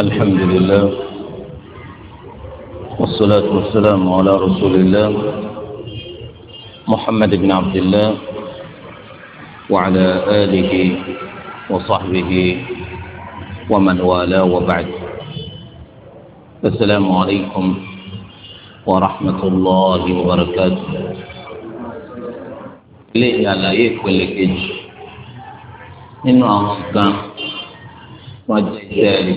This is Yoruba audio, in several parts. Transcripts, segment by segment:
الحمد لله والصلاة والسلام على رسول الله محمد بن عبد الله وعلى آله وصحبه ومن والاه وبعد السلام عليكم ورحمة الله وبركاته ليه على إيه كل كج إنه أمكان wọn jẹ iṣẹ́ rẹ̀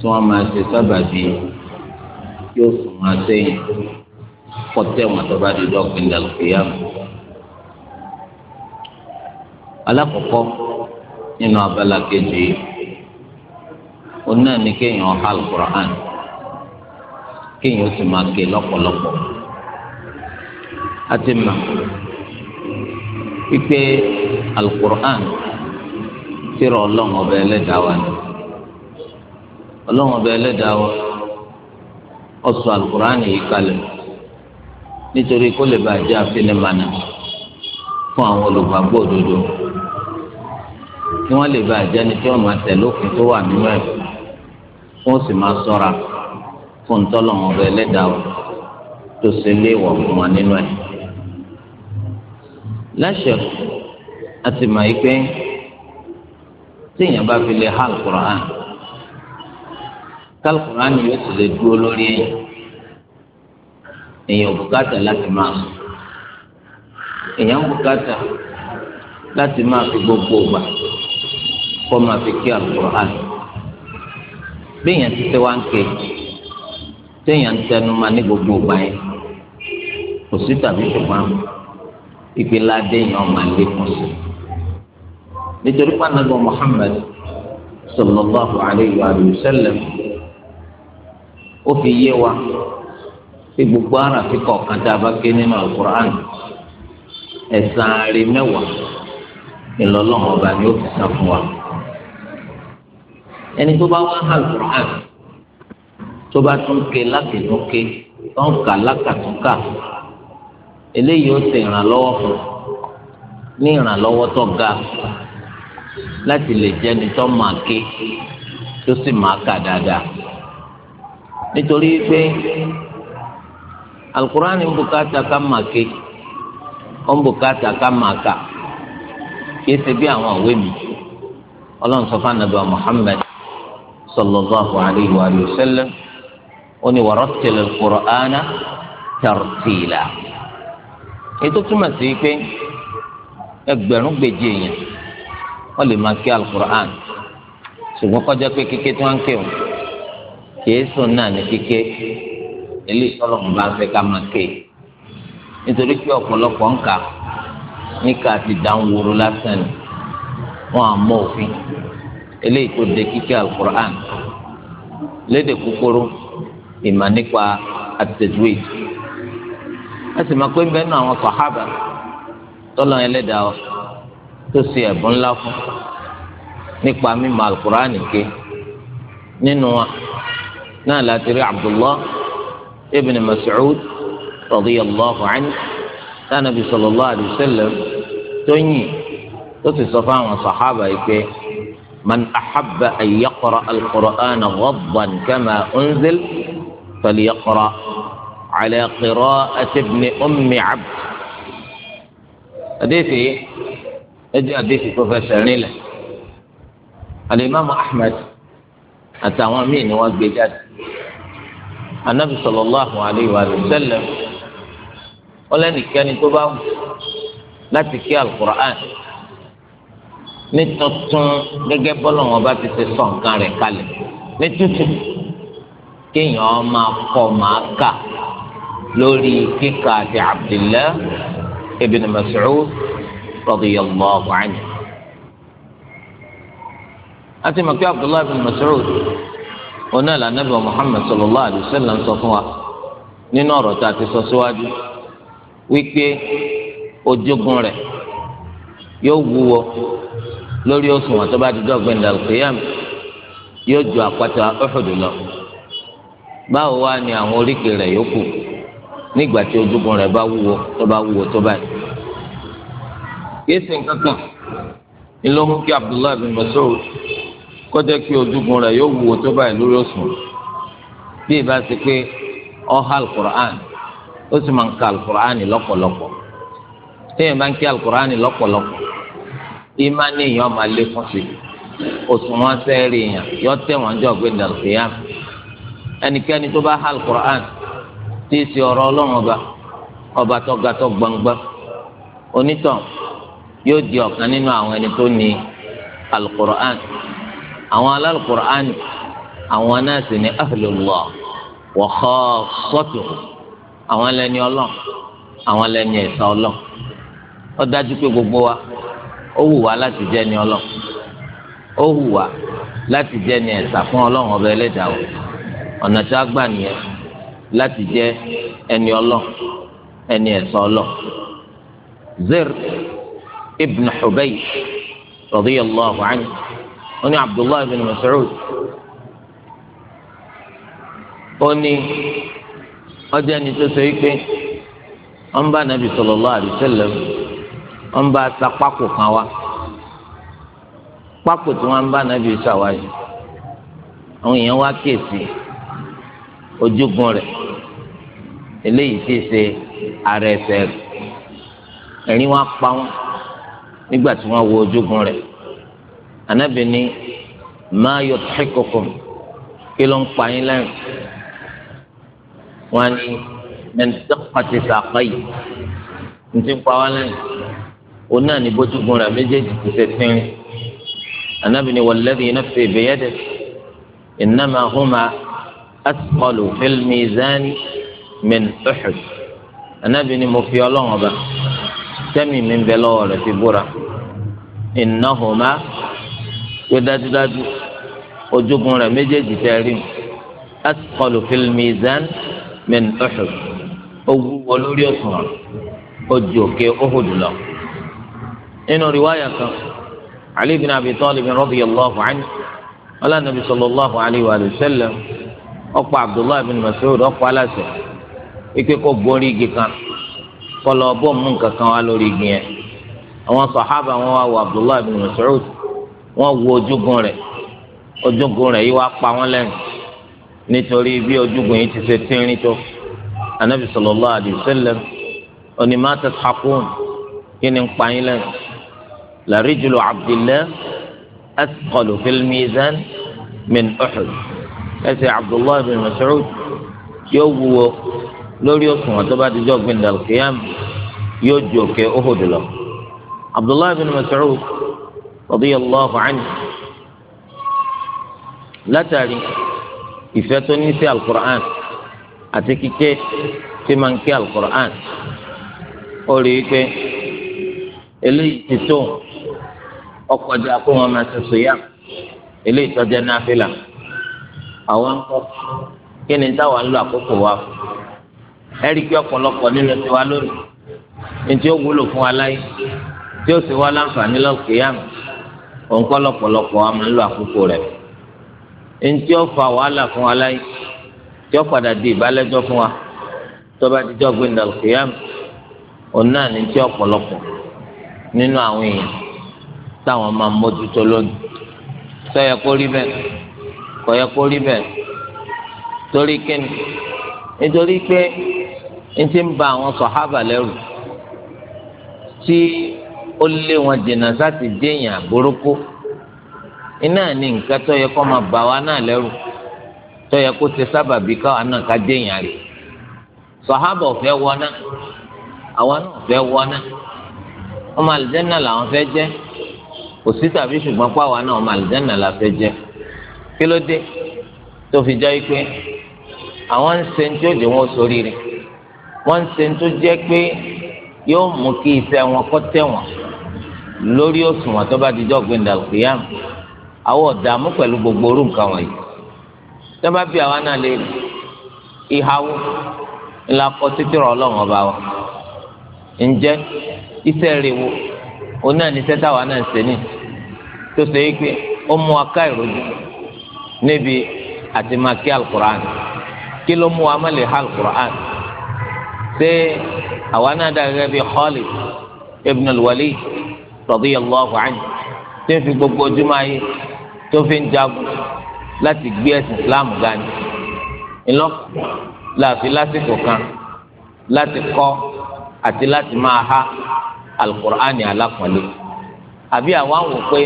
tí wọn máa ṣe sábàbí yóò sùn wọn sẹ́yìn kọtẹ wọn tó bá di dọkùn ìdàgbéyàm. alákọ̀ọ́kọ́ nínú abala kejì òun náà ní kéèyàn ha alukur'an kéèyàn sì máa ké lọ́pọ̀lọpọ̀ àti mà wípé alukur'an tírà ọlọ́run ọba ẹlẹ́dàá wa ni ọlọ́run ọba ẹlẹ́dàá wa ó sọ àlùkùránì yìí kalẹ̀ nítorí kó lè bá jẹ́ àfinimànà fún àwọn olùgbàgbọ́ òdodo kí wọ́n lè bá jẹ́ ni kí wọ́n máa tẹ̀lé òfin tó wà nínú ẹ̀ wọ́n sì máa sọ́ra fún ntọ́lọ́run ọba ẹlẹ́dàá wa tó ṣe léèwọ̀ fún wa nínú ẹ̀ láṣẹ àti màá yí pé téèyàn bá fi lè ha alukur'an kálukùránì yóò sì lè dúró lórí èèyàn èèyàn bùkátà láti máa sùn èèyàn bùkátà láti máa fi gbogbo gbà kó máa fi kí alukur'an béèyàn ti tẹ́ wá ń ké téèyàn tẹnu ma ní gbogbo gbà yẹn kò sí tàbí ṣùgbọ́n ìpínlẹ̀ adé yẹn ọ̀ máa lékún sí i nítorí pé anagbọ Muhammad sallallahu alayhi wa sallam ó fi yé wa pé gbogbo ara fi kọ̀ọ̀kan tá a bá ké nínú alukur'an ẹ̀sán ààrẹ mẹ́wàá ìlọ́lọ́hàn ọba ni ó fi san fún wa ẹni tó bá wá alukur'an tó bá tún ké láti tún ké tó ń kà lákàtúnkà eléyìí ó ti ìrànlọ́wọ́ fún ní ìrànlọ́wọ́ tó ga láti lè jẹ́ ẹni tó máa ké tó sì máa kà dáadáa nítorí pé alukurani ń bùkátà ká máa ké ó ń bùkátà ká máa kà kìí ṣe bí àwọn òwe mi ọlọ́run sọ fún anabi muhammed sallallahu alayhi wa sallam ó ní warattil alukur'ana tartila ètò túmọ̀ sí pé ẹgbẹ̀rún gbèjì èèyàn. wọ́n lè máa ké alukur'an ṣùgbọ́n kọjá pé kíké tí wọ́n ń ké o kìí sùn náà ní kíké eléyìí tọ́lọ̀ ń bá fẹ́ ká máa nítorí pé ọ̀pọ̀lọpọ̀ ń kà níka ti dáhùnwòrò lásán ni wọ́n á mọ òfin eléyìí tó de kíké alukur'an léde kúkúrú nípa a sì máa pé bẹ́ẹ̀ náà ẹlẹ́dàá ọ̀sán. tó ṣe ẹ̀bùn ńlá fún nípa mímọ̀ alukur'an ké nínú wa náà láti rí abdullah ibn mas'ud radiyallahu anhu tánàbí sallallahu alayhi wa sallam tó yìn tó sì sọ fáwọn sàhábà yìí pé man ahabba an yaqra' alukur'an ghaddan kama unzil falyaqra' ala qira'ati ibn ummi abd ẹjẹ àdéhùn tó fẹ́ sẹrin lẹ alimami ahmed àtàwọn míì ni wọ́n gbé jáde anabi sallallahu alayhi wa sallam ọlẹ́nìkẹ́ni tó bá wù láti kí alukur'an ní tuntun gẹ́gẹ́ bọ́lọ̀ wọn bá ti ṣe sọ nǹkan rẹ̀ ní tuntun kéèyàn máa kọ́ máa kà lórí kíkà àti abdullah ibn mas'ud. radiyallahu anhu. a ti mọ̀ pé abdullahi bin mas'ud onáà lànàbì muhammed sallallahu alayhi wa sallam sọ fún wa nínú ọ̀rọ̀ a ti sọ síwájú wípé ojúgun rẹ̀ yóò wúwo lórí òṣùwọ̀n tó bá ti dọ́gbìn dàlùkìyàm yóò ju àpáta ọ̀hùdù lọ báwo wá ni àwọn oríkèé nígbà tí ojogun bá wúwo tó bá wúwo tó kìí sìn kankan ni ló mú kí Abdullahi bin Mas'ud kọjá pé ojúgun rẹ̀ yóò wúwo tó báyìí lórí òsùn bí ìbá ṣe pé ọha alukur'an ó sì máa ń ka alukur'an lọ́pọ̀lọpọ̀ téèyàn bá ń kí alukur'an lọ́pọ̀lọpọ̀ ìmánì èèyàn máa lé fún sí òṣùwọ̀n sẹ́ẹ̀rì èèyàn yọ tẹ̀wọ̀n jọ pé dàlùkìyà ẹnikẹ́ni tó bá ha alukur'an tí ì sí ọ̀rọ̀ ọlọ́run ọba ọba tó ga tó gbangba onítàn yóò di ọ̀kan nínú àwọn ẹni tó ní alukur'an àwọn alalukur'an àwọn náà sì ní ahlullah wa khassatuhu àwọn lẹni ọlọ́ àwọn lẹni ẹ̀sà ọlọ́ ó dájú pé gbogbo wa ó wù wá láti jẹ́ ni ọlọ́ ó wù wá láti jẹ́ ni ẹ̀sà fún ọlọ́run ọba ẹlẹ́dàá o ọ̀nà tí a gbà nìyẹn láti jẹ́ ẹni ọlọ́ ẹni ẹ̀sà ọlọ́ zir. ibn Hubei, radiyallahu anhu ó ní Abdullahi ibn Mas'ud ó ní ọjọ́ ẹni tó sọ yìí pé wọ́n bá nàbì sallallahu alaihi wasallam wọ́n bá ta pákó kan wá tí wọ́n bá nàbì ara nígbà tí wọ́n wo ojúgun rẹ̀ anabi ni máa yọ tẹ́kọ̀kọ̀m kí ló ń pa yín lẹ́yìn wọ́n ní mẹ́tẹ́kọ̀tì sàkọ́ yìí ní ti ń pa wá lẹ́yìn òun náà ní bójúgun rẹ̀ méjèèjì ti ṣe tínrín anabi ni wàlẹ́dì iná fi ìbéyẹ́dẹ̀ ìnáma húnma asqalu fil mizani min anabi ni mo fi ọlọ́run ọba tẹ́mi mi ń bẹ lọ́wọ́ rẹ̀ fi búra ìnáhùnmá pé dájúdájú ojúgun rẹ̀ méjèèjì tẹ́ rí mu asqalu fil mizan min Uhud ó wúwo lórí òṣùwọ̀n ó ju òkè Uhud lọ. nínú riwaya kan Ali bin Abi Talib radiyallahu anhu ọlá nàbí sallallahu alayhi wa sallam ó Abdullahi bin Mas'ud ó aláṣẹ ikú kó gorí igi kan kọlọ bọ́ mú nǹkan kan wá lórí igi yẹn àwọn sàhábà wọn wá wo abdullahi bin mas'ud wọn wo ojúgun rẹ̀ ojúgun rẹ̀ yìí wá pa wọn lẹ́nu nítorí bí ojúgun yìí ti ṣe tínrín tó anabi sallallahu alayhi wa sallam oní ma tadhakun kí ni ń pa yín lẹ́nu la rijlu abdillah asqalu min uhud ẹsẹ̀ abdullahi bin mas'ud yóò wúwo lórí òṣùwọ̀n tó bá ti jọ́ gbin dàlùkìyàm yóò ju òkè Uhud lọ. abdullahi bin Mas'ud radiyallahu anhu látàrí ìfẹ́ tó ní sí alukur'an àti kíké tí máa ń ké alukur'an ó rí i pé eléyìí ti tó ọkọjà kó wọn máa ṣe sòyà eléyìí tọ́jà náà fi àwọn kí ni táwọn ń lo àkókò wa fún ẹ̀rí pé ọ̀pọ̀lọpọ̀ nínú tiwa lónìí ní tí ó wúlò fún aláyé tí ó sì wá láǹfààní lọ́kìyàmù òun kọ́ lọ́pọ̀lọpọ̀ wa máa ń lo àkókò rẹ̀ ní ó fa wàhálà fún aláyé tí ó padà di ìbálẹ́jọ́ fún wa tó bá ti jọ́gbé ní lọ́kìyàmù òun náà ní tí ọ̀pọ̀lọpọ̀ nínú àwọn èèyàn táwọn máa mójútó lónìí sọ yẹ kó rí bẹ́ẹ̀ kò yẹ kó rí bẹ́ẹ̀ torí kíni nítorí pé n ti ń ba àwọn sọ̀hábà lẹ́rù tí ó lé wọn dènà sáti déèyàn burúkú iná ní nǹkan tó yẹ kó máa bà wá náà lẹ́rù tó yẹ kó ti sábàbí káwa náà ká déèyàn rè sọ̀hábà ò fẹ́ wọná àwa náà ò fẹ́ wọná ọmọ àlùjẹ́nà làwọn fẹ́ jẹ́ kò sí tàbí ṣùgbọ́n pàwa náà ọmọ àlùjẹ́nà la fẹ́ jẹ́ kí ló dé tó fi jẹ́ pé àwọn ń ṣe tí ó dé wọn sórí rẹ wọn ń ṣe tó jẹ́ pé yóò mú kí ìfẹ́ wọn kó tẹ̀ wọ́n lórí òṣùwọ̀n tó bá di dọ́gbìn dàlùkìyàm àwọn ọ̀dààmú pẹ̀lú gbogbo orú nǹkan wọ̀nyí tó bá bí àwa náà lè ìhàwó ńlá kọ títí rọ ọlọ́run ọba wa ǹjẹ́ iṣẹ́ rẹ̀ wo òun náà ní iṣẹ́ táwa náà ń ṣe ní tó ṣe é pé ó mú aká ìrojú níbi àti máa kí alukur'an kí ló mú wa má lè ha alukur'an ṣé àwa náà dà gẹ́gẹ́ bíi Khalid ibn al-Walid radiyallahu anhu tí ń fi gbogbo ojúmọ́ ayé tó fi ń jagun láti gbé ẹ̀sìn Islam gani ńlọ láàfin lásìkò kan láti kọ́ àti láti máa ha alukur'an alákùnrin àbí àwa ń wò pé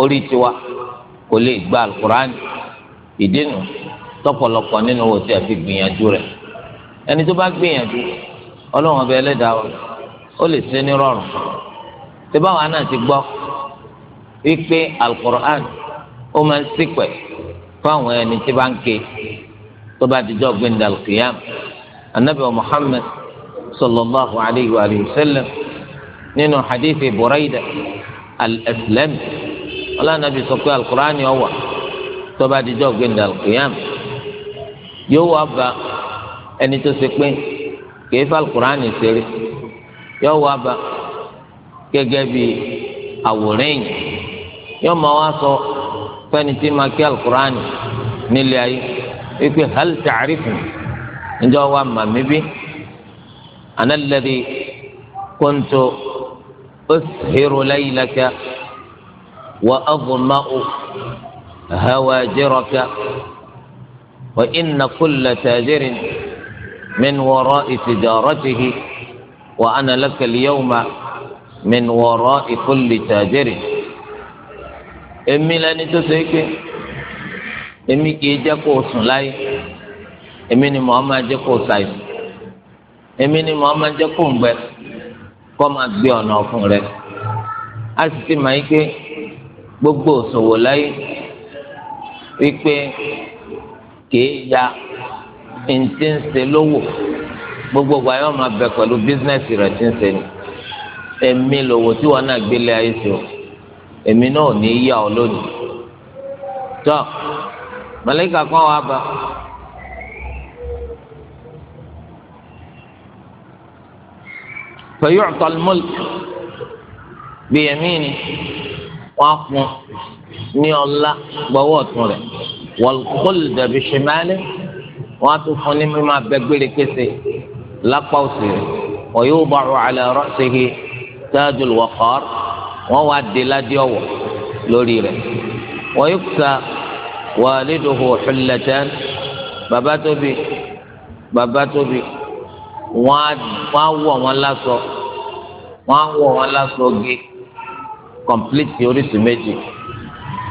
orí tiwa kò lè gba alukur'an ìdí nu tọ̀pọ̀lọpọ̀ nínú wo tí a fi gbìyànjú rẹ̀ ẹni tó bá gbìyànjú Ọlọ́run ọbẹ Ẹlẹ́dàá ó lè ṣe ní rọrùn tí báwa náà ti gbọ́ wípé alukur'an ó máa ń ṣìpẹ̀ fáwọn ẹni tí bá ń ké tó bá dijọ́ gbẹ̀ndà alukiyam anabi Muhammad sallallahu alayhi wa sallam nínú hadithi Burayda al-Aslami nàbí sọ pé alukur'an yóò wà tó bá dijọ́ gbẹ̀ndà alukiyam yóò wá bá ẹni tó ṣe pé kìí fa alukur'ani ṣeré yóò wá bá gẹ́gẹ́ bí àwòrán yìí yóò máa wá sọ fẹ́ni tí ma kí alukur'ani nílé ayé wípé hal ta'rifun ǹjọ́ wa màmí bí ana alladhi kuntu ushiru laylaka wa adma'u وإن كل تاجر من وراء تجارته وأنا لك اليوم من وراء كل تاجر èmi lẹni tó ṣe é pé èmi kì í jẹ́ kó sùn láyé èmi ni màá máa jẹ́ kó ṣàìsàn èmi ni màá máa jẹ́ kó ń gbẹ kó máa gbé ọ̀nà ọ̀fun rẹ a sì ti máa yí pé gbogbo òṣòwò láyé wípé kèé ya ntí ń ṣe lówó gbogbo ìgbà yóò máa bẹ pẹ̀lú bísínẹ́sì rẹ̀ tí ń ṣe ni èmi lòwò tí wọn náà gbélé ayé sí o èmi náà ní í yá ọ lónìí tó màlàíkà kan wà bá fayu'ta al-mulk biyamini wọn á fún ní ọlá gbọ́wọ́ ọ̀tún rẹ̀ wọlkọl dàbí ṣẹmẹlẹ wọn tún fún ní mímọ abẹgbére kése lápá òsì wọn yóò bá ọrọ alẹ ọrọ ṣèké tájú wọkọr wọn wá dé ládìí ọwọ lórí rẹ̀ wọn yóò sa wàlídòhò xulẹtẹn bàbá tóbi bàbá tóbi wọn wọ wọn lásọ wọn wọ wọn lásọ gé kọmpléètì oríṣi méjì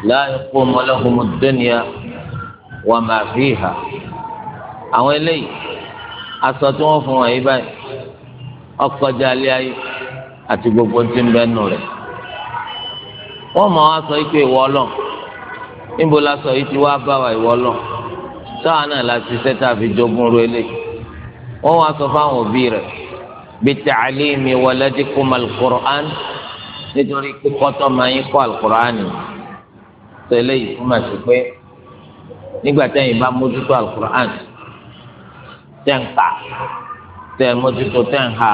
láàyè kó mọlẹ́kùnmọ́ dẹ́nìyà wa ma fiha àwọn eléyìí aṣọ tí wọ́n fún wọn yìí báyìí ọkọjà ilé ayé àti gbogbo tí ń bẹ nù rẹ̀ wọ́n mọ̀ wá sọ pé ìwọ lọ níbo la sọ yìí ti wá bá wa ìwọ sáà náà la ti ṣe tàbí jogún ru eléyìí wọ́n wá sọ fáwọn òbí rẹ̀ bi ta'limi waladikum al-Qur'an nítorí kíkọ́ tọ́ máa yín kọ́ al ni tẹ́lẹ̀ yìí fún màsí pé nígbà tẹ́yìn bá mójútó alukur'an tẹ́ ń kà tẹ́ mójútó tẹ́ ń ha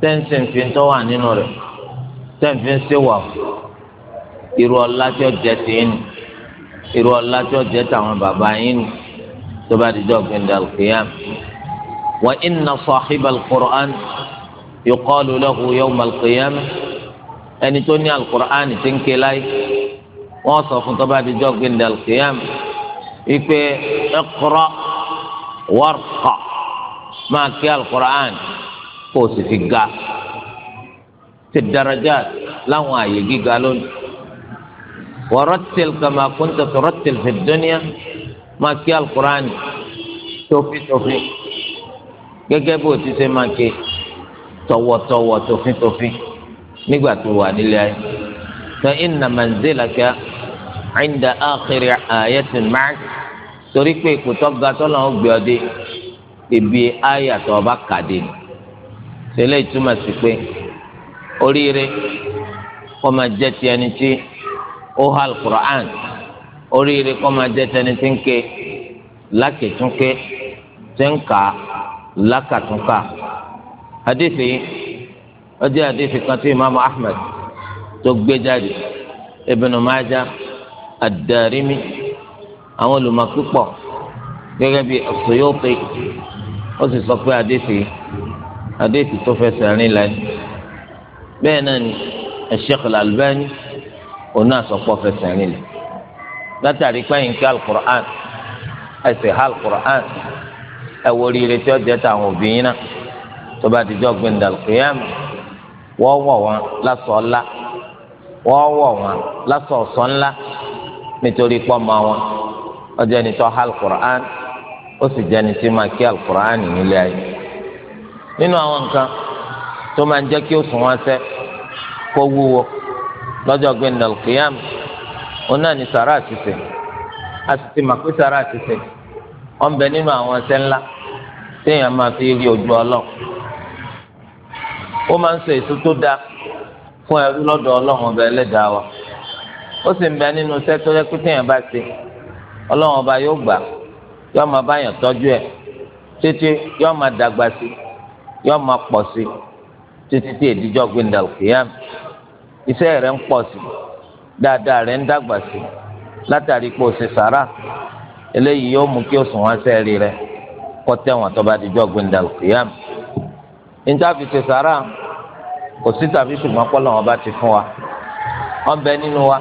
tẹ́ ń sìn fi tó wà nínú rẹ̀ tẹ́ ń fi ń ṣèwà irú ọlá tí ó jẹ́ tìyín ni irú ọlá tí ó jẹ́ tàwọn bàbá yín ni tó bá dijọ́ gbẹ̀ndà alukiyam wa inna sahiba alukur'an yuqalu lahu yawma alukiyam ẹni tó ní alukur'an ti ń ké wọ́n sọ fún tó bá dijọ́ gbẹ̀ndà alukiyam ìpè iqra warqa máa kí alukur'an kó o sì fi ga ti daraja láwọn àyè gíga lónìí warattil kama kunta turattil fi dunya máa kí alukur'an tófítófí gẹ́gẹ́ bó ti ṣe máa ké tọ̀wọ̀tọ̀wọ̀ tófítófí nígbà tó wà nílé ayé fa inna manzilaka ẹ̀ńdà àkèrè àyẹ̀tùn máàk torí pé ipò tọ́ga tọ́lọ̀ ń gbé ọdẹ ibi ayàtọ̀ ọba kàdé ni tẹ́lẹ̀ ìtumọ̀ sí pé oríire kọ́ máa jẹ́ ti ẹni tí ó hà alukur'an oríire kọ́ máa jẹ́ ti ẹni tí ń ké lákètúnké tí ń kà majah ad-Darimi àwọn olùmọ̀pípọ̀ gẹ́gẹ́ bí Suyuti ó sì sọ pé adéfì adéfì tó fẹsẹ̀ rìn lẹ́nu bẹ́ẹ̀ náà ni Sheikh al-Albani òun náà sọ pé ó fẹsẹ̀ rìn lẹ́nu látàrí pẹ́yìn kí al-Qur'an ẹsẹ̀ al-Qur'an ẹ wo oríire tí ó jẹ́ tàwọn òbí yín náà tó bá ti jọ́ wọ́n wọ̀ wọn lásọ̀ wọ́n wọ̀ wọn lásọ̀ nítorí pọ́nmọ wọn ó jẹ́ ẹni tó ha alukur'an ó sì jẹ́ ẹni tí máa kí alukur'an nílé ayé nínú àwọn nǹkan tó máa ń jẹ́ kí ó sùn wọn sẹ́ kó wúwo lọ́jọ́ gbẹ̀ndà lùkìyàm òun náà ní sàrà àtìsè a sì màkú sàrà àtìsè wọn bẹ nínú àwọn ẹsẹ̀ ńlá téèyàn máa fi rí ojú ọlọ́ ó máa ń sọ èso tó dáa fún ẹrú lọ́dọ̀ ọlọ́run ọba ẹlẹ́dàá wa ó sì ń bẹ nínú iṣẹ́ tó yẹ pé téèyàn bá ṣe ọlọ́run ọba yóò gbà yóò máa báyàn tọ́jú ẹ̀ títí yóò máa dàgbà sí yóò máa pọ̀ sí títí tí èdíjọ́ gbẹ̀ndà òkèèyàn iṣẹ́ rẹ̀ ń pọ̀ sí dáadáa rẹ̀ ń dàgbà sí látàrí pé o ṣe sàrà eléyìí yóò mú kí o sùn wọn sẹ́ẹ̀rì rẹ̀ kọ́ tẹ̀wọ̀n tó bá dijọ́ gbẹ̀ndà òkèèyàn níta fi ṣe sàrà kò sí tàbí ṣùgbọ́n pọ́lọ́wọ́n bá ti fún wa wọ́n bẹ nínú wa.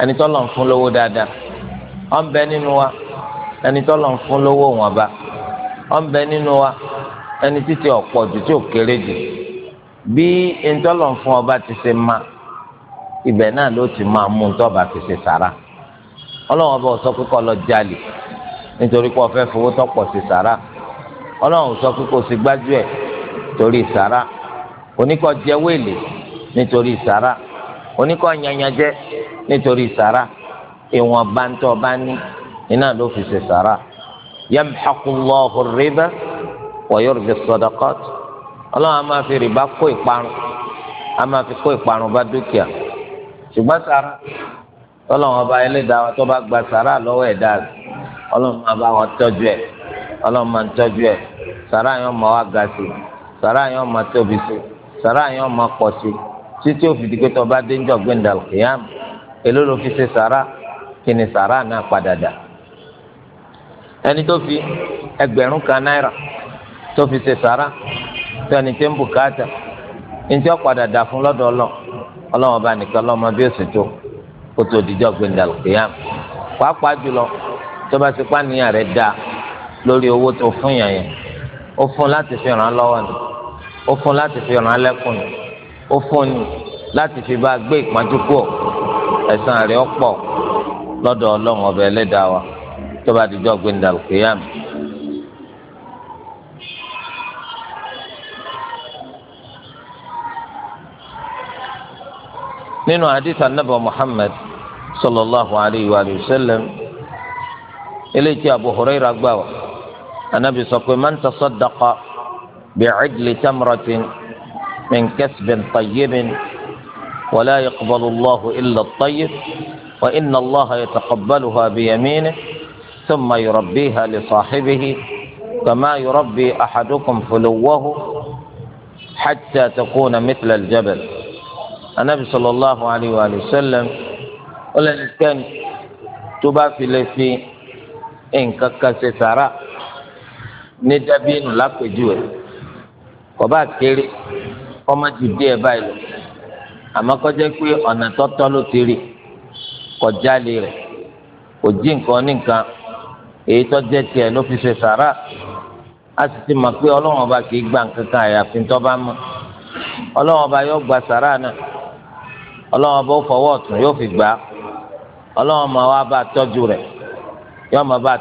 ẹni tọ́lọ̀ ń fún lówó dáadáa ń bẹ nínú wa ẹni tọ́lọ̀ ń fún lówó wọ̀nba Ọ ń bẹ nínú wa ẹni títí ọ̀pọ̀ jù tí ò kéré jù bí ntọ́lọ̀ ń fún ọba ti ṣe ma ibẹ̀ náà ló ti máa mú ntọ́ba ti ṣe sàrà ọlọ́wọ́n bá sọ pé lọ jalè nítorí pé ọ̀fẹ́ fowó tọ́pọ̀ sí ọlọ́wọ́n sí torí oníkọ́ yanyanjẹ́ nítorí sàrà ìwọ̀n bántọ́ bá ní iná ló fi ṣe sàrà yamhaqullahu riba wa yurbi sadaqat ọlọ́run a máa fi rìbá kó ìparun a máa fi kó ìparun bá dúkìá ṣùgbọ́n sàrà ọlọ́run ọba ẹlẹ́dàá wa tó bá gba sàrà lọ́wọ́ ẹ̀dá rẹ̀ ọlọ́run máa bá wọn tọ́jú ẹ̀ ọlọ́run máa ń tọ́jú ẹ̀ yẹn máa wá ga sí sàrà yẹn máa tóbi sí sàrà yẹn máa pọ̀ sí. títí o fi di pé tó bá dé njọ elu kìyàm èló ló fi ṣe sàrà kí ni sàrà náà padà dà ẹni tó fi ẹgbẹ̀rún kan náírà tó fi ṣe sàrà tó ẹni tó ń bùkátà ntí padà dà fún lọ́dọ̀ ọlọ́ ọlọ́wọ́n bá nìkan lọ́mọ bí ó tó kó tó dijọ́ gbẹndà kìyàm pàápàá jùlọ tó bá ti pàníyàn lórí owó tó fún yàn yẹn ó fi ràn án lọ́wọ́ ni ó fi ràn án lẹ́kùn ó fún ni láti fi bá gbé ìpọ́njú kù ẹ̀san rẹ̀ ọ̀pọ̀ lọ́dọ̀ ọlọ́run ọba ẹlẹ́dàá wa tó bá dijọ́ gbẹ̀ndà lùkìyàm. nínú hadith anábọ̀ Muhammad sallallahu alayhi wa sallam eléyìí tí Abu Hurairah gbà wá anábì sọ pé man tasaddaqa bi'idli tamratin. من كسب طيب ولا يقبل الله إلا الطيب وإن الله يتقبلها بيمينه ثم يربيها لصاحبه كما يربي أحدكم فلوه حتى تكون مثل الجبل النبي صلى الله عليه وآله وسلم قال إن كان في لفي إن ككسي سارا ندبين لك جوه وبعد كيري kọ́mọ́ ju díẹ̀ báyìí lọ àmọ́ kọjá pé ọ̀nà tọ́tọ́ ló ti kọjá lé rẹ̀ kò jí nǹkan ní èyí tó jẹ́ tiẹ̀ ló fi ṣe sàrà a sì ti mọ̀ pé ọlọ́run ọba kì í gba nǹkan kan àyàfi tó bá mọ́ ọlọ́run ọba yóò sàrà náà ọlọ́wọ̀n fọwọ́ ọ̀tún yóò gbà á bá tọ́jú rẹ̀ yóò máa bá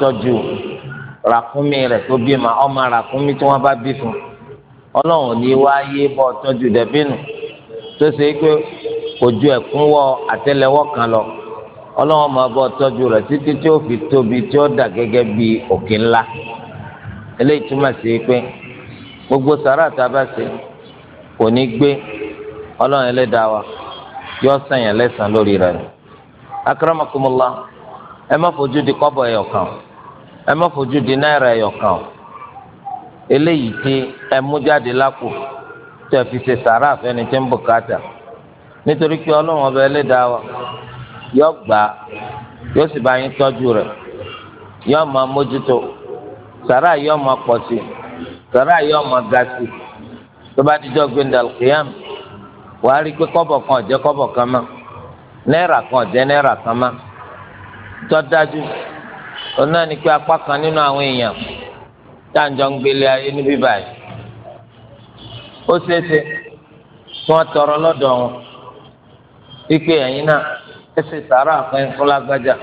tọ́jú Ra ràkúnmí rẹ̀ tó bí ma ọmọ mi tí wọn bá bí fún ọlọ́run ní wá yé bọ́ tọ́jú dẹ̀bínú tó ṣe é pé ojú ju ẹ̀kúnwọ́ àtẹ́lẹwọ́ kan lọ ọlọ́run máa bọ́ tọ́jú rẹ̀ títí tí ó fi tóbi tí ó dà gẹ́gẹ́ bí òkè ńlá eléyìí túmọ̀ sí pé gbogbo sàrà tábà ṣe kò ní gbé ọlọ́run ẹlẹ́dàá wa yọ sàn yẹn lẹ́sàn lórí rẹ̀ akramakumullah ẹ má fojú di kọ́bọ̀ ẹ̀yọ̀ kan ẹ má fojú di náírà ẹyọkan o eléyìí tí ẹ mú jáde lápò tí ẹ fi ṣe sàrà àfẹni tí ń bùkátà nítorí pé ọlọ́run ọba ẹlẹ́dàá wa yọ gbà á yóò sì bá yín tọ́jú rẹ̀ yọ máa mójútó sàrà yọ máa pọ̀ sí sàrà yọ máa ga sí tó bá dijọ́ gbẹ̀ndà kìíyàm wàá rí i pé kọ́bọ̀ kan ọ̀jẹ́ kọ́bọ̀ kan mọ́ náírà kan ọ̀jẹ́ náírà kan mọ́ tọ́dájú. òun náà ni pé apá kan nínú àwọn èèyàn táǹjọ ń gbélé ayé níbí báyìí ó ṣeéṣe kí tọrọ lọ́dọ̀ wọn wípé ẹ̀yin náà ẹsẹ̀ sàárà pẹ́ẹ́n fún lágbájá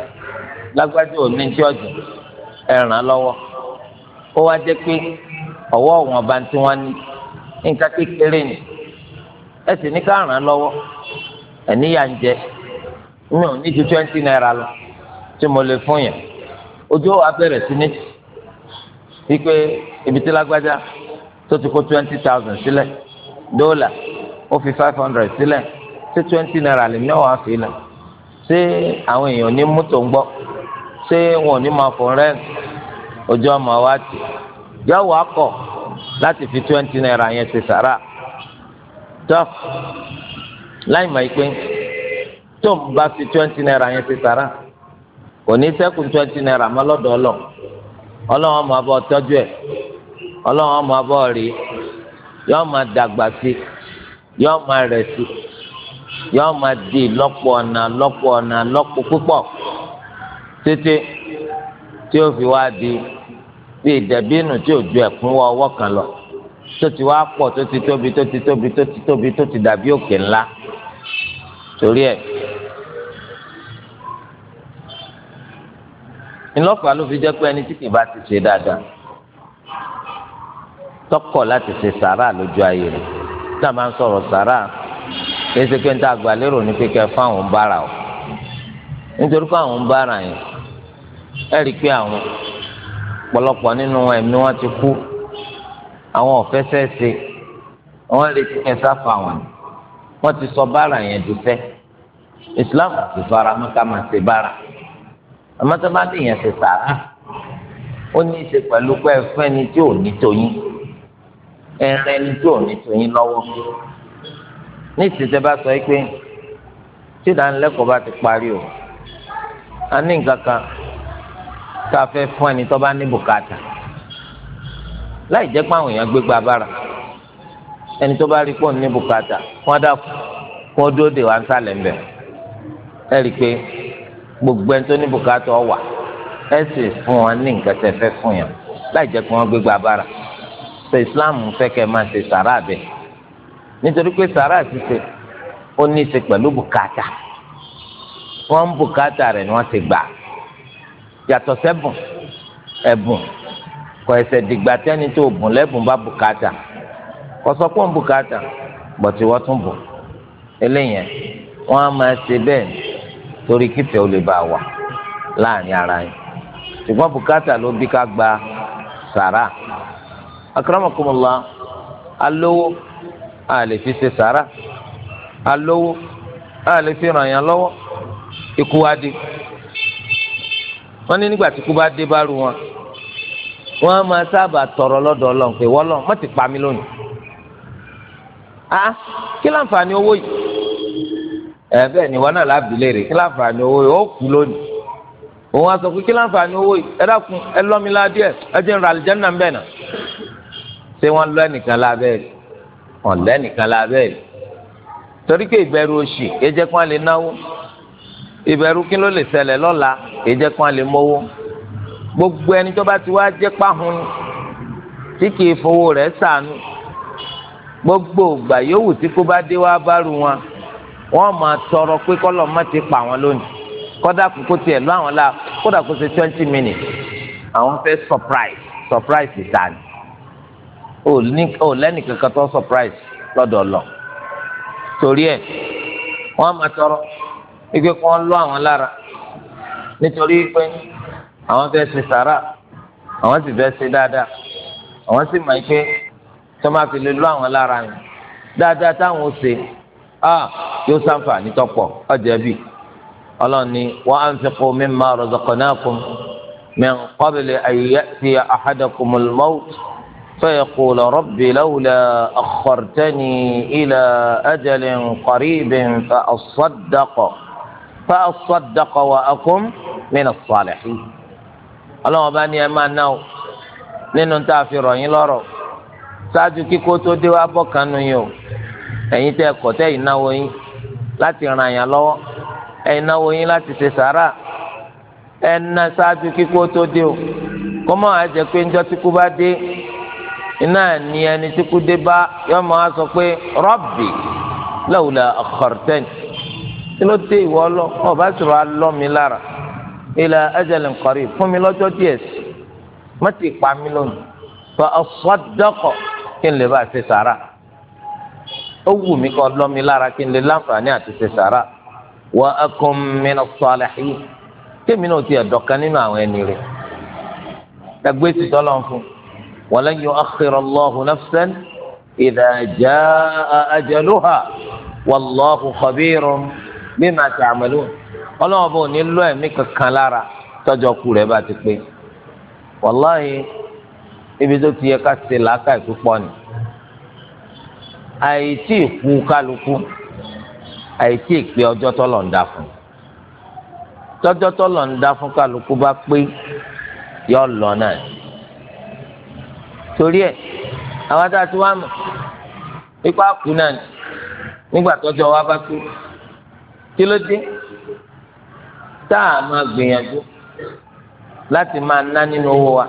lágbájá ò ní tí ọ̀jọ̀ ẹ ràn ó wá jẹ́ pé ọ̀wọ́ bá ń tí ní nǹkan kékeré ni ẹ sì ní ká ràn níyà ń naira lọ tí mo lè fún ojú wa bẹ̀rẹ̀ sí ní wípé ibi tí lágbájá tó ti kó twenty thousand sílẹ̀ dọ́là ó fi five hundred sílẹ̀ ṣé twenty naira lè mẹ́wàá fi lẹ̀ ṣé àwọn èèyàn ní mọ́tò ń gbọ́ ṣé wọn ò ní máa fọ rẹ́ ojú ọmọ wa ti yọ̀wọ́ akọ láti fi twenty naira yẹn ṣe sàrà tó láì mọ̀ pé tó ń bá fi twenty naira yẹn ṣe sàrà òní sẹ́kù twenty naira mọ́ lọ́dọ̀ ọlọ́ ọlọ́wọ́n máa bọ́ tọ́jú ẹ̀ ọlọ́wọ́n máa bọ́ rí yọ́ọ́ máa dàgbà sí yọ́ọ́ máa rẹ̀ sí yọ́ọ́ máa di lọ́pọ̀ ọ̀nà lọ́pọ̀ ọ̀nà lọ́pọ̀ púpọ̀ títí tí ó fi wá di bí ìdẹ̀bínú tí ò ju ẹ̀kúnwọ́ ọwọ́ kan lọ tó ti wá pọ̀ tó ti tóbi tó ti tóbi tó ti tóbi tó ti dàbí òkè ńlá torí ẹ̀ ńlọ́pàá ló fi jẹ́ pé ẹni tí kì bá ti ṣe dáadáa tọkọ̀ láti ṣe sàrà lójú ayé rẹ̀ náà máa ń sọ̀rọ̀ sàrà kì í ṣe pé ń tá àgbàlérò ní pé fáwọn bára o nítorí fáwọn bára yẹn ẹ rí i pé àwọn pọ̀lọpọ̀ nínú ẹ̀mí wọn ti kú àwọn ọ̀fẹ́ wọn lè ti kẹsà fáwọn wọn ti sọ bára yẹn dùfẹ́ Islam ti fara mọ́ ká máa ṣe bára àmọ́ tó bá dìyàn ṣe sàrà ó ní í ṣe pẹ̀lú pé ẹfún ẹni tí ò ní tóyín ẹran ẹni tí ò ní tóyín lọ́wọ́ ní ìsìtẹ́ bá sọ pé tí ìdánilẹ́kọ̀ọ́ bá ti parí o a ní nǹkan kan tá a fẹ́ fún ẹni tó bá ní bùkátà láì jẹ́ pé àwọn èèyàn gbégbá bára ẹni tó bá rí pọ̀ ní bùkátà wọ́n dà kó dóde wá ń sálẹ̀ ń bẹ̀ ẹ̀ rí i pé gbogbo ẹni tó ní bùkátà ọwà ẹ sì fún wọn ní nǹkan tẹ́ fẹ́ fún yàn láì jẹ́ pé wọ́n gbé gba bára sọ islam fẹ́ kẹ́ máa ṣe sàrà bẹ nítorí pé sàrà ṣíṣe ó ní í ṣe pẹ̀lú bùkátà wọ́n ń bùkátà rẹ̀ ni wọ́n ti gbà yàtọ̀ sẹ́bùn ẹ̀bùn kọ ẹsẹ̀ dìgbà tẹ́ni tó bùn lẹ́bùn bá bùkátà kọ sọ pé ń bùkátà bọ̀tí wọ́n tún bùn eléyẹn wọ́n á máa ṣe bẹ́ẹ̀ torí kífẹ́ ó lè bá a wà láàrin ara yẹn ṣùgbọ́n bùkátà ló bí ká gba sàrà akramakumullah alówó a lè fi ṣe sàrà alówó a lè fi ràn yàn lọ́wọ́ ikú wa dé wọ́n ní nígbà tí ikú bá dé bá ru wọn wọ́n á máa sábà tọrọ lọ́dọ̀ Ọlọ́run pé wọlọ má ti pa mí lónìí ah kí láǹfààní owó yìí ẹ bẹ́ẹ̀ ni wọn náà lábìlẹ rẹ kí láǹfààní owó yìí ó kú lónìí òun á sọ pé kí láǹfààní owó yìí ẹ dákun ẹ lọmílá díẹ̀ ẹ jẹ nra àlìjẹ náà bẹ́ẹ̀ náà ṣé wọn lọ ẹnìkan lábẹ́ rẹ ọlẹ ẹnìkan lábẹ́ rẹ torí pé ìbẹ̀rù òṣì èjẹ kan lè náwó ìbẹ̀rù kí ló lè ṣẹlẹ̀ lọ́la èjẹ kan lè mówó gbogbo ẹni tó bá ti wá jẹ páhùn tí kì í fowó rẹ̀ sànú gbogbo ìgbà yòówù tí kó bá dé wá bá rú wọn wọ́n máa tọrọ pé kọ́lọ̀ má ti pa àwọn lónìí kọ́dà kókó tiẹ̀ lọ àwọn la kódà kó ṣe twenty minutes àwọn fẹ́ surprise surprise ìtàn ò lẹ́nì kankan tó surprise lọ́dọ̀ lọ torí ẹ̀ wọ́n máa tọrọ pé kọ́ lọ àwọn lára nítorí pé àwọn fẹ́ ṣe sàrà àwọn sì fẹ́ ṣe dáadáa àwọn sì máa ń pé tó máa fi lè lọ àwọn lára yẹn dáadáa táwọn ó ṣe a ah, yóò sànfàní tọpọ ọjà bí ọlọ́ni wa anfiqu mimma razaqnakum min qabli an ya'tiya ahadakumul mawt فيقول ربي لولا أخرتني إلى أجل قريب فأصدق فأصدق وأكن من الصالحين ọlọ́wọ́n bá ní ẹ máa ná o nínú tá a fi rọ̀ yín ṣáájú kíkó tó dé wá bọ́ kanú o ẹ̀yin tẹ́ ẹ̀kọ́ tẹ́ ìnáwó yín láti ràn àyàn lọ́wọ́ ẹ̀náwó yín láti ṣe sàárà ẹ̀ná ṣáájú kíkó tó dé o kó mọ̀ á pé ńjọ́ tí kú bá dé iná ni ẹni tí kú dé bá yọ mọ̀ á sọ pé rọ́bì lawla akhartani tí ló dé ìwọ lọ ọba sọ̀rọ̀ alọ́ mi lára ila ajalin qarib fún mi lọ́jọ́ díẹ̀ sí mọ́tì pa mí lónìí fa asaddaq kí n lè bá ṣe sàárà ó wù mí kọ́ lọ́mi lára kí n lè láǹfààní àti ṣe sàrà wa akum minas salihin kémi náà ti ẹ̀dọ̀kan nínú àwọn ẹni rẹ̀ ẹgbẹ́ ti tọ́lọ̀ fún walan yu'akhkhira Allahu nafsan idha jaa ajaluha wallahu khabirun bima ta'malun ọlọ́wọ́n bò ní lọ́ ẹ̀mí kankan lára tọ́jọ́ kú rẹ̀ bá ti pé wàláhì ibi tó ti yẹ ká ṣe làákàyè púpọ̀ ni àìtí ìkú kálukú àìtí ìpè ọjọ́ tọ́lọ̀ ń dá fún tọ́jọ́ tọ́lọ̀ ń dá fún kálukú bá pé yọ lọ náà torí ẹ̀ àwọn tá a ti wá mọ̀ ipa kú náà nígbà tọ́jọ́ wa bá tó kí ló dé tá a máa gbìyànjú láti máa ná nínú owó wa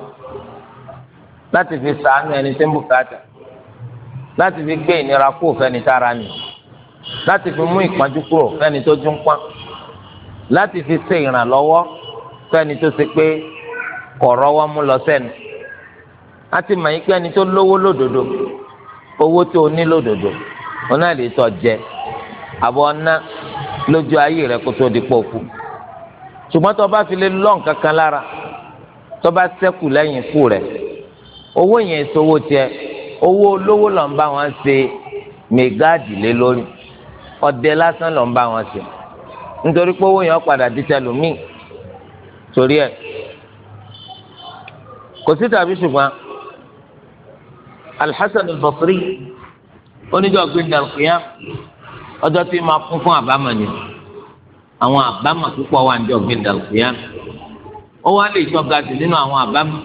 láti fi sàánú ẹni tí ń bùkátà láti fi gbé ìnira kúrò fẹ́ni tára ni láti fi mú ìpọ́njú kúrò fẹ́ni tó jú ń pọ́n láti fi ṣe ìrànlọ́wọ́ fẹ́ni tó ṣe pé kò rọ́wọ́ mú lọ sẹ́nu a ti mọ̀ yín pé ẹni tó lówó lódodo owó tó ní lódodo ọ̀nà lè tọ́ jẹ àbọ̀ ọ̀nà lójú ayé rẹ kó tó di pọ̀kú ṣùgbọ́n tó bá fi lè lọ́n kankan lára tó bá ṣẹ́kù lẹ́yìn ikú rẹ owó yẹn sọ owó owó olówó lọ ń bá wọn ṣe mẹgáàdì lé lórí ọdẹ lásán lọ ń bá wọn ṣe nítorí pé owó yẹn padà di tẹlómìn torí ẹ kò sí tàbí ṣùgbọ́n alhassan al-basri oníjọ gbẹndé alqiyam ọjọ́ tí máa kún fún àbámọ̀ ni àwọn àbámọ̀ púpọ̀ wà níjọ gbẹndé alqiyam ó wá lè jọ gàdì nínú àwọn àbámọ̀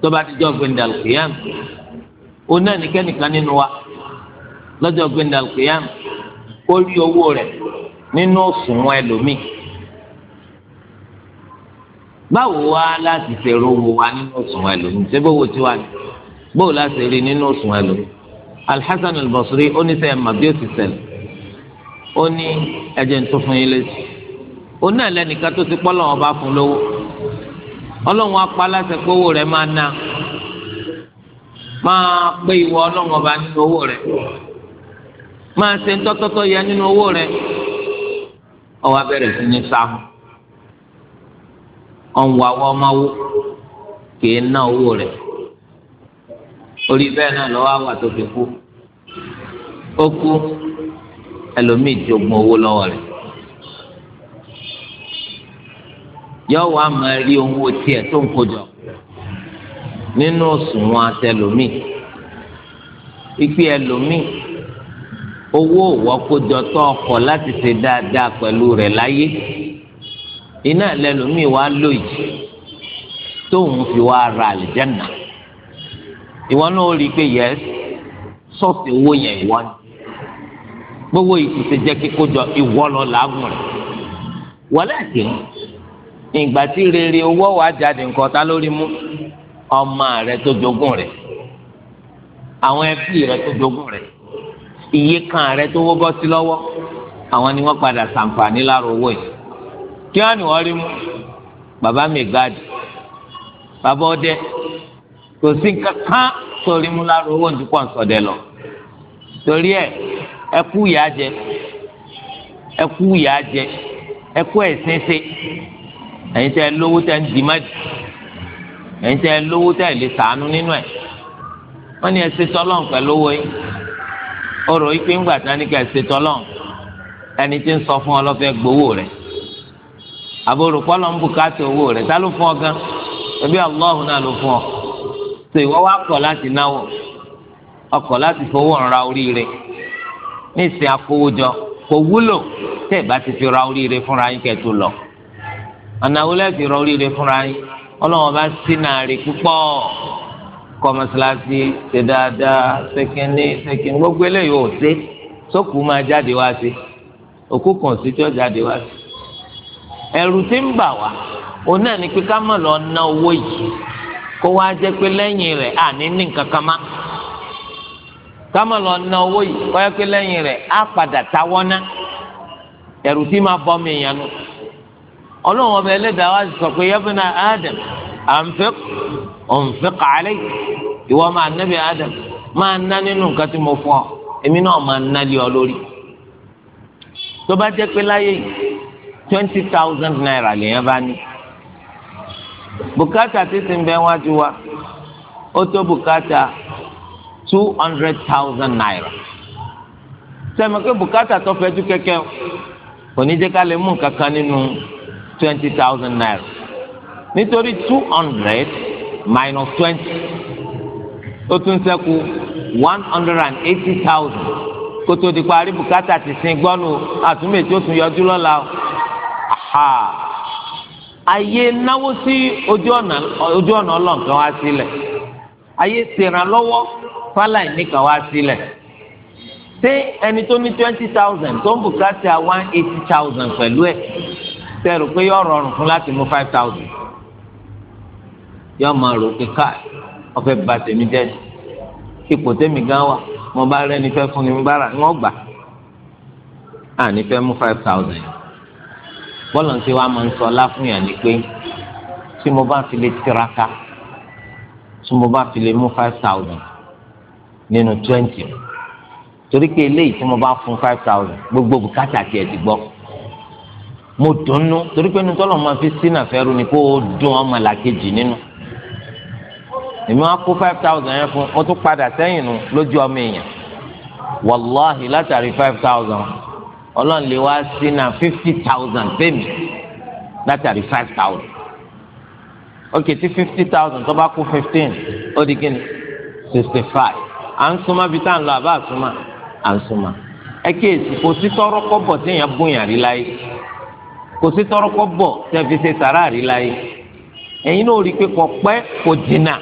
tó bá ti jọ gbẹndé alqiyam òun náà nìkẹ́nìkan nínú wa lọ́jọ́ gbẹ̀ndà kìyàmù kó rí owó rẹ̀ nínú òṣùwọ̀n ẹlòmíì báwo wá láti fèrè owó wa nínú òṣùwọ̀n ẹlòmíì ṣé bówó tiwa ni bóò láti rí nínú òṣùwọ̀n ẹlòmíì alḥasan albasri ó ní sẹ́yìn màbí ó ti ṣẹlẹ̀ ó ní ẹ̀jẹ̀ ń tó fún yín létí ó náà tó ti pọ́ lọ́wọ́ bá fún lówó ọlọ́run apá láti pé owó rẹ̀ máa ná máa pé ìwọ ọlọ́run ọba nínú owó rẹ máa ṣe ńtọ́tọ́tọ́ yẹ nínú owó rẹ ọwọ́ abẹ́rẹ́ sí ní sáfù ọ̀nwá wọ́n máa wó kìí ná owó rẹ orí bẹ́ẹ̀ náà lọ́wọ́ àwà tó fi kú ó kú ẹlòmíì jogún owó lọ́wọ́ rẹ̀ yọ̀wọ́ àmọ́ rí owó tiẹ̀ tó ń kó nínú òṣùwọ̀n àtẹlómi ìpè ẹlòmí owó òwọ́kójọ tó ọkọ̀ láti ṣe dáadáa pẹ̀lú rẹ̀ láyé iná wa wá lóyìí tóun fi wá ra àlìjẹ́nà ìwọ náà ó rí i pé yẹ sọ́ọ̀tì owó yẹn ìwọ ni gbogbo ìtìsẹ̀ jẹ́ kíkójọ ìwọ lọ làágùn rẹ̀ wọlé àti ìgbà tí rere owó wàá jáde nǹkan ta lórí mú ọmọ rẹ tó jogún rẹ àwọn ẹbí rẹ tó jogún rẹ iye kan rẹ tó wọ́ bọ́ sí lọ́wọ́ àwọn ni wọ́n padà ṣàǹfààní lára owó yìí kí wọ́n ní wọ́n rí mú bàbá mi gbádì bàbá ọdẹ kò sí kankan tó rí mú lára owó ní pọ̀ nsọ̀dẹ lọ torí ẹ ẹkú yàá ẹkú yàá ẹkú ẹ̀sìn ṣe ẹ̀yin tẹ lówó tẹ ń dì má dì. e tẹ́ lówó tẹ́ lè sàánú nínú e wọ́n ní ẹ ṣe o pẹ̀lú owó yìí ọ̀rọ̀ yìí pé ńgbà tán ní ẹ ṣe ẹni tí ń sọ fún ọ gbowó rẹ̀ àbúrò pọ́lọ́ ń owó tá ló fún ọ gan ẹbí náà ló fún ọ ìwọ wá láti náwó láti fowó ti fi ra oríire fúnra yín kẹ́ lọ ọ̀nà ra ọlọ́wọ́n bá sínú àrí púpọ̀ kọ́ ṣe dáadáa ṣèkínní ṣèkínní gbogbo eléyìí ò sí sókùú máa jáde wá sí òkú kan sí tí ó jáde wá sí. ẹ̀rù tí ń wá òun náà ni pé ká mọ̀ lọ ná owó yìí kó wá jẹ́ pé lẹ́yìn rẹ̀ àní ní nǹkan kan má ká mọ̀ lọ ná owó yìí kó wá jẹ́ pé lẹ́yìn rẹ̀ á padà ọlọ́run ọba ẹlẹ́dàá wa sọ pé yabna adam anfiq unfiq alayk ìwọ máa nẹ́bí adam máa ná nínú nǹkan tí mo fún èmi náà máa ná lé ọ lórí tó bá jẹ́ pé láyé twenty thousand naira lèèyàn bá ní bùkátà títí ń bẹ wájú wa ó tó bùkátà two hundred thousand naira sẹ́mi pé bùkátà tó fẹ́ tú kẹ́kẹ́ kò ní jẹ́ ká lè mú nǹkan kan nínú twenty thousand naira nítorí two hundred minus twenty ó tún ṣẹ́kù one hundred and eighty thousand kótó di parí bùkátà ti sin gbọ́nù àtúmẹ̀tì ó tún yọjú lọ́la aha ayé náwó sí ojú ọ̀nà ojú ọ̀nà ọlọ́ǹkan wá sílẹ̀ ayé ṣèrànlọ́wọ́ fáláì nìkan wá sílẹ̀ ṣé ẹni tó ní twenty thousand tó ń bùkátà one eighty thousand pẹ̀lú ẹ̀ sẹ́rù pé yọ rọrùn fún láti mú five thousand yọ máa rò pé káì ọ̀fẹ́ bá tèmi jẹ́ ipò tèmi gan wà mo bá rẹ́ni fẹ́ fún ni mo bá rà ni wọ́n gbà á ní fẹ́ mú five thousand bọ́ọ̀lù tí wàá máa ń sọ ọlá fún yàn ni pé tí mo bá fi lè tiraka tí mo bá fi lè mú five thousand nínú twenty torí pé eléyìí tí mo bá fún five thousand gbogbo bùkátà tiẹ̀ ti gbọ́ mo dùn nú torí pé nítorí ọmọ fi sínú àfẹ́rù ni kó o dùn ọmọ làkejì nínú èmi wọn kó five thousand yẹn fún wọn tún padà sẹ́yìn nu lójú ọmọ èèyàn wàláhì látàrí five thousand ọlọ́run lè wá sínú fifty thousand fẹ́mi látàrí five thousand ok tí fifty thousand tó bá kú fifteen ó di kí ni sixty five à ń súnmọ́ bíi tá à ń lọ àbá àsúnmọ́ à ń súnmọ́ ẹ kíyèsí kò sí tọrọ kọ́bọ̀ tí èèyàn bùn yàrá láyé. kò sí tọrọkọ bọ̀ tẹ́ fi ṣe sàrà àríla yìí ẹ̀yin náà rí i pé kò kò dínà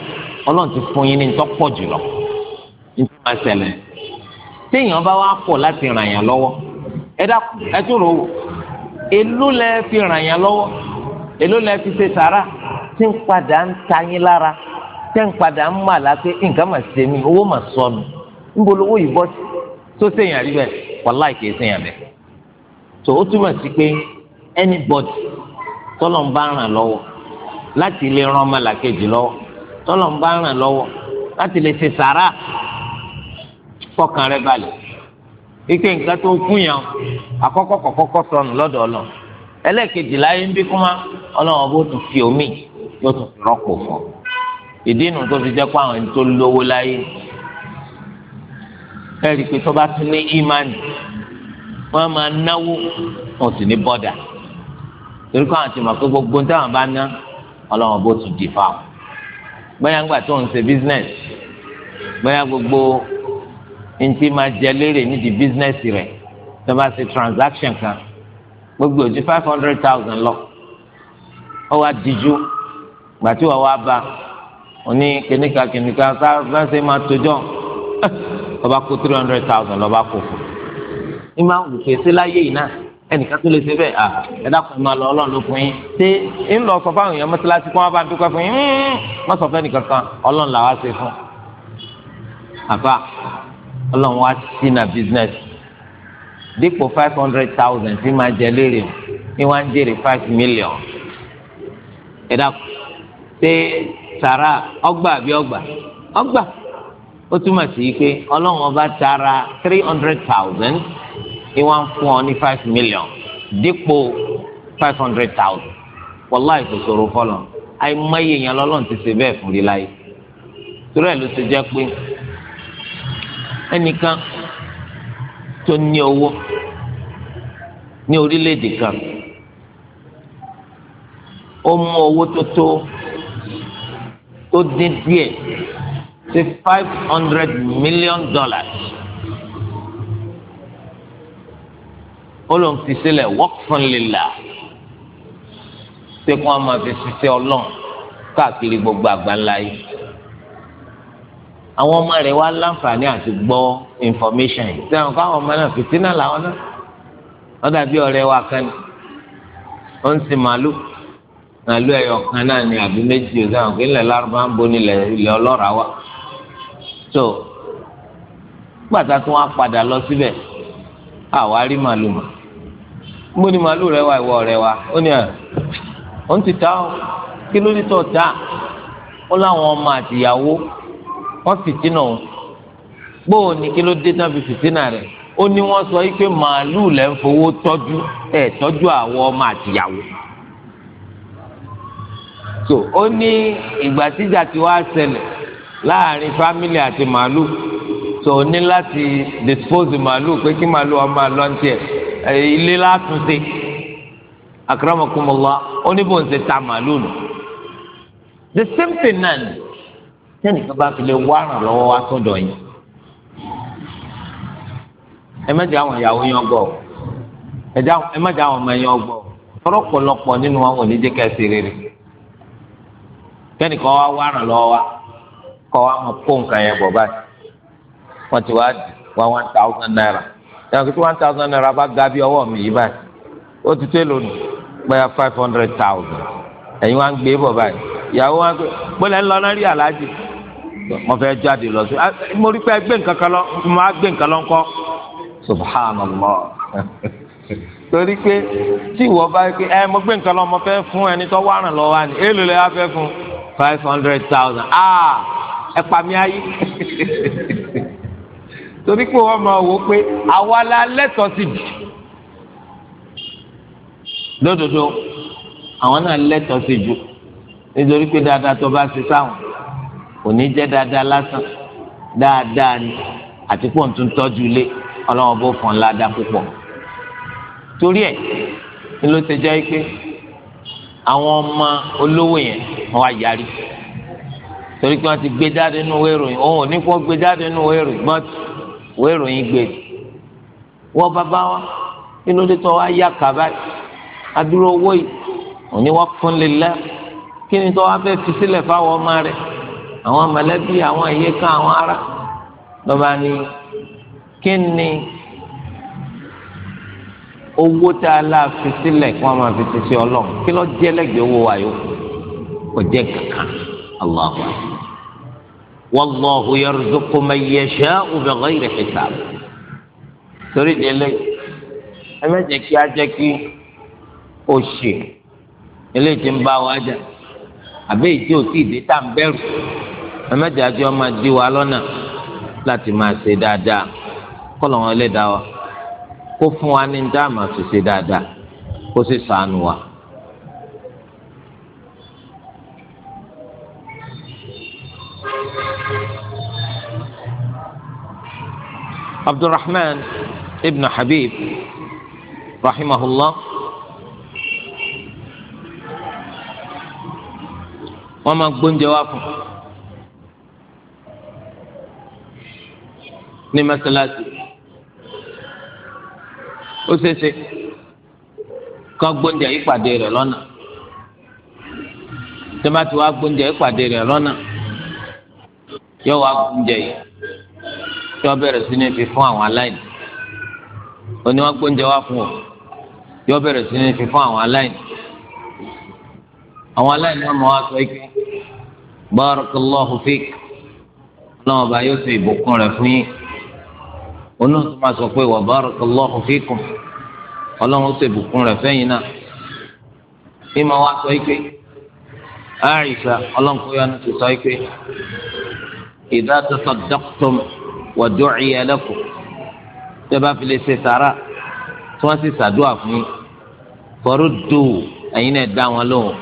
ọlọ́run ti fún yín ní ntọ́ jùlọ nítorí máa ṣẹlẹ̀ téèyàn bá wá pọ láti ràn yàn lọ́wọ́ ẹ tó rò ó èló lẹ fi ràn yàn èló lẹ fi ṣe sàrà tí ń padà ń anybody tọ́lọ̀ ń bá ràn lọ́wọ́ láti lè ran ọmọlàkejì lọ́wọ́ tọ́lọ̀ ń bá ràn lọ́wọ́ láti lè sàrà fọkàn ike nǹkan tó fún yàn àkọ́kọ́ kọ̀kọ́kọ́ sọnù lọ́dọ̀ ọlọ́ ẹlẹ́ẹ̀kejì láyé ń bí kúmá ọlọ́run bó tún fi omi yóò tún rọ́pò fún ìdí inú tó fi jẹ́ pé àwọn ẹni tó lówó láyé ẹ̀rí torí kọ́ àwọn ti mọ̀ pé gbogbo ní táwọn bá ná ọlọ́wọ́n bó ti dì fáwọn bóyá ńgbà tó ń ṣe business bóyá gbogbo ntí máa jẹ lérè nídìí business rẹ̀ tó bá ṣe transaction kan gbogbo ojú five hundred thousand lọ ó wá díjú gbàtí wọ́n wá bá oní kìnnìkan kìnnìkan sáfẹ́sẹ́ máa tójọ́ ọba kó three hundred thousand lọ́ba kó fún un ní máa ń wù pé sí láyé yìí náà ẹnìkan tó lè ṣe bẹ́ẹ̀ à ẹ dákun máa lọ ọlọ́run ló fún yín ṣé ń lọ sọ fáwọn èèyàn mọ́tíláṣí kí wọ́n bá dúpẹ́ fún yín má sọ fẹ́ẹ́ nìkankan ọlọ́run là ṣe fún àbá ọlọ́run wá sí na business dípò five hundred thousand tí máa jẹ léèrè ní wọ́n á ń jèrè five million ẹ dákun ṣé sàrà ọgbà àbí ọgbà ọgbà ó túmọ̀ sí pé ọlọ́run ọba tara three hundred thousand ni wọ́n fún ọ ní five million dípò five hundred thousand wàláì kò ṣòro fọlọ àìmọye èèyàn lọ́lọ́run ti ṣe bẹ́ẹ̀ fún rí láyé torí ẹ̀ ló ṣe jẹ́ pé ẹnìkan tó ní owó ní orílẹ̀-èdè kan ó mú owó tó tó tó dín díẹ̀ sí five hundred million dollars. ó ló ń fi sílẹ̀ waqfan lillah pé kí wọ́n máa fi ṣiṣẹ́ ọlọ́run káàkiri gbogbo àgbáńlá yìí àwọn ọmọ rẹ̀ wá láǹfààní àti gbọ́ information yìí sẹ́wọ̀n káwọn ọmọ náà fìtínà làwọn náà wọ́n dàbí ọ̀rẹ́ wa kan ní ó ń sin màálù màálù ẹ̀yọ̀ kan náà ní àbí méjì ó sẹ́wọ̀n pé ńlẹ̀ lárúbá ń bo nílẹ̀ ilẹ̀ ọlọ́ra wa so gbàtà tí wọ́n á padà lọ síbẹ̀ àwa màálù màálù mo ní màálù rẹ wá ìwọ rẹ wá ó ní à ó ń ti ta ọ kí ló dé tó ta ó láwọn ọmọ àtìyàwó wọn fìtínà o gbóò ní kí ló dé tán fi fìtínà rẹ ó ní wọn sọ wípé màálù lẹ ń fowó tọ́jú ẹ tọ́jú àwọn ọmọ àtìyàwó so ó ní ìgbà tíjà tí wàá ṣẹlẹ̀ láàrin fámìlì àti màálù so ó ní láti dispose màálù pé kí màálù ọmọ àlọ́ ń tiẹ̀ ilé látúnṣe akramakumullah oníbòǹṣe ta màálù nù the same thing náà ni tẹnìkan bá fi lè wá ràn lọ́wọ́ wá sọ́dọ̀ yín ẹ má jẹ́ àwọn ìyàwó yín ọgbọ́ ẹ má jẹ́ àwọn ọmọ yín ọgbọ́ ọ̀rọ̀ pọ̀lọpọ̀ nínú àwọn oníjẹ́ kẹsì rere tẹnìkan wá wá ràn wá kọ́ wa mọ̀ kó nǹkan yẹn bọ̀ báyìí wọ́n ti wá wá one thousand naira yàtọ̀ tí one thousand naira bá ga bí ọwọ́ mi yìí báyìí ó ti tẹ́ lónìí bóyá five hundred thousand ẹ̀yin wá ń gbé bọ̀ báyìí ìyàwó wá ń gbé pẹ̀lẹ́ ń lọ náà rí aláàjì mo fẹ́ jáde lọ sí mo rí pé gbé nǹkan kan lọ mo gbé nǹkan lọ ńkọ́ subhanallah torí pé tí ìwọ bá pé ẹ mo gbé nǹkan lọ mo fẹ́ fún ẹni tó wà ràn lọ́wọ́ ni èèlò lè wá fẹ́ fún five hundred thousand ah ẹ pa mí ayé torí pé wọ́n máa wò ó pé àwa la lẹ́tọ̀ọ́ sí jù lódodo àwọn náà lẹ́tọ̀ọ́ sí jù nítorí pé dáadáa tó bá ṣe sáwọn kò ní jẹ́ dáadáa lásán dáadáa ni àti pọ̀ tún tọ́jú ilé ọlọ́wọ́n bó fọ́n ládàá púpọ̀ torí ẹ̀ ni ló ṣe jẹ́ pé àwọn ọmọ olówó yẹn wọ́n wá yarí torí pé wọ́n ti gbé jáde nínú ìròyìn òun ò ní kó gbé jáde nínú ìròyìn mọ́tò wọ́n ìròyìn gbé wọ́n bàbá wa inú tó tọ́ wa yá kaba adúrò owó yìí òní wọ́n kún lélẹ̀ kí ni tọ́ wa fẹ́ fi sílẹ̀ fáwọn ọmọ rẹ̀ àwọn mọ̀lẹ́bí àwọn ìyẹ́ká àwọn ará lọ́ba ni kí ni owó tá a la fi sílẹ̀ kí wọ́n máa fi ti sí ọlọ́run kí ló jẹ́ lẹ́gbẹ̀ẹ́ owó wa yòókù kò kankan Allahu Akbar wallahu yarzuqu man yasha'u bighayri hisab torí délé ẹ má jẹ́ kí á jẹ́ kí o ṣe eléyìí tí ń bá wa jà àbí èyí tí ò tí ì dé tá à ń bẹ̀rù ẹ má jẹ́ àjọ máa di wa lọ́nà láti máa ṣe dáadáa kọlọ̀ wọn lè dá wa kó fún wa ní dáàmà ṣe ṣe dáadáa kó sì ṣàánú wa. عبد الرحمن ابن حبيب رحمه الله وما جوابه ó gbóúnjẹ ìpàdé wá gbóúnjẹ ìpàdé yóò wá gbóúnjẹ yìí tí wọ́n bẹ̀rẹ̀ sí ní fi fún àwọn aláìní oní wọ́n gbóúnjẹ wá fún ọ tí wọ́n bẹ̀rẹ̀ sí ní fi fún àwọn aláìní àwọn aláìní wọn mọ wá sọ ike barakallahu fik ọlọ́wọ́n bá yóò fi ìbùkún rẹ̀ fún yín oní wọn tó máa sọ pé wà barakallahu fikum ọlọ́wọ́n tó ìbùkún rẹ̀ fẹ́yìn náà bí mo wá sọ ike àìsà ọlọ́wọ́n kó yánu ti sọ ike idha tasaddaqtum wadu'iya lakum tẹ́ bá fi lè ṣe sàrà tí wọ́n sì ṣàdúrà fún yín faruddu ẹ̀yin náà dá wọn lóhùn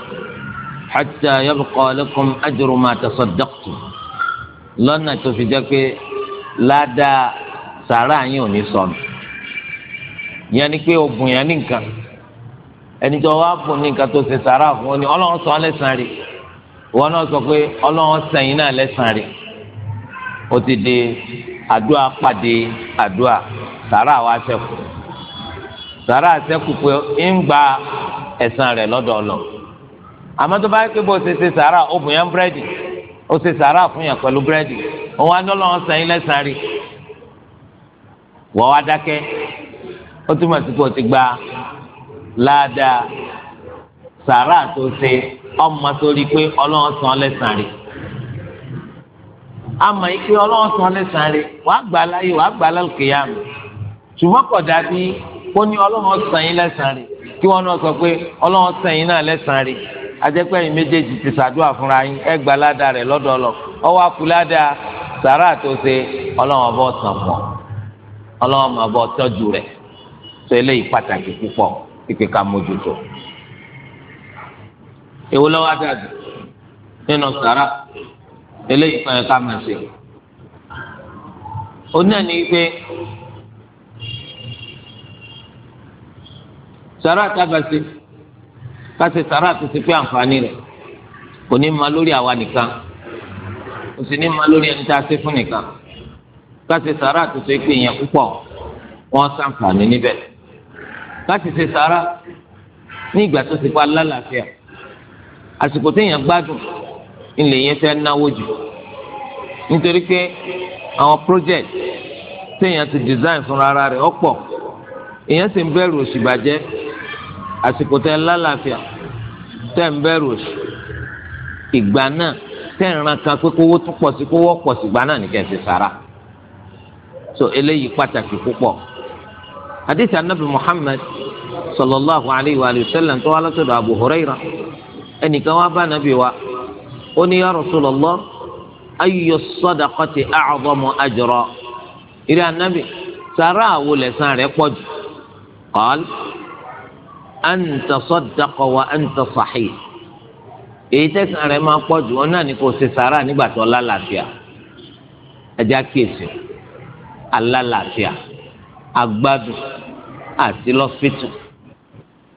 hatta yabqa lakum ajru ma tasaddaqtum lọ́nà tó fi jẹ́ pé ládàá sàrà yín ò ní sọnù yẹn ni pé ogun yẹn ní ẹni tó wá fún ní tó ṣe sàrà fún ọ ni sọ lẹ́sàn-án rẹ̀ wọn náà sọ pé ọlọ́run sẹ́yìn náà lẹ́sàn-án rẹ̀ ó ti di Adua pàdé adua sàrà wa sẹ́kù sàrà sẹ́kù pé ń gba ẹ̀san rẹ̀ lọ́dọ̀ ọ̀nà àmọ́ tó bá yẹ pé bó ṣe ṣe sàrà ó bùn yẹn búrẹ́dì ó ṣe sàrà fún yẹn pẹ̀lú búrẹ́dì òun adọ́lọ́ ọ̀sán yín lẹ́sàn rí wọ́n wá dákẹ́ ó túmọ̀ sí pé ó ti gba ládàá sàrà tó ṣe ọmọ sórí pé ọlọ́run san lẹ́sàn-án rí ama yìí pé ọlọ́run sọ ní sáré wàá gbà láyé wàá gbà lálùkìyà mi ṣùgbọ́n kò dàbí kó ní ọlọ́run sàn yín lẹ́sàn rè kí wọ́n náà sọ pé ọlọ́run sàn yín náà lẹ́sàn rè ajẹ́pẹ́ yìí méjèèjì ti ṣàdúrà fúnra yín ẹ gbà ládà rẹ̀ lọ́dọ̀ ọlọ ọwọ́ akúládà sàrà tó ṣe ọlọ́run ọbọ̀ sàn pọ̀ ọlọ́run ọbọ̀ tọ́jú rẹ̀ tó eléyìí pàtàkì púpọ̀ kíkẹ́ ká mójútó. èwo lọ́wọ́ adájú nínú sàrà eléyìí kan yẹ ká máa ṣe o náà ní pé sàrà tábàṣe ká ṣe sàrà tó ti pé àǹfààní rẹ̀ kò ní ma lórí àwa nìkan kò sì ní ma lórí ẹni tá a ṣe fún nìkan ká ṣe sàrà tó ṣe pé yẹn púpọ̀ wọ́n ṣàǹfààní níbẹ̀ ká sì ṣe sàrà ní ìgbà tó ti pa lálàáfíà àsìkò téèyàn gbádùn. ilẹ̀ yẹn fẹ́ náwó jù nítorí pé àwọn project téèyàn ti design fúnra ara rẹ̀ ọ̀pọ̀ èèyàn sì ń bẹ̀rù òṣì àsìkò tẹ́ lálàáfíà tẹ́ ń bẹ̀rù òṣì ìgbà náà tẹ́ ń ran kan pé kówó tún pọ̀ sí kówó pọ̀ sí ìgbà so eléyìí pàtàkì púpọ̀ hadith anabi muhammad sallallahu alayhi wa sallam tó wà látọ̀dọ̀ abu ẹnìkan wá wa. ó ní ya Rasulullah ayyu sadaqati a'zamu ajra iri anábì sàrà àwo lẹ́sàn rẹ̀ pọ̀ jù qal an wa anta sahih èyí tẹ̀sán rẹ̀ máa pọ jù wọn náà ni kò ṣe sàrà nígbà tó lálàáfíà ẹja kíyèsí alálàáfíà agbádùn àti lọ́fíìtù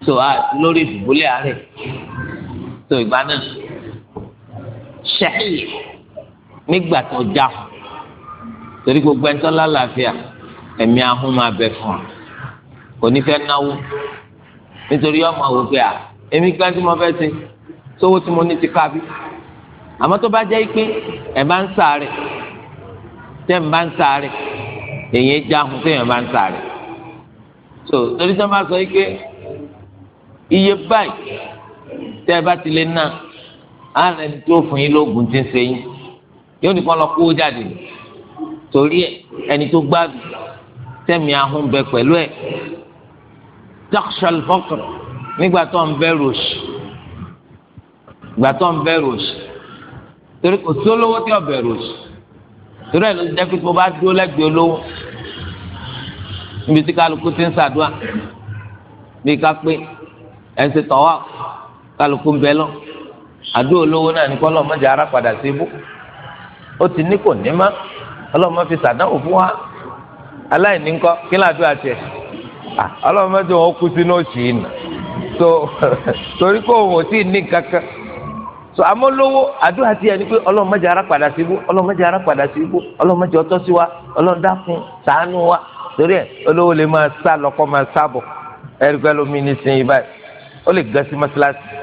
tó lórí ìdìbòlẹ̀ àárẹ̀ tó ìgbà náà. ṣẹ́yìn nígbà tó já torí gbogbo ẹni tó lálàáfíà ẹ̀mí ahọ́n máa bẹ fún ọ kò ní fẹ́ náwó nítorí ọmọ àwọn òkè à èmi gbá tí mo fẹ́ ṣe sówó tí mo ní ti kábí àmọ́ tó bá jẹ́ pé ẹ̀ bá ń sáré tẹ́ ń bá ń sáré èyí já hun téèyàn bá ń sáré so torí sọ ma sọ pé iye báyìí tẹ́ ẹ bá ti lè ná àárẹ̀ ni tó fún yín lóògùn tí ń ṣe yín yóò nìkan lọ kó jáde torí ẹ ẹni tó gbádùn tẹ̀mí ahọ́n bẹ pẹ̀lú ẹ̀ takshal faqr nígbà tó ń bẹ̀rù òṣì ìgbà tó ń bẹ̀rù òṣì torí kò sí olówó tí ò bẹ̀rù òṣì torí ẹ̀ ló jẹ́ pé tó bá dúró lẹ́gbẹ̀ẹ́ olówó níbi tí kálukú ti ń ṣàdúrà bí ká pé ẹ̀ ń ṣe tọ́wọ́ kálukú ń bẹ lọ́wọ́ àdó olówó náà ní kọ́ ọlọ́mọdé ara padà sí ibú ó ti ní kò ní má ọlọ́mọ fi sàdánwò fún wa aláìní ńkọ́ kí ládùú àti ẹ̀ ọlọ́mọdé wọn kú sínú òṣì yìí nà so torí kò wò sí ní kankan so àmọ́ lówó àdó àti ẹ̀ ní pé ọlọ́mọdé ara padà sí ibú ọlọ́mọdé ara padà sí ibú ọlọ́mọdé ọtọ́ sí wa ọlọ́dàkùn ṣàánú wa torí ẹ̀ olówó lè máa sá lọ́kọ́ máa sábọ̀ ẹ̀rí pẹ́ lómi ní sin ibà ó lè gẹ́sí mọ́ṣáláṣí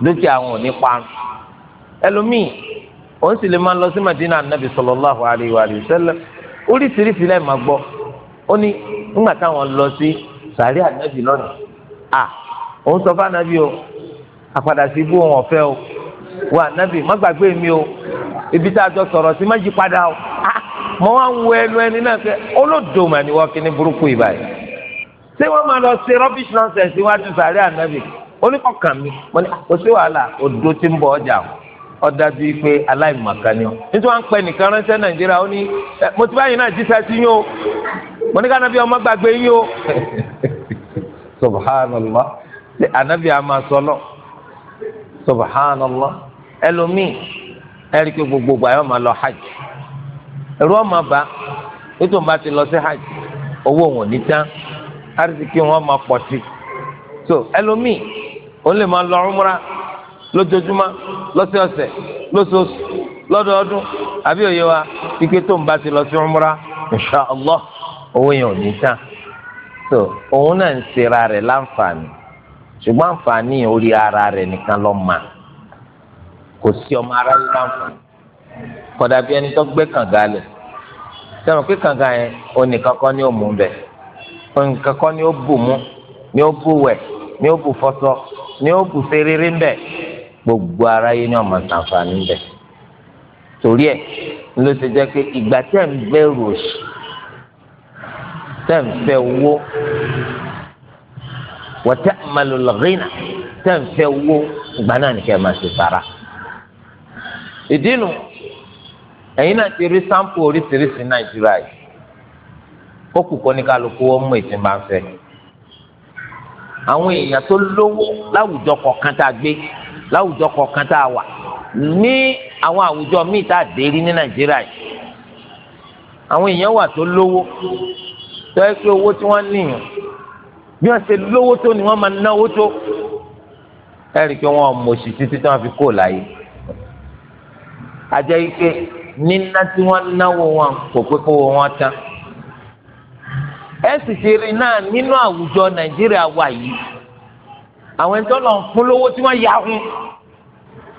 dúkìá wọn ò ní parun ẹlòmíì òun sì lè máa lọ sí madina anabi sallallahu alayhi wa sallam oríṣiríṣi lẹ́ẹ̀ máa gbọ́ ó ní nígbà táwọn lọ sí sàárì anabi lọ́nà à òun sọ fún anabi o àpàdà sí ibú òun ọ̀fẹ́ o wà anabi má gbàgbé mi o ibi tá a jọ sọ̀rọ̀ sí má yí padà o mọ wá ń wo ẹnu ẹni náà pé olódò mà ni wọ́n kí ní burúkú ìbàyẹn ṣé wọ́n máa lọ ṣe rubbish nonsense iwájú sàárì anabi kì oníkọ̀ọ̀kan mi mo ní kò sí wàhálà odò tí ń bọ̀ ọjà ó dájú pé aláìmọ̀kan ni ọ nítorí wọn ń pẹ nìkan ránṣẹ́ nàìjíríà ó ní mo ti báyìí náà jíṣẹ́ sí o mo ní ọmọ gbàgbé yín o subhanallah ṣe ànábì àmà sọlọ subhanallah ẹlòmíì ẹrí pé lọ hajj ọmọ bá ti lọ sí hajj owó wọn ní tán àrísìkí wọn so ẹlòmíì òun lè máa lọ ọmúra lójoojúmọ́ lọ́sọ̀ọ̀sẹ̀ lóṣooṣù lọ́dọọdún àbí òye wa ike tó ń bá ti lọ sí ọmúra insha allah yẹn ò ní tán so òun náà ń ṣera rẹ̀ láǹfààní ṣùgbọ́n àǹfààní orí ara rẹ̀ nìkan ló mà kò sí ọmọ ara rẹ̀ láǹfààní kódà bí ẹni tó gbé kànga lẹ̀ sẹ́wọ̀n pé kànga yẹn onìkan kọ́ ni ó mú bẹ̀ onìkan kọ́ ni ó bù mú ni ó bù wẹ̀ ní ó bù fọṣọ ní ó bù serere ń bẹ gbogbo ara yìí ní ọmọ sàǹfààní ń bẹ torí ẹ ló ti jẹ pé ìgbà tẹ́ ń bẹ̀rù òṣì tẹ́ ń fẹ́ owó wọtẹ malolọrìnà tẹ́ ń fẹ́ owó ìgbà náà nìkẹ́ máa ṣe sára ìdí nu ẹ̀yin náà ti rí sampo oríṣiríṣi nàìjíríà yìí ó kù kálukú ó mú ìtìmọ̀ afẹ́ àwọn èèyàn tó lówó láwùjọ kọ̀ọ̀kan tá a gbé láwùjọ kọ̀ọ̀kan tá a wà ní àwọn àwùjọ míì tá a dé rí ní nàìjíríà yìí àwọn èèyàn wà tó lówó tó yẹ pé owó tí wọ́n níyàn bí wọ́n ṣe lówó tó ni wọ́n máa náwó tó ẹ rí i pé wọ́n mọ̀ọ́sì títí tí wọ́n fi kó láyé àjẹ́ ike níná tí wọ́n náwó wọn kò pé kówó wọn tán ẹ sì ṣe rí náà nínú àwùjọ nàìjíríà wà yìí àwọn ẹni tó lọ ń fún lówó tí wọ́n yà hún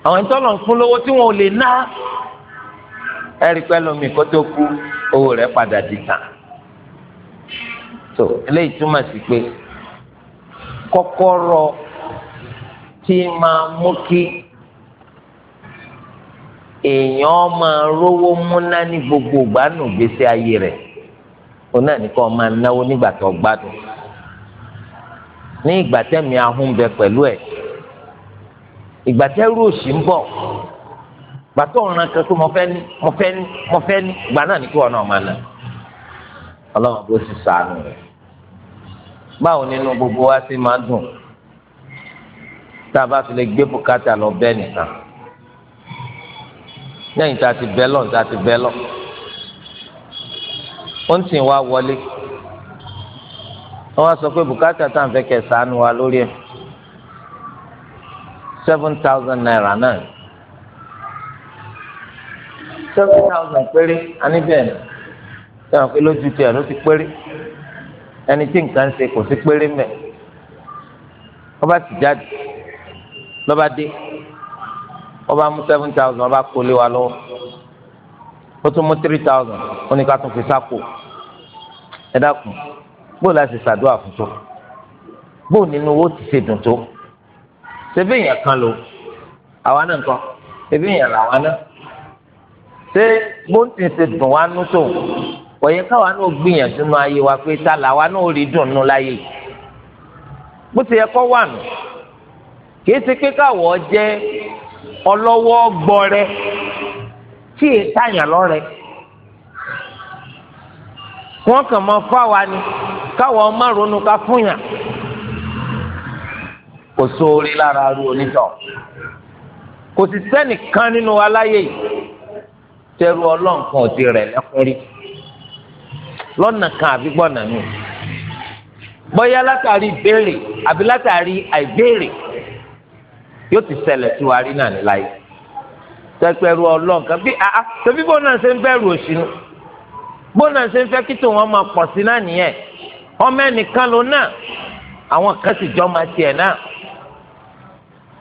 àwọn ẹni tó lọ ń fún lówó tí wọ́n ò lè ná ẹ rí pẹ́ kó tó kú owó rẹ̀ padà di tàn so eléyìí túmọ̀ sí pé kọ́kọ́rọ́ tí máa mú kí èèyàn máa rówó múná ní gbogbo ìgbà nù gbèsè ayé rẹ̀ òun náà nìkan máa náwó nígbà tó gbádùn ní ìgbà tẹ́mi ahun bẹ pẹ̀lú ẹ̀ ìgbà tẹ́rù òṣì ń bọ̀ gbàtọ́ ọ̀ràn kan tó mo fẹ́ ní mo fẹ́ ní mo fẹ́ ní ìgbà náà ní kí wọn náà ọlọ́run bó sì sànù rẹ̀ báwo nínú gbogbo wa ṣe máa dùn tá a bá fi lè gbé bùkátà lọ bẹ́ẹ̀ nìkan lẹ́yìn tá a ti bẹ́ lọ́n tá a ti bẹ́ lọ́n ó ń sìn wá wọlé wọ́n wá sọ pé bùkátà tá à ń fẹ́ kẹ́ ṣàánú wa lórí ẹ̀ seven thousand naira náà seven thousand péré aníbẹ̀ẹ́nì sẹ́wọ̀n pé lójú tiẹ̀ ló ti péré ẹni tí nǹkan ṣe kò sí péré mẹ́ ọba ti jáde lọ́ba dé ọba mú seven thousand ọba kólé wa lọ́wọ́ ó tún mú three thousand ó ní ká tún fi sáko ẹ dákun bóòlù àti ṣàdúrà fún tó bóòlù nínú owó ti ṣe dùn tó ṣebí èèyàn kan lò àwa náà nǹkan ṣebí èèyàn làwa náà ṣé bóńtì ṣe dùn wá nú tó òye káwa náà gbìyànjú nú ayé wa pé ta làwa náà rí dùn nú láyé bó ti yẹ kó wà nù kì í ṣe pé káwọ́ jẹ́ ọlọ́wọ́ gbọ́rẹ́ tí èyí tàyàn lọ́rẹ̀ wọ́n kàn mọ́ fáwa ni káwọn ọmọ ronú ká fún yàn kò sóore lára aru onítọ̀ kò sì sẹ́nìkan nínú aláyè yìí tẹ́rù ọlọ́nkan ò ti rẹ̀ lẹ́kún rí lọ́nà kan àbí gbọ́nà mi bóyá látàrí ìbéèrè àbí látàrí àìbéèrè yóò ti ṣẹlẹ̀ sí rí náà ní tẹ́pẹ́rú ọlọ́ọ̀kan bí a tẹ́bí bó náà ṣe ń bẹ̀rù òṣìnú bó náà ṣe ń fẹ́ kí tòun ọmọ pọ̀ sí náà nìyẹn ọmọ ẹnìkan ló náà àwọn kan sì jọ máa tiẹ̀ náà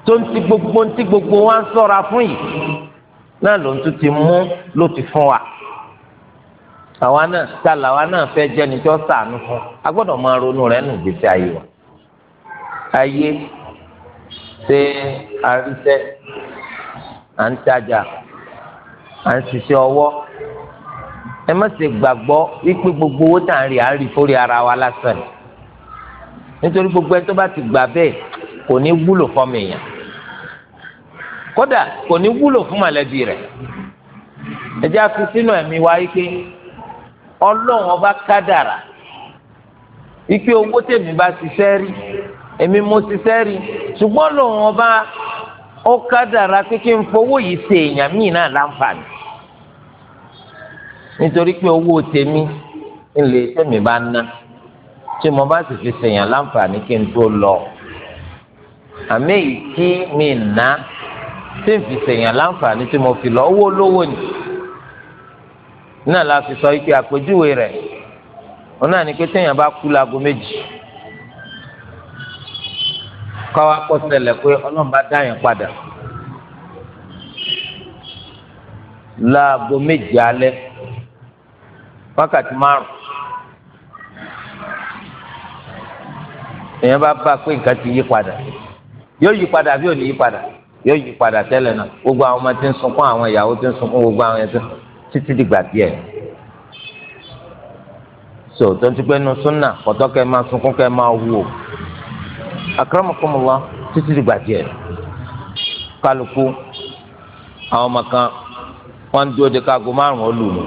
tó ń ti gbogbo ń ti gbogbo wa ń sọ́ra fún yìí náà ló ń tún ti mú ló ti fún wa àwa náà ta làwa náà fẹ́ jẹ́ ni tó sàánú fún a gbọ́dọ̀ máa ronú rẹ̀ nù gbèsè ayé wa ayé ṣé àríṣẹ́ à ń tajà à ń ṣiṣẹ́ ọwọ́ ẹ má ṣe gbàgbọ́ wípé gbogbo owó tá à ń rí à ń rí fórí ara wa lásán nítorí gbogbo ẹ tó bá ti gbà bẹ́ẹ̀ kò ní wúlò fọmọ èèyàn kódà kò ní wúlò fún mọ̀lẹ́bí rẹ̀ ẹ jẹ́ àfi sínú ẹ̀mí wa wípé ọlọ́run ọba kádàrà wípé owó tèmi bá ṣiṣẹ́ rí èmi mo ṣiṣẹ́ rí ṣùgbọ́n lòun ọba ó kádàrá pé kí n fowó yìí ṣe èèyàn míì náà láǹfààní nítorí pé owó tèmi ńlẹ tèmi bá ná tí mo bá sì fi ṣèyàn láǹfààní kí n tó lọ àmì èyí tí mi ná tí n fi ṣèyàn láǹfààní tí mo fi lọ owó olówó ni náà la fi sọ pé àpèjúwe rẹ̀ òun náà ni pé téèyàn bá kú láago méjì. káwa kó ṣẹlẹ̀ pé ọlọ́run bá dá yẹn padà láago méje alẹ́ wákàtí márùn èèyàn bá bá pé nǹkan ti yí padà yóò yí padà bí ò ní yí padà yóò yí padà tẹ́lẹ̀ náà gbogbo àwọn ọmọ tí ń sunkún àwọn ìyàwó tí ń sunkún gbogbo àwọn ẹ̀sìn títí dìgbà díẹ̀ so tó ń ti pé nu súnà kọ́tọ́ kẹ́ máa sunkún kẹ́ máa wù ó. akramakumullah títí dìgbà díẹ̀ kálukú àwọn ọmọ kan wọ́n dúró de káago márùn-ún ó lù mí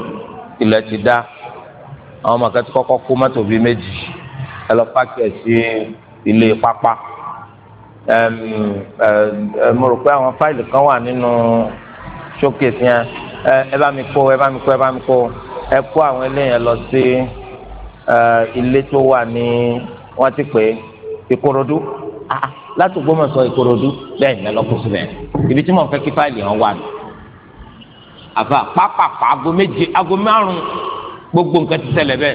ilẹ̀ ti dá àwọn ọmọ kan ti kọ́kọ́ kó mọ́tò bíi méjì ẹ lọ pàkí ẹ̀ sí ilé pápá mo rò pé àwọn fáìlì kan wà nínú showcase yẹn ẹ bá mi kó ẹ bá mi kó ẹ bá mi kó ẹ kó àwọn eléyẹn lọ sí ilé tó wà ní wọ́n ti pè é ìkòròdú ah, ah, láti Ògbómọ̀ṣọ́ ìkòròdú bẹ́ẹ̀ ní ọlọ́kùn síbẹ̀ ibi tí mo fẹ́ kí fáìlì hàn wà nù. àfà pápápá aago méje aago márùn gbogbo nǹkan ti ṣẹlẹ̀ bẹ́ẹ̀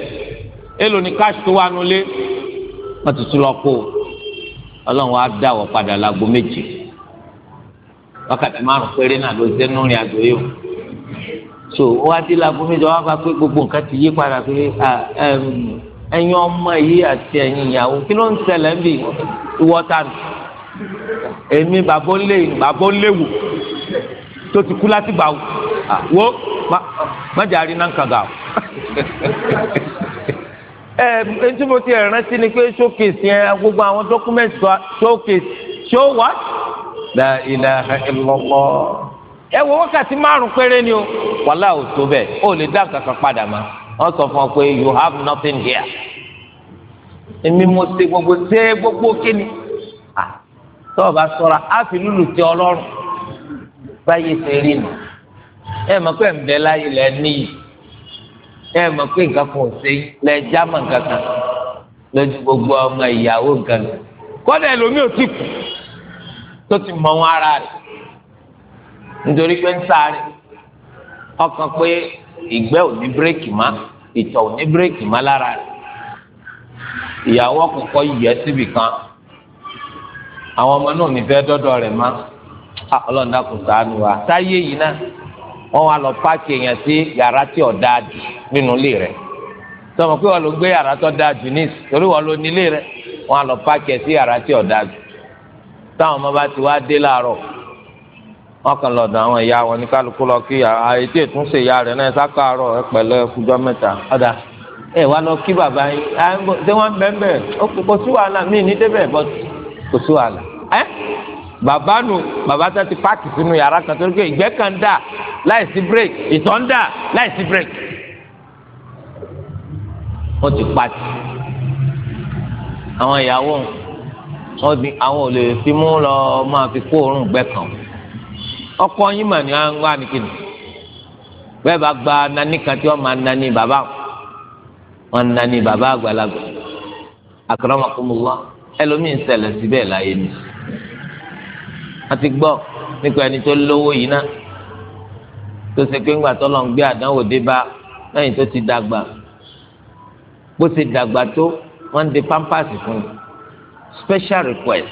èlò ní káàsì tó wà nulẹ̀ wọ́n ti tún lọ kó ọlọ́run á dá wọ́n padà láago méje wákàtí márùn péré náà ló dé nínú ìrìn àjò yìí o so wọ́n á dé láago méje wọ́n á bá pé gbogbo nǹkan ti yí padà pé ah, ẹ̀yin ọmọ yìí àti ẹ̀yin ìyàwó kí ló ń ṣẹlẹ̀ bí ìwọ ta nù èmi bàbá lè bàbá léwu tó ti kú láti gbà wò májà rí náà kàgà o. ẹ ẹ tí mo ti rántí ni pé showcase yẹn gbogbo àwọn document showcase show what? la ilaha illallah. ẹ wo wákàtí márùn péré ni o wàhálà ò tó bẹ́ẹ̀ ó lè dá nǹkan padà mọ́. wọ́n sọ fún ọ pé you have nothing here èmi mo ṣe gbogbo ṣe gbogbo kíni tó o bá sọra á fi lùlù ti ọlọ́run báyìí ṣe rí ẹ mọ̀ pé ǹbẹ láyé lẹ níyì ẹ mọ̀ pé nǹkan kan ò ṣe lẹ gbogbo ọmọ ìyàwó nǹkan kọ́dà ò kù tó ti mọ wọn ara nítorí pé ń sáré pé ìgbẹ́ ò ní bírèkì máa. ìtọ̀ ní bírèkì má lára ìyàwó kọ̀kọ́ yẹ síbì kan àwọn ọmọ náà nífẹ̀ẹ́ dọ́dọ̀ rẹ̀ má ọlọ́run dákun wa táyé yìí náà wọn lọ èèyàn sí yàrá tí ọ jù nínú ilé rẹ̀ sọmọ pé ló gbé yàrá tó dáa jù ní torí ló lọ ẹ̀ sí yàrá tí jù táwọn ọmọ bá ti wá wọn kàn lọ́dọ̀ àwọn ìyá wọn ní kálukú lọ kí àìtí ìtúnṣe ìyá rẹ̀ náà sákàárọ̀ ẹ pẹ̀lú ẹkùjọ́ mẹ́ta ọ̀dà ẹ wá lọ kí bàbá yín ṣé wọ́n bẹ́ẹ̀ bẹ́ẹ̀ kò sí wàhálà míì ní débẹ̀ bọ́ kò sí wàhálà ẹ́ bàbá nù bàbá tó ti páàkì sínú yàrá kan tó ké ìgbẹ́ kan dà láìsí break ìtọ̀ ń dà láìsí break wọ́n ti pàtì àwọn ìyàwó wọn àwọn ò lè fi mú lọ máa ọkọ yín mà ní wọn wá nìkìnnì bẹ́ẹ̀ bá gba nani kan tí wọn máa nani bàbá wọn nani bàbá àgbàlagbà akramakumullah ẹlòmíín ṣẹlẹ̀ síbẹ̀ láyé ni wọn ti gbọ́ nípa ẹni tó lówó yìí náà tó ṣe pé ńgbà tó lọ ń gbé àdánwò dé bá lẹ́yìn tó ti dàgbà bó ti dàgbà tó wọn ń pampers fún special request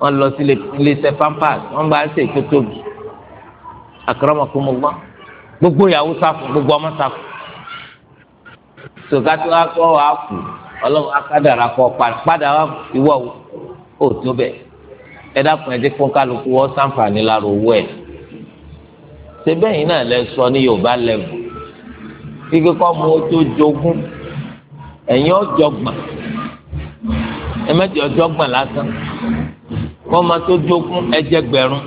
wọ́n lọ sí iléeṣẹ́ pampers wọ́n bá ń ṣe ètò tóbi àkàràmọ̀kùnmọ̀gbọ́n gbogbo ìyàwó sáfù gbogbo ọmọ sáfù sọgátó akọ àkù ọlọ́run akádàrà kọ padà wá ìwọ ò tó bẹ̀ ẹ dákun ẹ dé fún kálukú wọ́n sàǹfààní lára owó ẹ̀ sebẹ́yìn náà lẹ sọ ní yorùbá lẹ́wù kíkẹ́ kọ́ mu ó tó jogún ẹ̀yin ọ̀jọ̀gbọ̀n ẹ̀mẹ́jì ọ̀jọ̀gbọ̀n lásán kọ́mọ tó jogún ẹjẹ gbẹ̀rún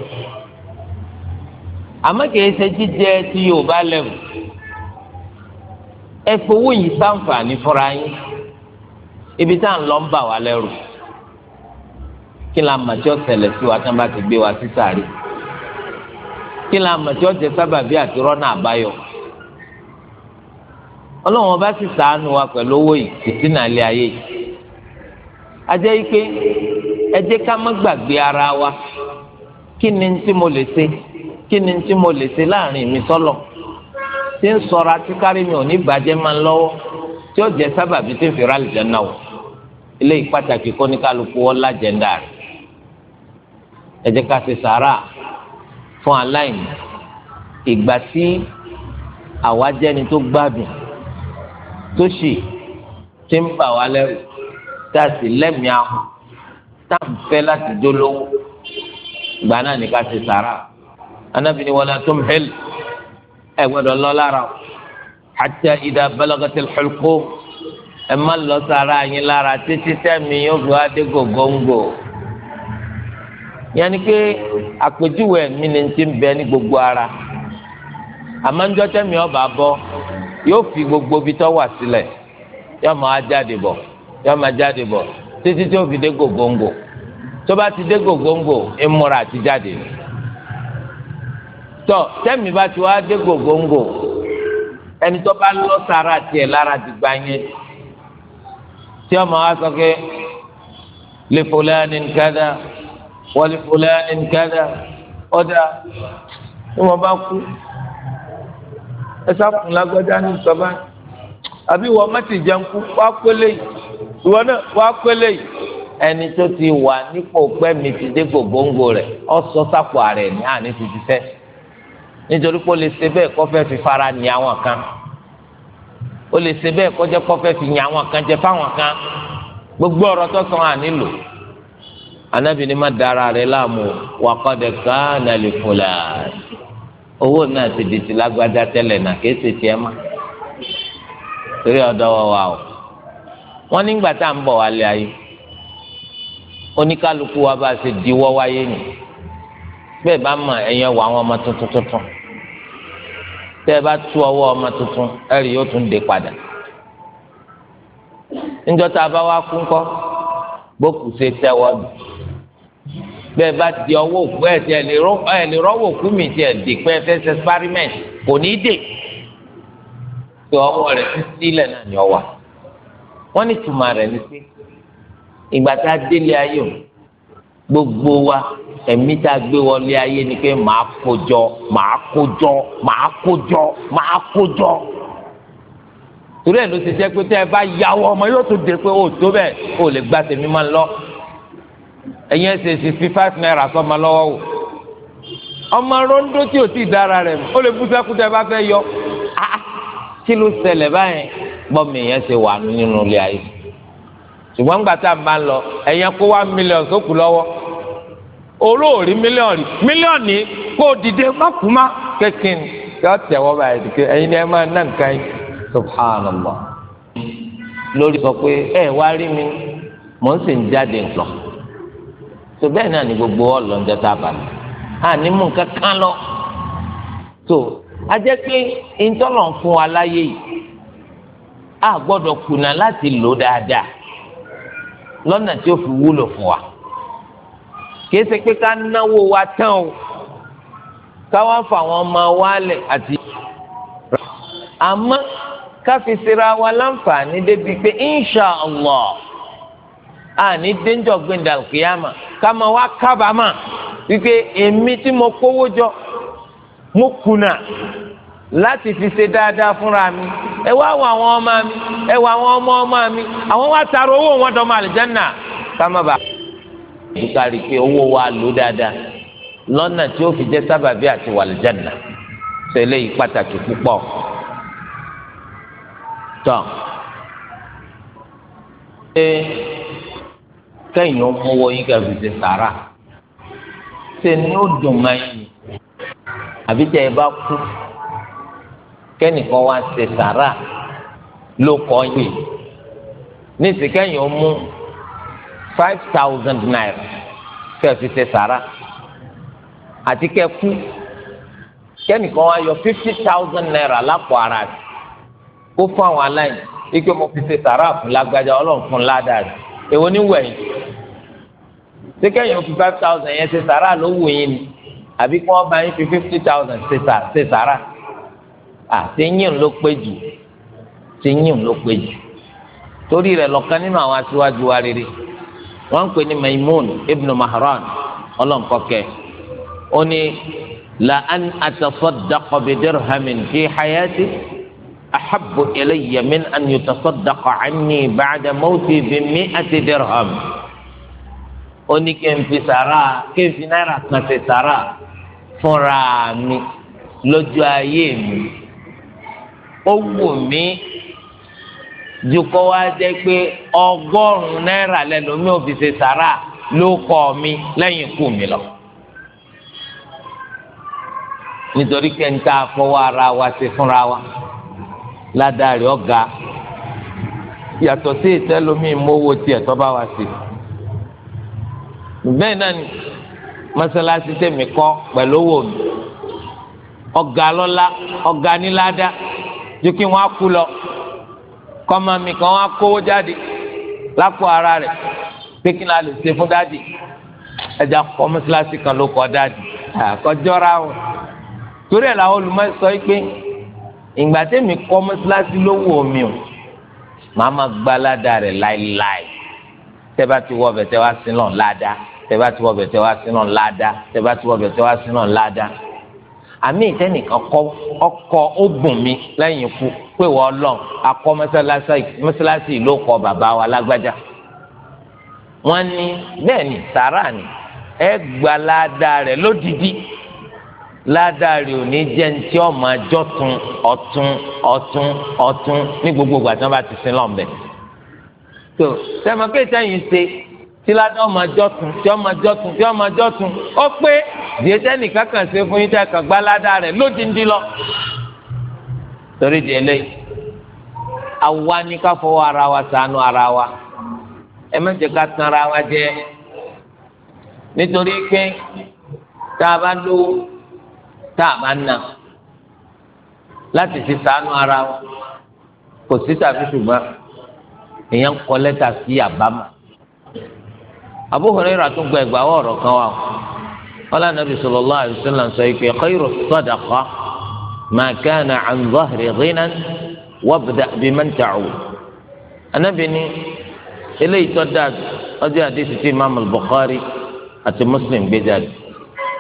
àmọ́ kìí ṣe jíjẹ tí Yorùbá lẹ́wù ẹ fowó yìí ṣàǹfààní fúnra yín ibi tá à ń lọ ń bà wá lẹ́rù kí la mà tí ó ṣẹlẹ̀ sí wa tí wọ́n bá ti gbé wa sí sàárè kí la mà tí ó jẹ sábàbí àti rọ́nà àbáyọ ọlọ́run ọba sì ṣàánú wa pẹ̀lú owó yìí títí nàlẹ́ ayé yìí a ike ẹ jẹ́ ká má gbàgbé ara wa kí ni tí mo lè ṣe kí ni tí mo lè ṣe láàrin mi sọ́lọ̀ tí ń sọra tí kárí mi ò ní bàjẹ́ máa ń lọ́wọ́ tí ó jẹ́ sábàbí tí ń fi rálì jẹ́ náà wò eléyìí pàtàkì kọ́ ní kálukú wọn lájẹ̀ndà rẹ̀ ẹ jẹ́ ká ṣe sàárà fún aláìní ìgbà tí àwa jẹ́ni tó gbádùn tó ṣì ti ń bà wá lẹ́rù tá a sì lẹ́mìí ahùn fẹ́ láti jólówó gbà náà ní ká ṣe sàrà anábì ni wala tumhil ẹ gbọ́dọ̀ lọ lára hatta idha balagatil hulqum ẹ má lọ sàrà yín lára títí tẹ̀mí yóò fi wá gògóńgò yẹn ni pé àpèjúwe mi ni ti ń bẹ ní gbogbo ara àmọ́njọ́ tẹ̀mí ọba bọ́ yóò fi gbogbo ibi tó wà sílẹ̀ yóò máa jáde bọ̀ yóò máa jáde bọ̀ títí tí ó fi dé gògóńgò tó bá ti dé gògóńgò ìmúra àti jáde tọ tẹmí bá ti wá dé gògóńgò ẹni tó bá lọ sára tiẹ̀ lára dìgbà yẹn tí ọmọ wa sọ pé li fulanin kada wa li fulanin kada ọdà tí wọn bá kú ẹ sáfún lágbájá ní sọba àbí wọn má ti jẹun kú wá pélé yìí ìwọ náà wá pélé yìí. ẹni tó ti wà nípò pẹ́mi ti dé gbòǹgbò rẹ̀ ọ sọ sápò ààrẹ ní àní ti ti fẹ́ nítorí pé lè ṣe bẹ́ẹ̀ fara ní àwọn kan o lè ṣe bẹ́ẹ̀ kó jẹ́ fẹ́ fi àwọn kan jẹ fáwọn gbogbo ọ̀rọ̀ tó sọ anabi ni má dara rẹ láàmú wà lè owó náà ti di ti lágbájá tẹ́lẹ̀ náà ṣe má o wọ́n nígbà tá à oníkálukú wa bá ṣe diwọ́ wáyé ni bẹ́ẹ̀ bá mọ̀ ẹ̀yẹn wọ àwọn ọmọ tuntun tuntun tẹ́ ẹ bá tú ọwọ́ ọmọ tuntun ẹ̀rì yóò tún dé padà níjọ́ tá a bá wá kú ńkọ́ bókù ṣe tẹ́wọ́ nù bẹ́ẹ̀ bá di ọwọ́ òkú ẹ̀ tí ẹ̀ lè rọ́wọ́ òkú mi tí ẹ̀ dè pé ẹ fẹ́ ṣe experiment kò ní dè tí ọwọ́ rẹ̀ ti sílẹ̀ náà ni ọ wọ́n ní tùmọ̀ rẹ̀ ni pé ìgbà tá a délé ayé o gbogbo wa ẹ̀mí tá a gbé wọlé ayé ni pé màá kójọ màá kójọ màá kójọ màá kójọ torí ẹ̀ ló ti jẹ́ pé tẹ́ ẹ bá yàwó ọmọ yóò tún dé pé ó tó bẹ́ẹ̀ ó lè gba tèmi máa ń lọ ẹ̀yin ẹ̀sẹ̀ sì fi five naira sọ́mọ lọ́wọ́ wò ọmọ rondo tí o ti dára rẹ̀ ó lè bú sẹ́kù tẹ́ ẹ bá fẹ́ yọ ah, kí ló ṣẹlẹ̀ báyẹn gbọ́mìyàn ṣe wà nínú ilé ayé ṣùgbọ́n ńgbà tá a máa ń lọ ẹ̀yẹn kó wá mílíọ̀nù tó kù lọ́wọ́ olóòrí mílíọ̀nù rí mílíọ̀nù ní kó dìde mọ́kùmá kékin yọ tẹ̀wọ́ báyìí dìde ẹ̀yin ni ẹ máa ná nǹkan yín subhanallah lórí sọ pé ẹ wá rí mi mò ń sì ń jáde lọ tó bẹ́ẹ̀ náà ni gbogbo ọlọ́njẹ́ tá a bà mí à ní mú nǹkan kan lọ tó a jẹ́ pé ìtọ́lọ̀ ń fún wa láyé yìí a gbọ́dọ̀ kùnà láti lò dáadáa. lọ́nà tí ó fi wúlò fún wa kìí ṣe pé ká náwó wa tán o káwá fà wọn ma wa àti àti àmọ́ ká fi ṣera wa láǹfààní débi pé insha allah àní dénjọ́ gbẹ̀ndàl kìyàmà ká máa wá kábàámà wípé èmi tí mo kówó jọ mo kùnà láti fi ṣe dáadáa fúnra mi ẹ wá wọ àwọn ọmọ mi ẹ wọ àwọn ọmọ ọmọ mi àwọn wá taro owó wọn dọmọ àlùjánnà kámábà. ìkàrí pé owó wa lò dáadáa lọ́nà tí ó fi jẹ́ sábàbí àti wà àlùjánnà ṣe eléyìí pàtàkì púpọ̀. tọ́ ṣé kẹ́yìn ó mú wọ́n yín ká fi ṣe sàrà ṣe ni ó dùn máa ń yìn àbí tẹ́ ẹ bá kú kẹ́nìkan wá ṣe sàrà ló kọ́ yìí ní sìkẹ́yìn ó mú five thousand naira kẹ́ ẹ fi ṣe sàrà àti kẹ́ kú kẹ́nìkan wá yọ fifty thousand naira lápò ara rẹ̀ kó fún àwọn aláìní ike mo fi ṣe sàrà fún lágbájá ọlọ́run fún ládàá rẹ̀ èwo ní wẹ̀yìn sìkẹ́yìn ó fi five thousand yẹn ṣe sàrà ló wù yín ni àbí kí wọ́n bá yín fi fifty thousand ṣe sàrà àtẹ̀yìn ló pé jù tẹ̀yìn ló pé jù torí rẹ̀ lọ́kàn nínú àwọn aṣíwájú wa rere wọ́n ń pè ní Maimun ibn Mahran ọlọ́nkọ́kẹ́ ó ní la an atasaddaqa bi dirhamin fi hayati ahabbu ilayya min an yutasaddaqa anni ba'da mawti bi mi'ati dirham ó ní kí n fi náírà kan ṣe sàrà fúnra mi lójú ayé mi. ó wù mí ju kọ́ wá jẹ́ pé ọgọ́rùn náírà lẹ́nu mi ò fi ṣe sàrà ló kọ́ mi mi lọ. nítorí pé fọwọ́ ara wa ṣe fúnra wa ládàrí ọ̀gá yàtọ̀ sí ìtẹ́lómi mówó tiẹ̀ tó bá wa sí. bẹ́ẹ̀ náà ni mọ́sálásí tèmi kọ́ pẹ̀lú owó mi ọ̀gá ju kí wọn á kú lọ kọ́mọ mi kan wọn á kówó jáde lápò ara rẹ̀ pé kí n lè ṣe fún dáàdì ẹja kọ́ mọ́sálásí kan ló kọ́ dáàdì àkọ́jọ́ra wọn torí ẹ̀ làwọn olùmọ̀ sọ pé ìgbà tẹ́mi kọ́ mọ́sálásí ló wù mí o màá ma gba ládàá rẹ̀ láéláé tẹ́ bá ti wọ bẹ̀ tẹ́ wá sínú ládàá tẹ́ bá ti wọ bẹ̀ tẹ́ wá sínú ládàá tẹ́ bá ti wọ bẹ̀ tẹ́ wá sínú ládàá àmì ìtẹ́nìkan kọ́ ọkọ̀ ó gùn mi lẹ́yìn ikú pé wọ́n lọ́n akọ́ mọ́sálásí ló kọ́ bàbá wa lágbájá wọ́n ní bẹ́ẹ̀ ni sàrà ni ẹ gba ládàá rẹ̀ lódìdí ládàá rẹ̀ ò ní jẹ́ ní tí ó máa jọ́tun ọ̀tun ọ̀tun ọ̀tun ní gbogbo ìgbà tí wọ́n bá ti sin lọ́nbẹ̀. tó sẹ́mi kéèké yìí ṣe tíládé ọmọ jọtun tí ọmọ jọtun tí ọmọ jọtun ó pé diẹtẹ nìkan kan ṣe fún yín tẹ kàn gbálada rẹ lódìndín lọ torí di eléyìí àwa ni ká fọwọ́ ara wa ṣàánú ara wa ẹ má jẹ́ ká tan ara wa jẹ nítorí pé tá a bá lówó tá a bá nà láti fi ṣàánú ara wa kò sí tàbí ṣùgbọ́n èèyàn kọ lẹ́tà sí àbámọ̀. Abu Hurairah tún gba ẹgbàá ọ̀rọ̀ kan wà wọn lànà bí sallallahu alaihi wasallam sọ pé khayru sadaqa ma kana an zahri ghinan wabda biman ta'ud anabi ni eléyìí tó dáa ọjọ́ àdéhùn tí imam al-Bukhari àti Muslim gbé jáde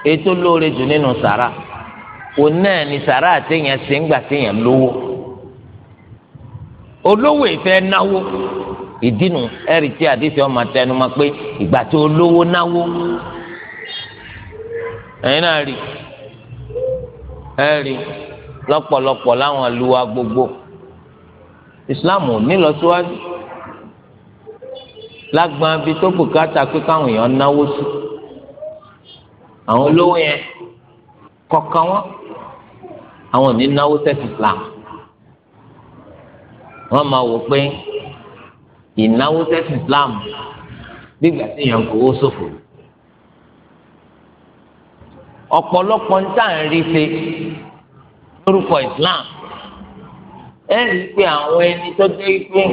èyí lóore jù nínú sàrà òun náà ni sàrà àtẹ̀yìn ẹsẹ̀ ńgbà tẹ̀yìn lówó olówó ìfẹ́ náwó ìdínú ẹ̀rì tí àdìsí ọmọ àtẹnu máa pé ìgbà tó lówó náwó ẹ̀yin náà rí ẹ̀rí lọ́pọ̀lọpọ̀ láwọn àlùwà gbogbo Islam ò ní lọ síwájú lágbọn abi tó bùkátà pé káwọn èèyàn náwó sí àwọn olówó yẹn kọ̀ọ̀kan wọn àwọn ò ní náwó sẹ́sì Islam máa wò pé ìnáwó tẹ́sí Islam gbígbà tí èèyàn kò ó ṣòfò ọ̀pọ̀lọpọ̀ ń tà ń rí ṣe lórúkọ Islam ẹ rí i pé àwọn ẹni tó jẹ́ pé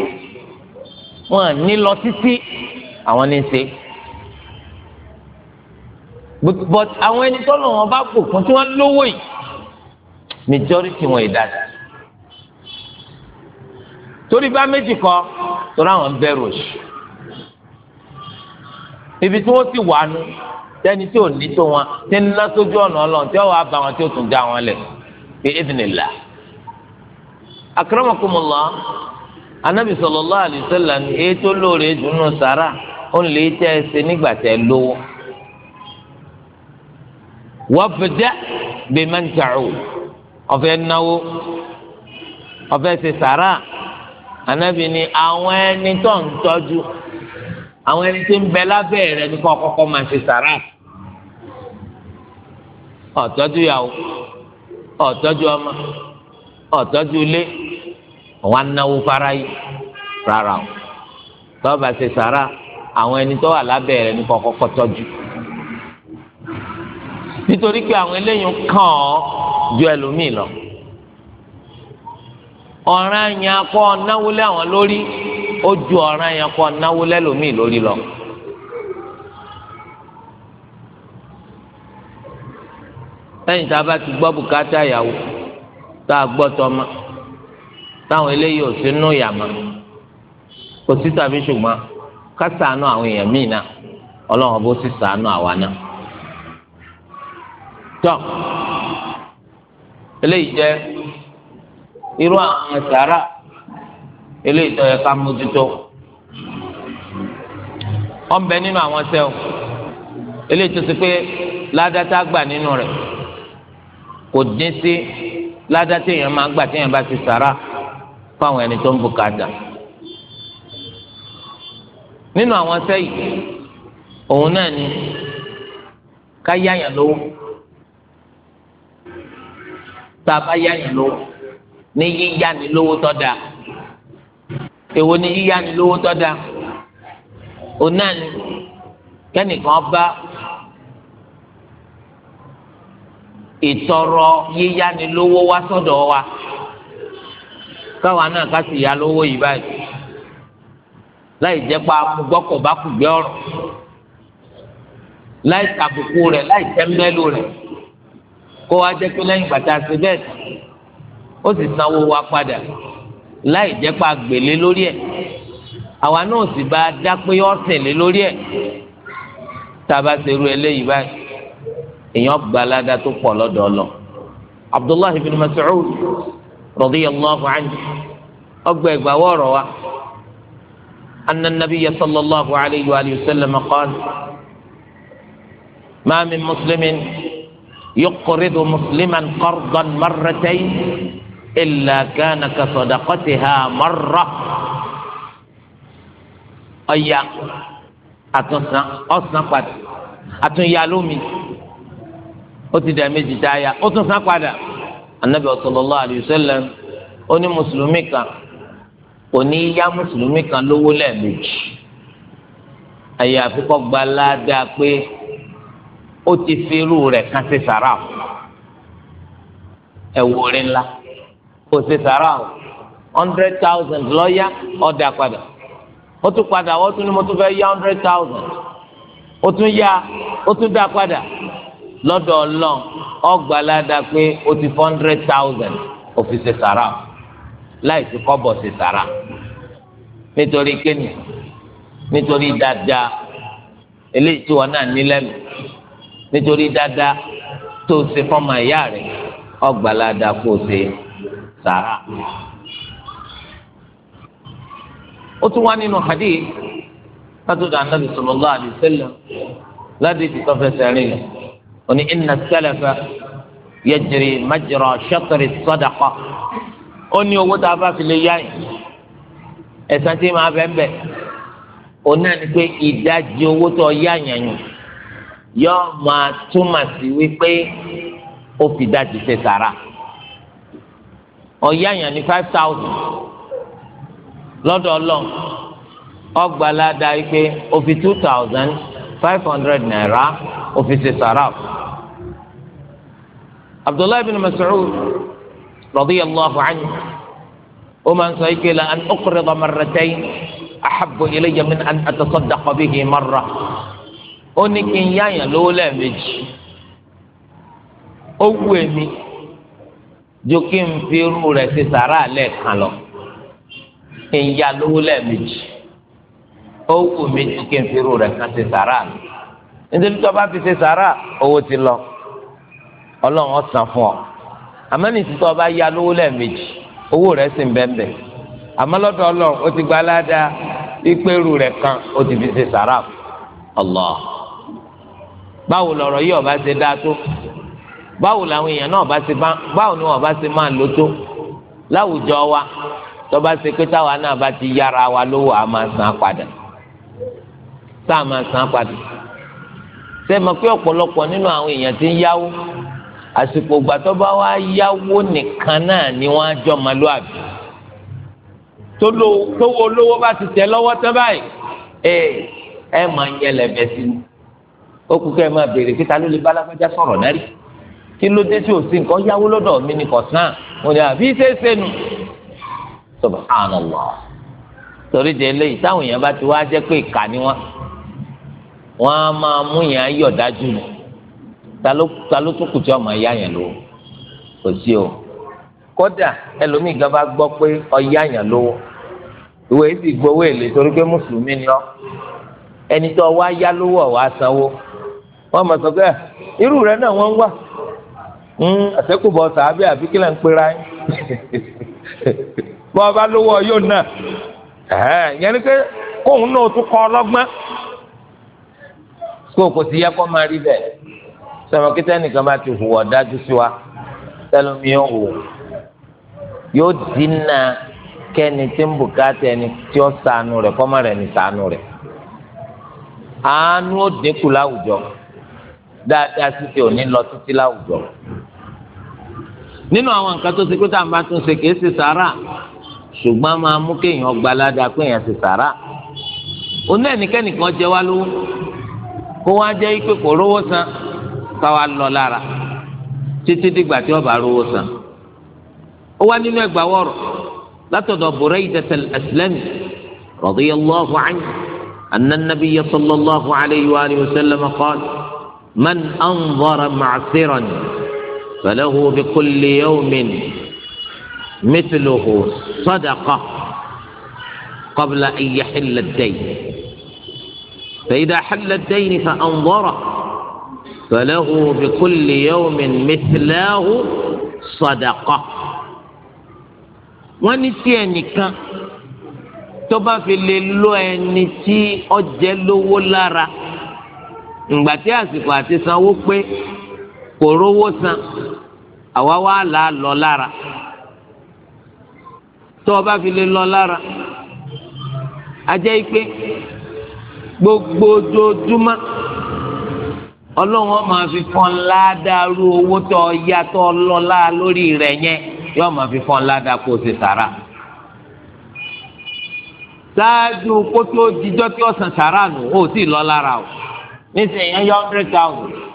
wọn à ní lọ títí àwọn ní ṣe but àwọn ẹni tó lọ wọn bá bùkún tí wọn lówó yìí majority wọn ìdá torí bá méjì kọ torí àwọn ń bẹ̀rù oṣù ibi tí wọ́n ti wà nù tẹ́ni tí ò ní tó wọn tí ń ná sójú ọ̀nà ọlọ́run tí wọ́n á bá wọn tí ó tún já wọn lẹ̀ bí idinilá akramakumullah anabi sallallahu alaihi wasallam ni èyí lóore dùnú sára ó lè tẹ́ ẹ ṣe nígbà tẹ́ ẹ lówó wabda biman ta'ud ọ̀fẹ́ náwó ọ̀fẹ́ ṣe sàrà anabi ni àwọn ẹni tó ń tọ́jú àwọn ẹni tí ń bẹ lábẹ́ rẹ̀ ní kọ́ kọ́kọ́ máa ṣe sàrà ọ̀tọ́jú yàwó ọ̀tọ́jú ọmọ ọ̀tọ́jú ilé wọn anáwó fara yìí rárá o tọ́ba ṣe sàrà àwọn ẹni tó wà lábẹ́ rẹ̀ ní kọ́ kọ́kọ́ tọ́jú nítorí pé àwọn eléyìí kàn án ju ẹlòmíì lọ. ọ̀ràn yẹn akọ náwó lé àwọn lórí ó ju ọ̀ràn yẹn akọ lórí lọ. lẹ́yìn tá a bá ti gbọ́ bùkátà ìyàwó tá a gbọ́ tọ́mọ táwọn eléyìí ò sí nú yàmá kò sí tàbí ṣùgbọ́n ká ṣàánú àwọn èèyàn míì náà ọlọ́run bó sì àwa náà. tọ́ eléyìí jẹ́ irú àwọn sàrà eléyìí tó yẹ ká mójútó wọn bẹ nínú àwọn sẹ́wọ̀n eléyìí tó ti pé ládàtà gbà nínú rẹ̀ kò dín sí ládàtà èèyàn máa gbà téèyàn bá ti sàrà fáwọn ẹni tó ń bùkátà nínú àwọn sẹ́yìn òun náà ni ká yáyàn lówó tá a bá yáyàn lówó ní yíyá ni lówó tó da èwo ni yíyá ni lówó tó da òun náà ni kẹ́nìkan bá ìtọrọ yíyá ni lówó wá sọ́dọ̀ wa káwa náà ká sì yá lówó yìí báyìí láì jẹ́ pa gbọ́kọ̀ bá kù gbé ọ̀rọ̀ láì tàbùkù rẹ̀ láì tẹ́mbẹ́lú rẹ̀ kó wa jẹ́ pé lẹ́yìn bàtà bẹ́ẹ̀ tán ó sì sanwó wa padà láì jẹ́ pa gbèlé lórí ẹ̀ àwa náà sì bá a dá pé ọ̀sìn lé lórí ẹ̀ tá a bá ṣe irú eléyìí báyìí èèyàn gbalada tó pọ̀ lọ́dọ̀ ọlọ abdullahi bin mas'ud radiyallahu anhu ọgbà ìgbàwọ́ ọ̀rọ̀ wa anna nabiyya sallallahu alayhi wa sallam qala ma min muslimin yuqridu musliman qardan marratayn. إلا كان كصدقتها مرة ọyà àtúnṣan ọ̀sán padà àtúnyà lómi ó ti dà méjì dáyà ó tún san padà anabi sallallahu alayhi wa sallam ó ní mùsùlùmí kan kò ní yá mùsùlùmí kan lówó lẹ́ẹ̀mejì àyè ti kan kò ṣe sàrà o hundred thousand lọ́ọ́yà ọ̀dà padà ó tún padà ó tún ní mo tún fẹ́ yá hundred thousand ó tún yá ó tún dá padà lọ́dọ̀ ọlọ́n pé ó ti four hundred thousand ó fi ṣe sàrà o láì sí kọ́bọ̀ ṣe sàrà nítorí kéènì nítorí dáadáa eléyìí tí wọn náà ní sàrà. ó tún wá nínú hadith látọ̀dọ̀ anábì sallallahu alaihi wasallam ládìí ti tọ́fẹsẹ̀ rìn lọ. ó ní inna salafa yajri majra shatri sadaqa ó ní owó tá a bá fi lè yá yìí ẹ̀sán tí máa bẹ́ẹ̀ bẹ́ẹ̀ òun náà ni pé ìdajì owó tó yá yẹn yìí máa túmọ̀ sí wípé ó fi dájú ṣe sàrà ọ̀yá yàn ní five thousand lọ́dọ̀ ọlọ́n ọgbàládà pé ó fi two thousand five hundred naira ó fi ṣe sàràf. abdullahi bin mas'ud radiyallahu anhu ó máa ń sọ ike la an uqrida marratayn ahabbu ilayya min an atasaddaqa bihi marra ó ní kí n yáyàn lówó lẹ́ẹ̀mejì ó wù èmi ju kí n fi irú rẹ̀ ṣe sàrà lẹ́ẹ̀kan lọ kí n ya lówó lẹ́ẹ̀mejì ó wù mí ju kí n fi irú rẹ̀ kan ṣe sàrà nítorí tó bá fi ṣe sàrà owó ti lọ ọlọ́run ó fún ọ àmọ́ ní ìsìtọ́ bá ya lówó lẹ́ẹ̀mejì owó rẹ̀ sì ń bẹ́ẹ̀ àmọ́ lọ́dọ̀ ọlọ́run ó ti gba aládá ìpẹ́rù rẹ̀ kan ó ti fi ṣe sàrà Allah báwo lọ̀rọ̀ yìí ọba ṣe dá tó báwo làwọn èèyàn náà bá ṣe bá báwo ni wọn bá ṣe máa lò tó láwùjọ wa tó bá ṣe pé táwa náà bá ti yára wa lówó a máa san padà tá a máa san padà ṣe mọ̀ pé ọ̀pọ̀lọpọ̀ nínú àwọn èèyàn ti ń yáwó àsìkò ìgbà tó bá wá yáwó nìkan náà ni wọ́n á jọ màlúàbí tówó olówó bá ti tẹ̀ lọ́wọ́ tán báyìí ẹ ẹ máa ń yẹlẹ̀ bẹ́ẹ̀ sí i ó kú kẹ́ ẹ máa béèrè kíta ló lè bá alágbájá sọ̀rọ̀ náà rí i kí ló dé tí o sì nǹkan yáwó lọ́dọ̀ mi ní kọ̀sán mo ní àbí ṣeéṣe nu subhanallah torí de eléyìí táwọn èèyàn bá ti wá jẹ́ pé ìkà ni wọ́n wọ́n á máa mú yẹn ayọ̀ dájú nù ta ló tún kù tí ọmọ ẹ̀yà yẹn lówó kò sí o kódà ẹlòmíì gan bá gbọ́ pé ọ̀yà yẹn lówó ìwé sì gbowó èlé torí pé mùsùlùmí ni ọ́ ẹni tó wá yá lówó ọ̀wá sanwó wọ́n mọ̀ sọ pé irú rẹ̀ náà wọ́n ń wà Hmm, àtẹkùbọ sàábì àbí kílẹ̀ ń pera yín bọ́ ọba lówó yóò nà yẹn ni pé kóun náà tún kọ́ ọlọ́gbọ́n kó kò sí yẹ kó máa rí bẹ́ẹ̀ sọ̀rọ̀ kí tẹ́nìkan bá ti hùwà dájú sí wa tẹ́lómi yóò hù yóò dínà kẹ́ni tí ń bùkátà ẹni tí ó sànù rẹ̀ kọ́mọ rẹ̀ ní sànù rẹ̀ àánú ó dínkù láwùjọ dáadáa sí ti òní lọ títí láwùjọ nínú àwọn nǹkan tó ṣe pé tá à ń bá tún ṣe kìí ṣe sàárà ṣùgbọ́n máa mú kéèyàn gbalada pé èèyàn ṣe sàárà òun náà nìkẹ́nìkan jẹ wá lówó kó wá jẹ́ pé kò rówó san ká wá lọ lára títí dìgbà tí ọba rówó san ó wá nínú ẹgbà wọ̀rọ̀ látọ̀dọ̀ Buraydah al-Aslami radiyallahu anhu anna an-nabiyya sallallahu alayhi wa sallam فله بكل يوم مثله صدقة قبل أن يحل الدين فإذا حل الدين فأنظره فله بكل يوم مثلاه صدقة ونسي أنك تبا في الليل ونسي أجل ولارا lọ ẹni tí àsìkò àti sanwó pé kò rówó san àwa wá là á lọ lára tó o bá fi lè lọ lára ajẹ́ pé gbogbo ojoojúmọ́ ọlọ́run máa fi fọ́n ládàrú owó tó yá tó lọ́la lórí rẹ̀ yẹn yóò máa fi fọ́n ládàá kó o ṣe sàrà ṣáájú kó tó dijọ́ tí ọ̀sán sàrà nù ó sì lọ lára o nísìnyí yọ hundred thousand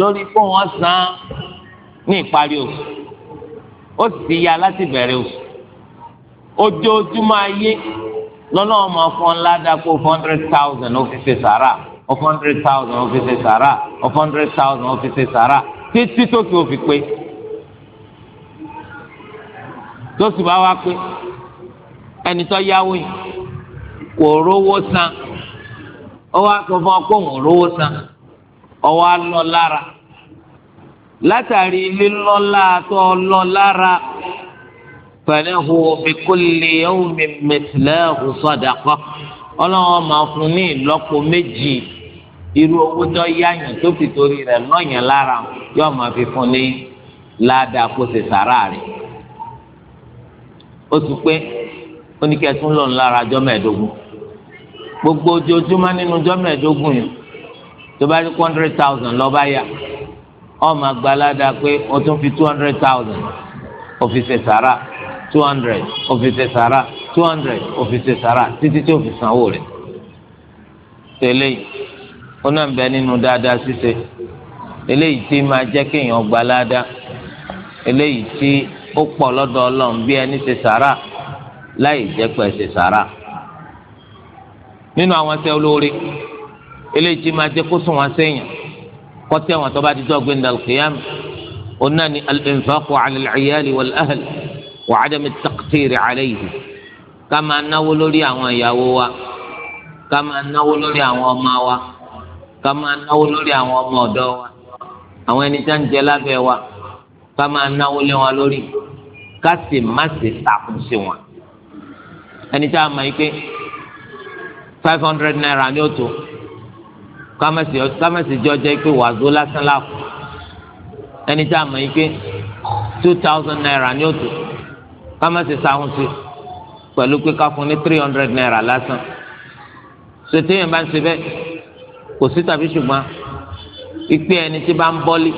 lórí kó wọ́n san ní ìparí oṣù ó sì ya láti bẹ̀rẹ̀ oṣù ojoojúmọ́ ayé lọ́nà ọmọ fún ládàá kó four hundred thousand ó fi ṣe sàrà ó four hundred thousand ó fi ṣe sàrà ó four hundred thousand ó fi sàrà títí tó fi òfin pé tó sì bá wá pé ẹni tó yáwó yìí kò rówó san ó wá sọ fún ọ pé òun rówó san ọwọ́ alọ́ lára látàrí lílọ́lá tó lọ lára pẹ̀lẹ́hu bikulli yawmin mithlahu sadaqa ọlọ́wọ́n máa fún ní ìlọ́po méjì irú owó tó yáyàn tó fi torí rẹ̀ lọ́yàn lára yóò máa fi fún ní ládàá kó ṣe sàrà rẹ̀ ó ti pé oníkẹ́tún lọ́nù lára ọjọ́ gbogbo ojoojúmọ́ nínú ọjọ́ yìí tó bá rí two hundred thousand lọ́ọ́ bá ọmọ agbálada pé o tún fi two hundred thousand òfìsè sàrà two hundred òfìsè sàrà two hundred òfìsè sàrà títí tí òfìsè sanwó rẹ̀ tẹ́lẹ̀ ó náà bẹ nínú dáadáa ṣíṣe eléyìí tí máa jẹ́ kéèyàn gbalada eléyìí tí ó pọ̀ lọ́dọ̀ ọlọ́run bí ẹni ṣe sàrà láì jẹ́ pé ṣe sàrà nínú àwọn ṣe olóore eléyìí tí máa jẹ kó sùn wá sẹ́yìn kọ́tẹ́ wọn tó bá ti jọ gbé ndàlù kìyàmù ọ̀nà ni al-infaqu ala al-iyali wal-ahl wa adam at-taqtiri alayhi ká máa náwó lórí àwọn ìyàwó wa ká máa náwó lórí àwọn ọmọ wa ká náwó lórí àwọn ọmọ ọ̀dọ́ wa àwọn ẹni tá ń jẹ lábẹ́ wa ká náwó lé wọn lórí ká sì má wọn ẹni tá a mọ̀ yìí pé five hundred naira ni ó tó kámẹ́sì kámẹ́sì jọ jẹ́ pé wàzó lásán láàkú ẹni tá a mọ̀ yín pé two thousand naira ní òtò kámẹ́sì sáhùn sí pẹ̀lú pé ká fún ní three hundred naira lásán sètéyìn bá ń ṣe bẹ́ẹ̀ kò sí tàbí ṣùgbọ́n ìpè ẹni tí bá ń bọ́lí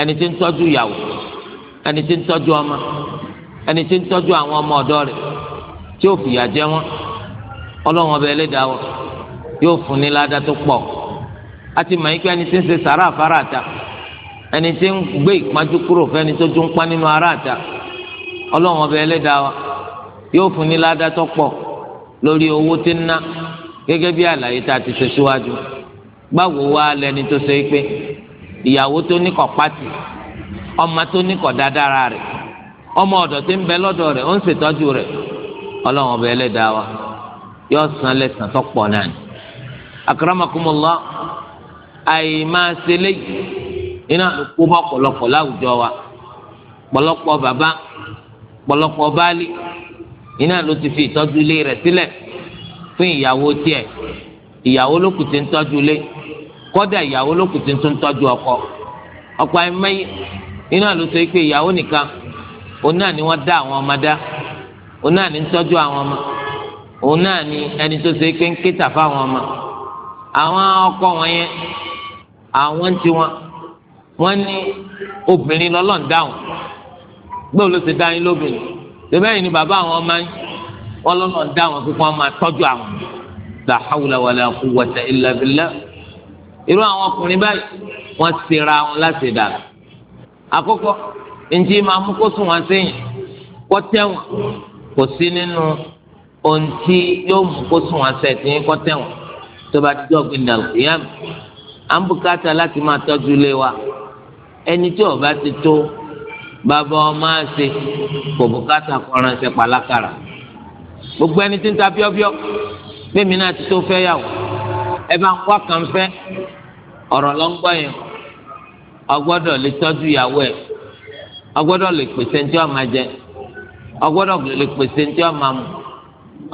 ẹni tí ń tọ́jú ìyàwó ẹni tí ń tọ́jú ọmọ ẹni tí ń tọ́jú àwọn ọmọ ọ̀dọ́ rẹ̀ tí ó fìyà jẹ wọ́n ọlọ́wọ́n ọba ẹlẹ́dàá wọn. yóò fún ní ládàá tó pọ̀ àti mọ̀ ikú ẹni tí ń ṣe sàrà àfárá kuro ẹni tí ń gbé ìpájú kúrò fẹ́ni tó tún pa nínú ará ọlọ́run ọba ẹlẹ́dàá wa yóò fún ní ládàá tó pọ̀ lórí owó tí ń ná gẹ́gẹ́ bí àlàyé tá a ti ṣe síwájú gbáwo wa lẹni tó ṣe pé ìyàwó tó ní kọ̀ pátì ọmọ tó ní kọ̀ dáadára rẹ̀ ọmọ ọ̀dọ̀ tí ń bẹ lọ́dọ̀ rẹ̀ ó ń ṣètọ́jú rẹ̀ ọlọ́run ẹlẹ́dàá wa yóò san tó pọ̀ náà akramakumullah àìmáṣẹlẹ iná ló kó bá pọ̀lọpọ̀ láwùjọ wa pọ̀lọpọ̀ bàbá pọ̀lọpọ̀ baálé ina ló ti fi ìtọ́jú ilé rẹ̀ sílẹ̀ fún ìyàwó tiẹ̀ ìyàwó ló kù ti ń tọ́jú ilé kọ́dà ìyàwó ló kù ti ọkọ ọkọ àìmọye iná ló sọ pé ìyàwó nìkan òun náà ni wọ́n dá àwọn ọmọ dá òun náà ni ń tọ́jú àwọn ọmọ òun náà ni ẹni tó àwọn ọkọ wọn yẹn àwọn ti wọn wọn ní obìnrin lọ́lọ́run dáhùn gbọ́dọ̀ ló ti dá yín lóbìnrin tẹ́bẹ́yìn ni bàbá àwọn ọmọ yín wọn lọ́lọ́run dáhùn pé wọ́n máa tọ́jú àwọn la hawla wala quwwata illa billah irú àwọn ọkùnrin báyìí wọ́n ti ra wọn láti dà àkọ́kọ́ ǹjẹ́ máa mú kó sùn wọn sẹ́yìn kó tẹ̀wọ̀n kò sí nínú ohun tí yóò mú kó sùn wọn sẹ́yìn kó tẹ̀wọ̀n tó bá dijọ́ gbìndà òkèèyàn à ń bùkátà láti máa tọ́jú ilé wa ẹni tí ọba ti tó bàbá ọmọ àṣẹ kò bùkátà kọrànṣẹ pàlákàrà gbogbo ẹni tí ń ta bíọ́bíọ́ gbẹ̀mí náà ti tó fẹ́ yàwó ẹ bá ń wá kàn fẹ́ ọ̀rọ̀ ló yẹn ọgbọ́dọ̀ lè tọ́jú ìyàwó ẹ̀ ọgbọ́dọ̀ lè pèsè ní tí wọ́n máa jẹ ọgbọ́dọ̀ lè pèsè ní tí wọ́n máa mu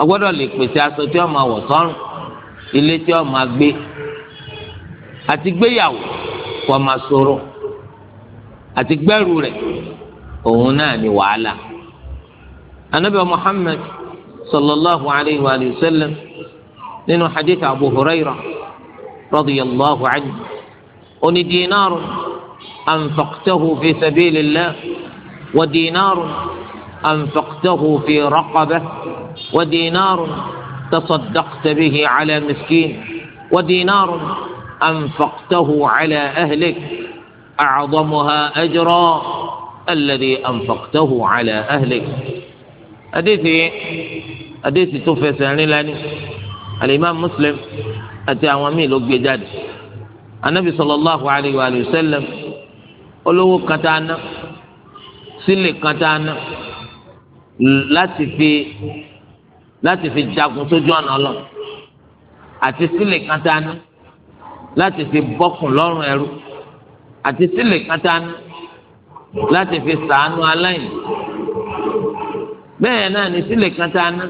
ọgbọ́dọ̀ lè pèsè aṣọ tí wọ́n máa wọ̀ sọ́rùn ilé tí ọmọ agbé àti gbéyàwó kọ́ máa sọ̀rọ̀ àti gbẹ́rù rẹ̀ òun náà ni wàhálà anabi muhammed sallallahu alayhi wa sallam nínú hadith abu hurairah radiyallahu anhu oni dinaaru anfaqtahu fi sabilillah wa dinaaru anfaqtahu fi raqabah wa dinaaru. تصدقت به على مسكين ودينار أنفقته على أهلك أعظمها أجرا الذي أنفقته على أهلك أديتي أديتي تفسرني لاني الإمام مسلم أتى عوامي بجد النبي صلى الله عليه وآله وسلم olówó kan tá a لا sílè láti fi jagun sójú ọ̀nà ọlọ́run àti sílè kan tá a ní láti fi bọ́kùn lọ́rùn ẹrú àti sílè kan tá a ní láti fi sàánú aláìní bẹ́ẹ̀ náà ní sílè kan tá a ní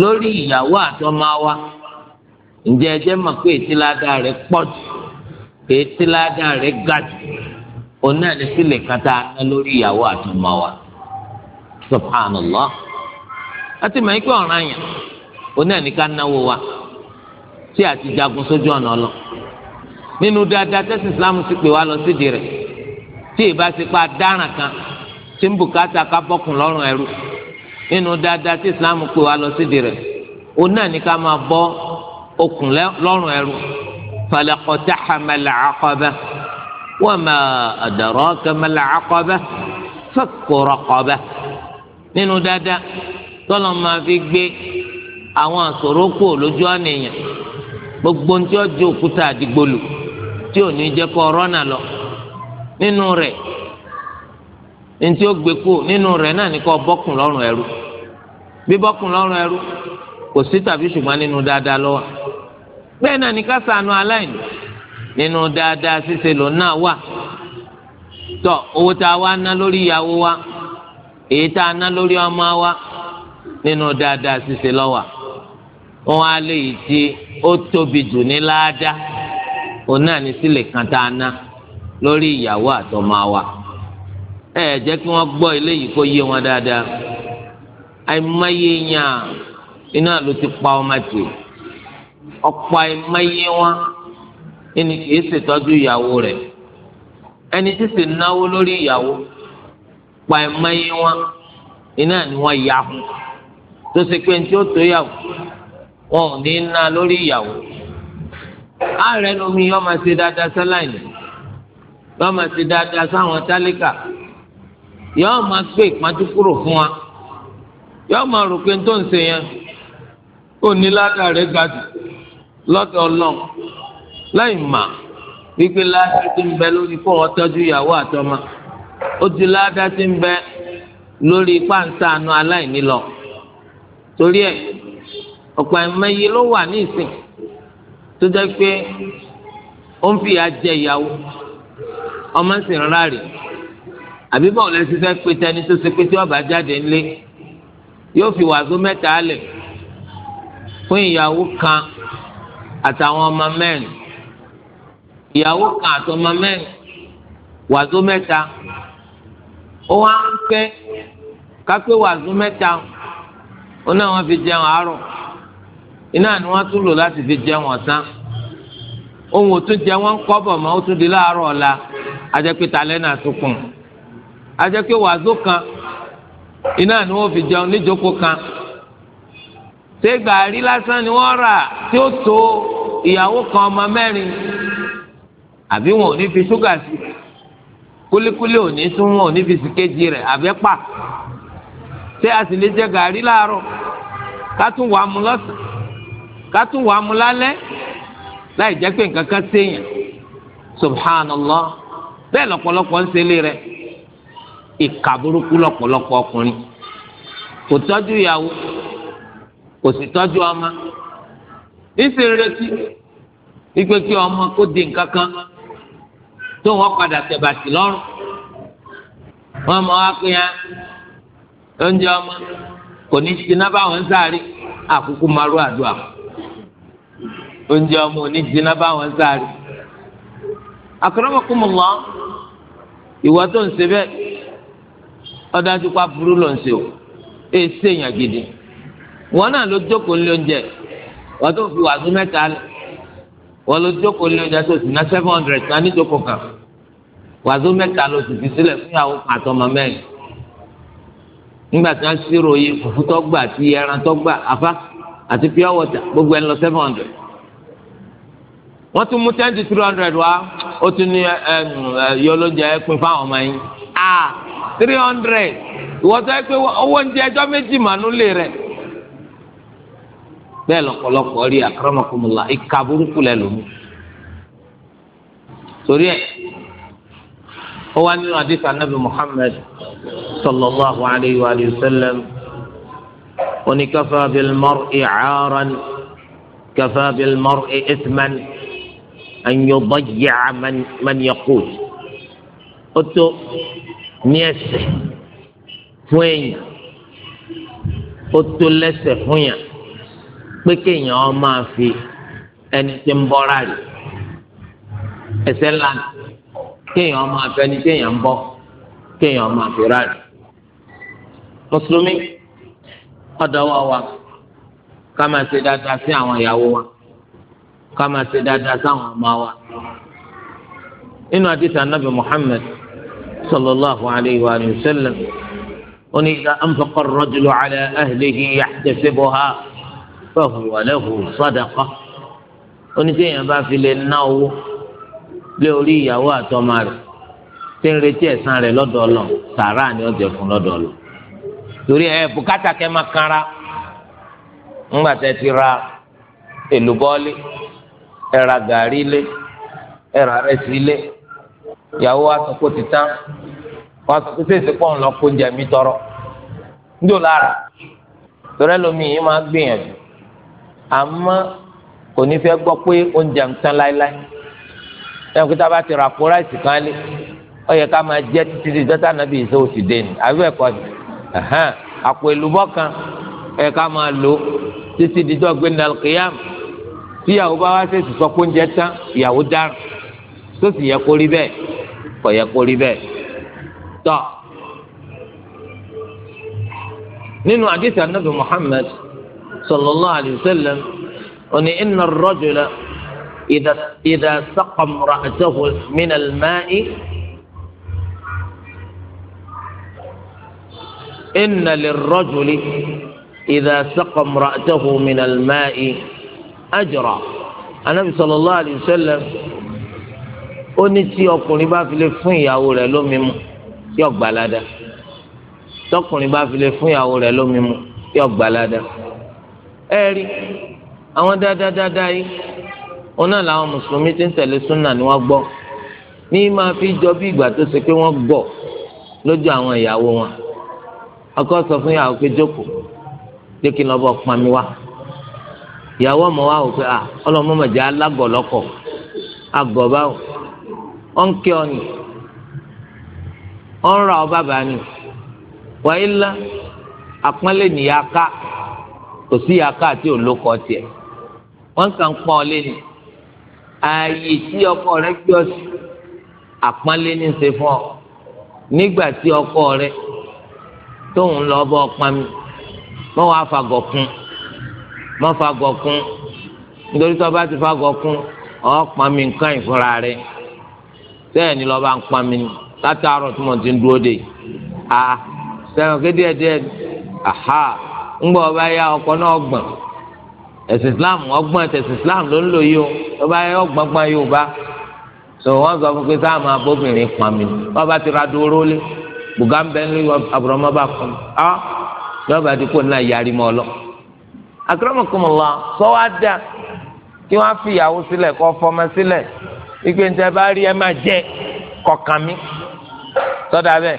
lórí ìyàwó àtọmọ wa ǹjẹ́ ẹ jẹ́ mọ̀ pé ètíládá rẹ̀ pọ̀ jù ètíládá rẹ̀ ga jù òun náà ní sílè kan lórí ìyàwó àtọmọ wa subhanallah láti mọ̀ ikú ọ̀ràn yẹn òun náà ní ká náwó wa tí àti jagun sójú ọ̀nà ọlọ nínú dáadáa tẹ́sí islam sì pè wá lọ sídìí rẹ̀ tí ìbá ti pa dáràn kan tí ń bùkátà ká bọ́kùn lọ́rùn ẹrú nínú dáadáa tí islam pè wá lọ sídìí rẹ̀ òun náà máa bọ́ okùn lọ́rùn ẹrú falẹ̀kọ̀tà hàmẹ́lẹ̀ àkọ́bẹ́ wọ́n máa àdàrọ́ kẹ́mẹ́lẹ̀ àkọ́bẹ́ fẹ́kọ̀rọ̀ kọ́bẹ́ nínú dáadáa tọ́lọ́ máa fi gbé àwọn àṣòro kù lójú àníyàn gbogbo ní tí ó di òkúta àdìgbòlù tí ò ní jẹ́ kó rọ́nà lọ nínú rẹ̀ ní tí ó gbé kù nínú rẹ̀ náà ní kó bọ́kùn lọ́rùn ẹrú bí bọ́kùn lọ́rùn ẹrú kò sí tàbí ṣùgbọ́n nínú dáadáa lọ́wọ́ bẹ́ẹ̀ náà ní ká ṣàánú aláìní nínú dáadáa ṣíṣe lòun náà wà tọ́ owó tá a wá ná lórí ìyàwó wa èyí tá a ná lórí ọmọ wa. nínú dáadáa ṣíṣe lọ́wà wọn á lè yìí tí ó tóbi jù ní láàdá òun náà ní sílẹ̀ kan tá a ná lórí ìyàwó àtọmọ wa ẹ jẹ́ kí wọ́n gbọ́ eléyìí kó yé wọn dáadáa àìmọye yàn iná ló ti pa ọmọ wọn ẹni ìyàwó rẹ? ẹni tí sì náwó lórí pa àìmọye wọn iná ni yà tó ṣe pé ní tí ó tó yàwó wọn ò ní ná lórí ìyàwó ààrẹ lomi yọ máa ṣe dáadáa sẹ́láìnì yọ máa ṣe dáadáa sáwọn tálíkà yọ máa gbé ìpájú kúrò fún wa yọ máa rò pé ní tó ń ṣe yẹn ó ní ládàrẹ́ gàdù lọ́dọ̀ ọlọ́run láì mà wípé ládàá ti ń bẹ lórí kó tọ́jú ìyàwó àtọmọ ó ti ládàá ti ń bẹ lórí pàǹsá àánú aláìní lọ torí ẹ ọ̀pọ̀ ẹ̀mẹ́yẹ ló wà ní ìsìn tó jẹ́ pé ó ń fìyà jẹ ìyàwó ọmọ sì ń ráàlì àbí bọ́ọ̀ lẹ́sìn fẹ́ pé tẹni tó ṣe pé tí ọba jáde ńlé yóò fi wàásù mẹ́ta lẹ̀ fún ìyàwó kan àtàwọn ọmọ mẹ́rin ìyàwó kan àtọmọ mẹ́rin wàásù mẹ́ta ó wá ń fẹ́ kápẹ́ wàásù mẹ́ta wọn náà wọn fi jẹun àárọ̀ iná ni wọn tún lò láti fi jẹun ọ̀sán ohun òtún jẹ wọn kọ́bọ̀ mọ́ ó tún di láàárọ̀ ọ̀la ajẹpẹ talẹ náà ajẹpẹ wàzó kan iná ni wọn fi jẹun níjókòó kan ṣé gàrí lásán ni wọn rà tí ó tó ìyàwó kan ọmọ mẹ́rin àbí wọn ò ní fi ṣúgà sí kúlíkúlí ò ní tún wọn ò ní fi sí kéjì rẹ̀ àbí ẹ̀pà ṣé a sì lè jẹ gàrí láàárọ̀ ká tún wàá mu lọ́sàn ká tún wàá mu lálẹ́ láì jẹ́ pé nǹkan kan séèyàn subhanallah bẹ́ẹ̀ lọ́pọ̀lọpọ̀ ń ṣẹlẹ̀ rẹ̀ ìkà burúkú lọ́pọ̀lọpọ̀ ọkùnrin kò tọ́jú ìyàwó kò sì tọ́jú ọmọ níṣẹ́ retí wípé kí ọmọ kó di nǹkan kan tó wọ́n padà tẹ̀bàtì lọ́rùn wọ́n mọ̀ wá pé yẹn oúnjẹ ọmọ kò ní jiná báwọn ń sáré àkókò marú àdúrà oúnjẹ ọmọ ò ní jiná báwọn ń sáré. akramakumullah ìwọ tó ń ṣe bẹ́ẹ̀ ọdájú pa burú ló ń ṣe o èyí sèèyàn gidi wọn náà ló jókòó ní oúnjẹ wọn tó fi wàásù mẹ́ta lẹ wọn ló jókòó ní oúnjẹ tó sì ná seven hundred kan níjókòó kan wàásù mẹ́ta ló sì fi sílẹ̀ fún ìyàwó àtọmọ mẹ́rin nígbà tí wọn ṣírò yìí fùfú tó gbà àti ẹran tó gbà afá àti pure water gbogbo ẹni lọ seven hundred wọn tún mú ten to three hundred wá ó tún ní ẹ ẹ yọ lóúnjẹ ẹ pin fáwọn ọmọ yín a three hundred ìwọ́n tó ẹ pé owó oúnjẹ ẹjọ́ méjì màánú lè rẹ̀ bẹ́ẹ̀ lọ́pọ̀lọpọ̀ rí akramakumullah ìka burúkú lẹ lòmú torí ẹ هو أن يحدث عن النبي محمد صلى الله عليه وآله وسلم ونكفى بالمرء عارا كفى بالمرء إثما أن يضيع من من يقول قلت نيس فوين قلت لسه فوين بكين يوم ما في أن تنبرالي ẹ̀ṣẹ̀ kéèyàn máa fẹni kéèyàn ń bọ kéèyàn máa fi ráàlì mùsùlùmí ọ̀dọ̀ wa wa ká máa ṣe dáadáa sí àwọn ìyàwó wa ká máa ṣe dáadáa sáwọn ọmọ wa inú àdìsí anábì muhammed sallallahu alayhi wa sallam oní ìdá anfaqa ar-rajulu ala ahlihi yahtasibuha fahuwa lahu sadaqa oníṣẹ́ yẹn bá fi lè ná lé orí ìyàwó àtọmọ rẹ̀ tí ń retí ẹ̀san rẹ̀ lọ́dọ̀ Ọlọ́run sàrà ni jẹ fún lọ́dọ̀ torí ẹ bùkátà kẹ́ máa kanra ńgbà ti ra èlùbọ́lé ẹ ra gàrí lé lé ti tán pọ̀ ńlọ kó oúnjẹ mi tọrọ ńdò lára torí ẹlòmíì yìí máa gbìyànjú àmọ́ kò ní fẹ́ gbọ́ pé oúnjẹ ń tán láéláé ẹnì kí tábà ti ra kó ráìsì kan lé ó yẹ ká máa jẹ títí di dọ́tà nàbí ìṣe oṣù dé ni àbí ẹ̀kọ́ ni àpò èlùbọ́ kan ó yẹ ká máa lò títí di dọ́gbé nàlùkìyàm tíyàwó bá wá sèṣì sọ pé oúnjẹ tán ìyàwó dáràn tó sì yẹ kó rí bẹ́ẹ̀ kò yẹ kó rí bẹ́ẹ̀ tọ́ nínú àdìsí anábì Muhammad sallallahu alayhi wa sallam ó ní إذا إذا سقى امرأته من الماء إن للرجل إذا سقى امرأته من الماء أجرا النبي صلى الله عليه وسلم ó ní tí ọkùnrin bá fi lè fún ìyàwó rẹ̀ lómi mu yóò gbalada tọkùnrin bá fi lè fún ìyàwó rẹ̀ lómi mu yóò gbalada ẹ rí àwọn dáadáa dáadáa yìí ọ̀nà làwọn mùsùlùmí ti ń tẹ̀lé súnà ni wọ́n gbọ́ ní máa fi jọ bí ìgbà tó ṣe pé wọ́n gbọ́ lójú àwọn ìyàwó wọn ọkọ sọ fún ìyàwó pé jókòó pé kí n lọ bọ pami wá ìyàwó ọmọ wa ò pé à ah, ọlọmọ mọ̀jẹ alágọ̀lọ́kọ̀ àgọ̀ báwò ọ̀n kí ọ nì ọ̀n ra ọ bàbá nì wàyí ńlá àpọ́nlé nìyá ká kò sí ìyá ká àti olókọ tiẹ̀ wọ́n kàn ń pọ́n ọ lé ni ààyè tí ọkọ rẹ gbé ọ sí àpọ́nlé ní ṣe fún ọ nígbà tí ọkọ rẹ tóun lọ bọ pami mọ wàá fagọ kún mọ fagọ kún nítorí tó bá ti fagọ kún ọ pami nǹkan ìfúnra rẹ sẹ́yìn ni lọ́ba ń pami látàárọ̀ tí mo ti ń dúró de a ah, sẹ́yìn kéde díẹ̀ díẹ̀ aha ńgbà ọba ya ọkọ náà gbọ̀n ẹ̀sìn islam ọgbọ́n ẹ̀sìn islam ló ń lò yìí o tó bá yẹ ọgbọ́ngbọ́n yóò bá so wọ́n sọ fún pé sáà máa bóbìnrin pọn mi wọ́n bá ti ra dúró lé bùgá ń bẹ ní àbùrọ̀mọ́ bá pọn mi á lọ́ba àdìpọ̀ náà yarí mọ́ lọ. akérèmọkùnmọ̀lá sọ wá dá kí wọ́n á fi ìyàwó sílẹ̀ kọ́ fọmọ sílẹ̀ ìgbé ń tẹ́ bá rí ẹ máa jẹ kọkàn mi sọ́dà bẹ́ẹ̀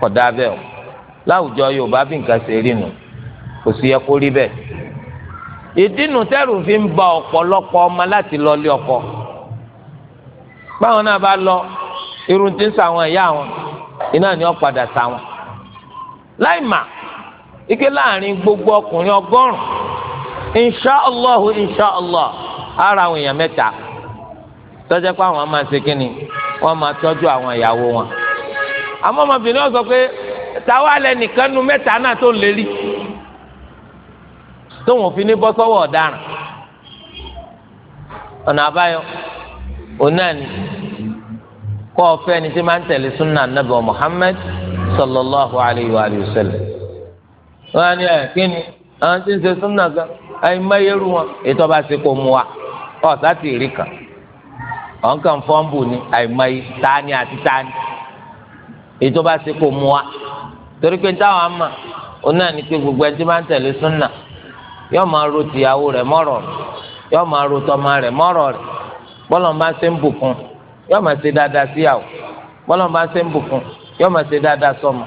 kọ̀dà bẹ́ẹ̀ o láwùjọ Yorùbá bí nǹkan ṣe rí nu kò sí ẹ rí bẹ́ẹ̀ ìdínú tẹ́rù fi ń ba ọ̀pọ̀lọpọ̀ ọmọ láti lọ lé ọkọ báwọn náà bá lọ irun tí ń sa àwọn ìyá wọn iná ni ó padà sa wọn láì mà ike láàrin gbogbo ọkùnrin ọgọ́rùn inṣàlọ́hu inṣàlọ́ ara àwọn èèyàn mẹta. tọ́jà pé àwọn máa ṣe kínni wọ́n máa tọ́jú àwọn ìyàwó wọn àmọ́ ọmọbìnrin ọ̀ sọ pé táwa lẹ nìkan nu mẹ́ta náà tó lè tóun ò fi ní bọ́ sọ́wọ́ ọ̀daràn ọ̀nà àbáyọ òun kọ́ ọ̀fẹ́ ni tí máa ń tẹ̀lé súnà nàbẹ̀ sallallahu alayhi wa sallam wọ́n á ní ẹ̀ kí ni àwọn tí ń ṣe súnà gan ẹ̀yin mẹ́yẹ́rù wọn ètò ọba ṣe kò mu wa kan ọ̀nkàn ni àti ètò ọba ṣe mu wa torí pé táwọn á pé gbogbo ẹni tí yóò máa ro tìyàwó rẹ̀ mọ́rọ̀ rẹ̀ yóò máa ro tọmọ rẹ̀ mọ́rọ̀ rẹ̀ bọ́lọ̀ bá ṣe ń bùkún yóò máa ṣe dáadáa síyàwó bọ́lọ̀ bá ṣe ń bùkún yóò máa ṣe dáadáa sọ́mọ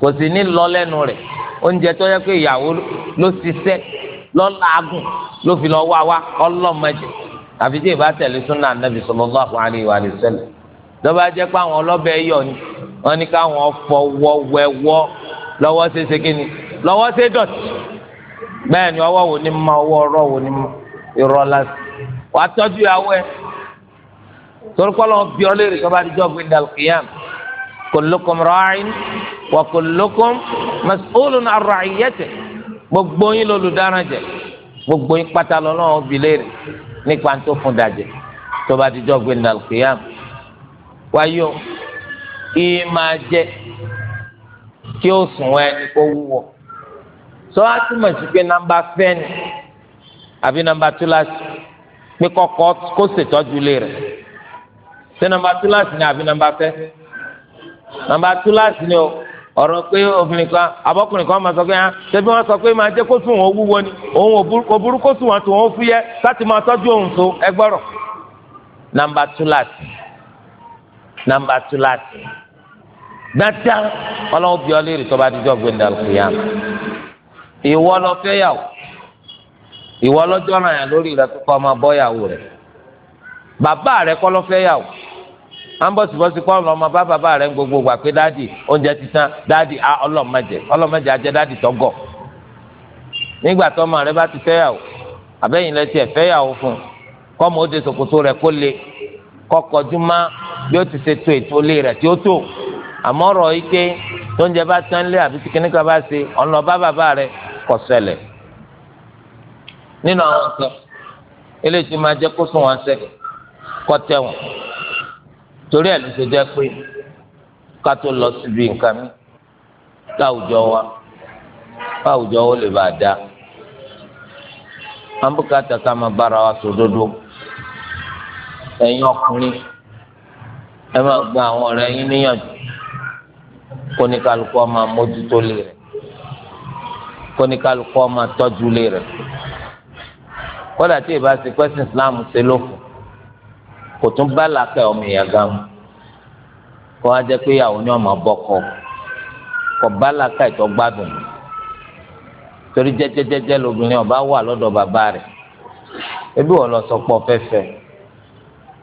kò sì ní lọ lẹ́nu rẹ̀ oúnjẹ tó yẹ pé ìyàwó ló ṣiṣẹ́ lọ́làágùn ló fi lọ wá wá ọlọ́mọdé àfi tí ìbá tẹ̀lé súnà nàbì sallallahu alaihi wa sallam lọ́ba jẹ́ pé àwọn ọlọ́bẹ̀ yọ̀ ni wọ́n ní káwọn fọwọ́ wẹwọ́ lọ́wọ́ ṣe ṣe kí ni lọ́wọ́ ṣe dọ̀tí bẹ́ẹ̀ ni ọwọ́ wo ni ma ọwọ́ ọ̀rọ̀ wo ni ma irọ́ lásì wàá tọ́jú ìyàwó ẹ torí kọ́ lọ́wọ́ bí ọlẹ́rìí kọ́ bá di jọ́ gbé dàlùkìyàm kullukum ra'in wa kullukum mas'ulun an ra'iyatihi gbogbo yín lọ́lùdáràn jẹ gbogbo yín pátá lọ́wọ́ bí lẹ́rìí nípa tó fún dàjẹ́ tó bá di jọ́ gbé dàlùkìyàm wáyé o kí ó sùn wẹ́ẹ́ ní kó wúwo sọ wá túmọ̀ sí pé nọ́mbà fẹ́ni àbí nọ́mbà túláàsì pé kọ́kọ́ kó ṣètọ́jú lé rẹ̀ ṣé nọ́mbà túláàsì ni àbí nọ́mbà fẹ́ nọ́mbà túláàsì ni o ọ̀rọ̀ pé obìnrin kan abọ́kùnrin kan máa sọ pé hàn ah, ṣebí wọ́n sọ pé máa jẹ́ kó sùn òun wúwo ni òun òbúrú kó sùn wọn tó òun fúyẹ́ láti máa tọ́jú òun tó ẹgbọ́rọ̀. nàmbà túláàtì nàmbà túláàtì dáadáa ọlọ́run bí ọlẹ́rìí tó bá dídọ́ gbẹ̀ndàlùkù yá ìwọ lọ fẹ́ ìwọ lọ́jọ́ náà yà lórí rẹ kókó ọmọ bọ́yàwó rẹ bàbá rẹ kọ́ lọ fẹ́ yàwó à ń kọlọ ọmọ bá bàbá gbogbo gbà pé dáàdì oúnjẹ ti tán dáàdì á dáàdì nígbà bá ti ẹ̀ fún kọ́mọ ó de rẹ kó le má bí ó ti ṣe to ètò ilé rẹ tí ó bá tán lé àbí kíníkà bá kọsẹlẹ̀ nínú àwọn nǹkan eléyìí tí máa jẹ́ kó sùn wọn sẹ́lẹ̀ kọ́ tẹ̀wọ̀n torí ẹ̀ ló ṣe jẹ́ pé ká tó lọ síbi nǹkan mi láwùjọ wa láwùjọ ó lè bá a dá àbúkátà ká máa bára wa sòdodo ẹ̀yin ọkùnrin ẹ máa gba àwọn ọ̀rẹ́ yín níyànjú kó máa mójútó lè rẹ̀ kóníkálukú máa tọ́jú lé rẹ̀ kódà tí ìbá ti pẹ́ sí islam ṣe ló fò kò tún bá làákẹ́ ọmọ ìyá gan mu kó wá jẹ́ pé ìyàwó ni ọmọ bọ́kọ kò bá làákẹ́ ìtọ́ gbádùn torí jẹ́jẹ́jẹ́jẹ́ lobìnrin ọba wà lọ́dọ̀ bàbá rẹ̀ ebi wọ́n lọ sọpọ̀ fẹ́fẹ́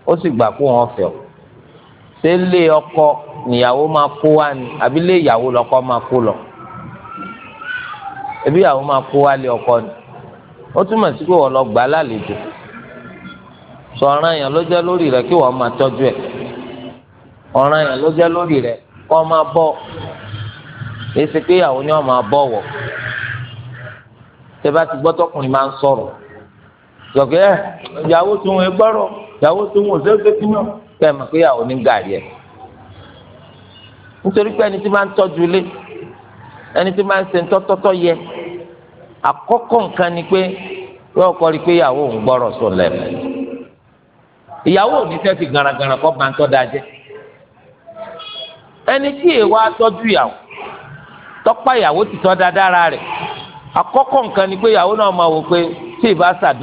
ó sì gbà kó wọn fẹ́ ọ ṣé lé ọkọ níyàwó máa kó wá ni àbí lé ìyàwó lọkọ máa kó lọ ẹbí àwọn máa kó wálé ọkọ ni ó túmọ̀ sí pé wọ́n lọ gbà á lálejò sọ̀ràn yẹn ló jẹ́ lórí rẹ kí wọ́n máa tọ́jú ẹ̀ ọ̀ràn yẹn ló jẹ́ lórí rẹ kó o máa bọ̀ èsì pé ìyàwó ni máa bọ̀ wọ̀ tẹ bá ti gbọ́ tọkùnrin máa ń sọ̀rọ̀ jọ̀gẹ́ ìyàwó tó ń gbọ́rọ̀ ìyàwó tó ń wò sẹ́sẹ́ kí náà kẹ́ ẹ̀ mọ̀ pé ìyàwó ní gàrí nítorí pé ẹni tí máa ń tọ́jú ilé ẹni tí máa ń ṣe tọ́tọ́tọ́ yẹ àkọ́kọ́ nǹkan ni pé wọ́n kọ́ rí pé ìyàwó òun gbọ́rọ̀ sùn lẹ́nu ìyàwó òun nífẹ̀ẹ́ fi garagara kọ́ ń tọ́ da jẹ́ ẹni tí èèwà tọ́jú ìyàwó tọ́pá ìyàwó ti tọ́ da dára rẹ̀ nǹkan ni pé ìyàwó náà máa wò pé tí ì bá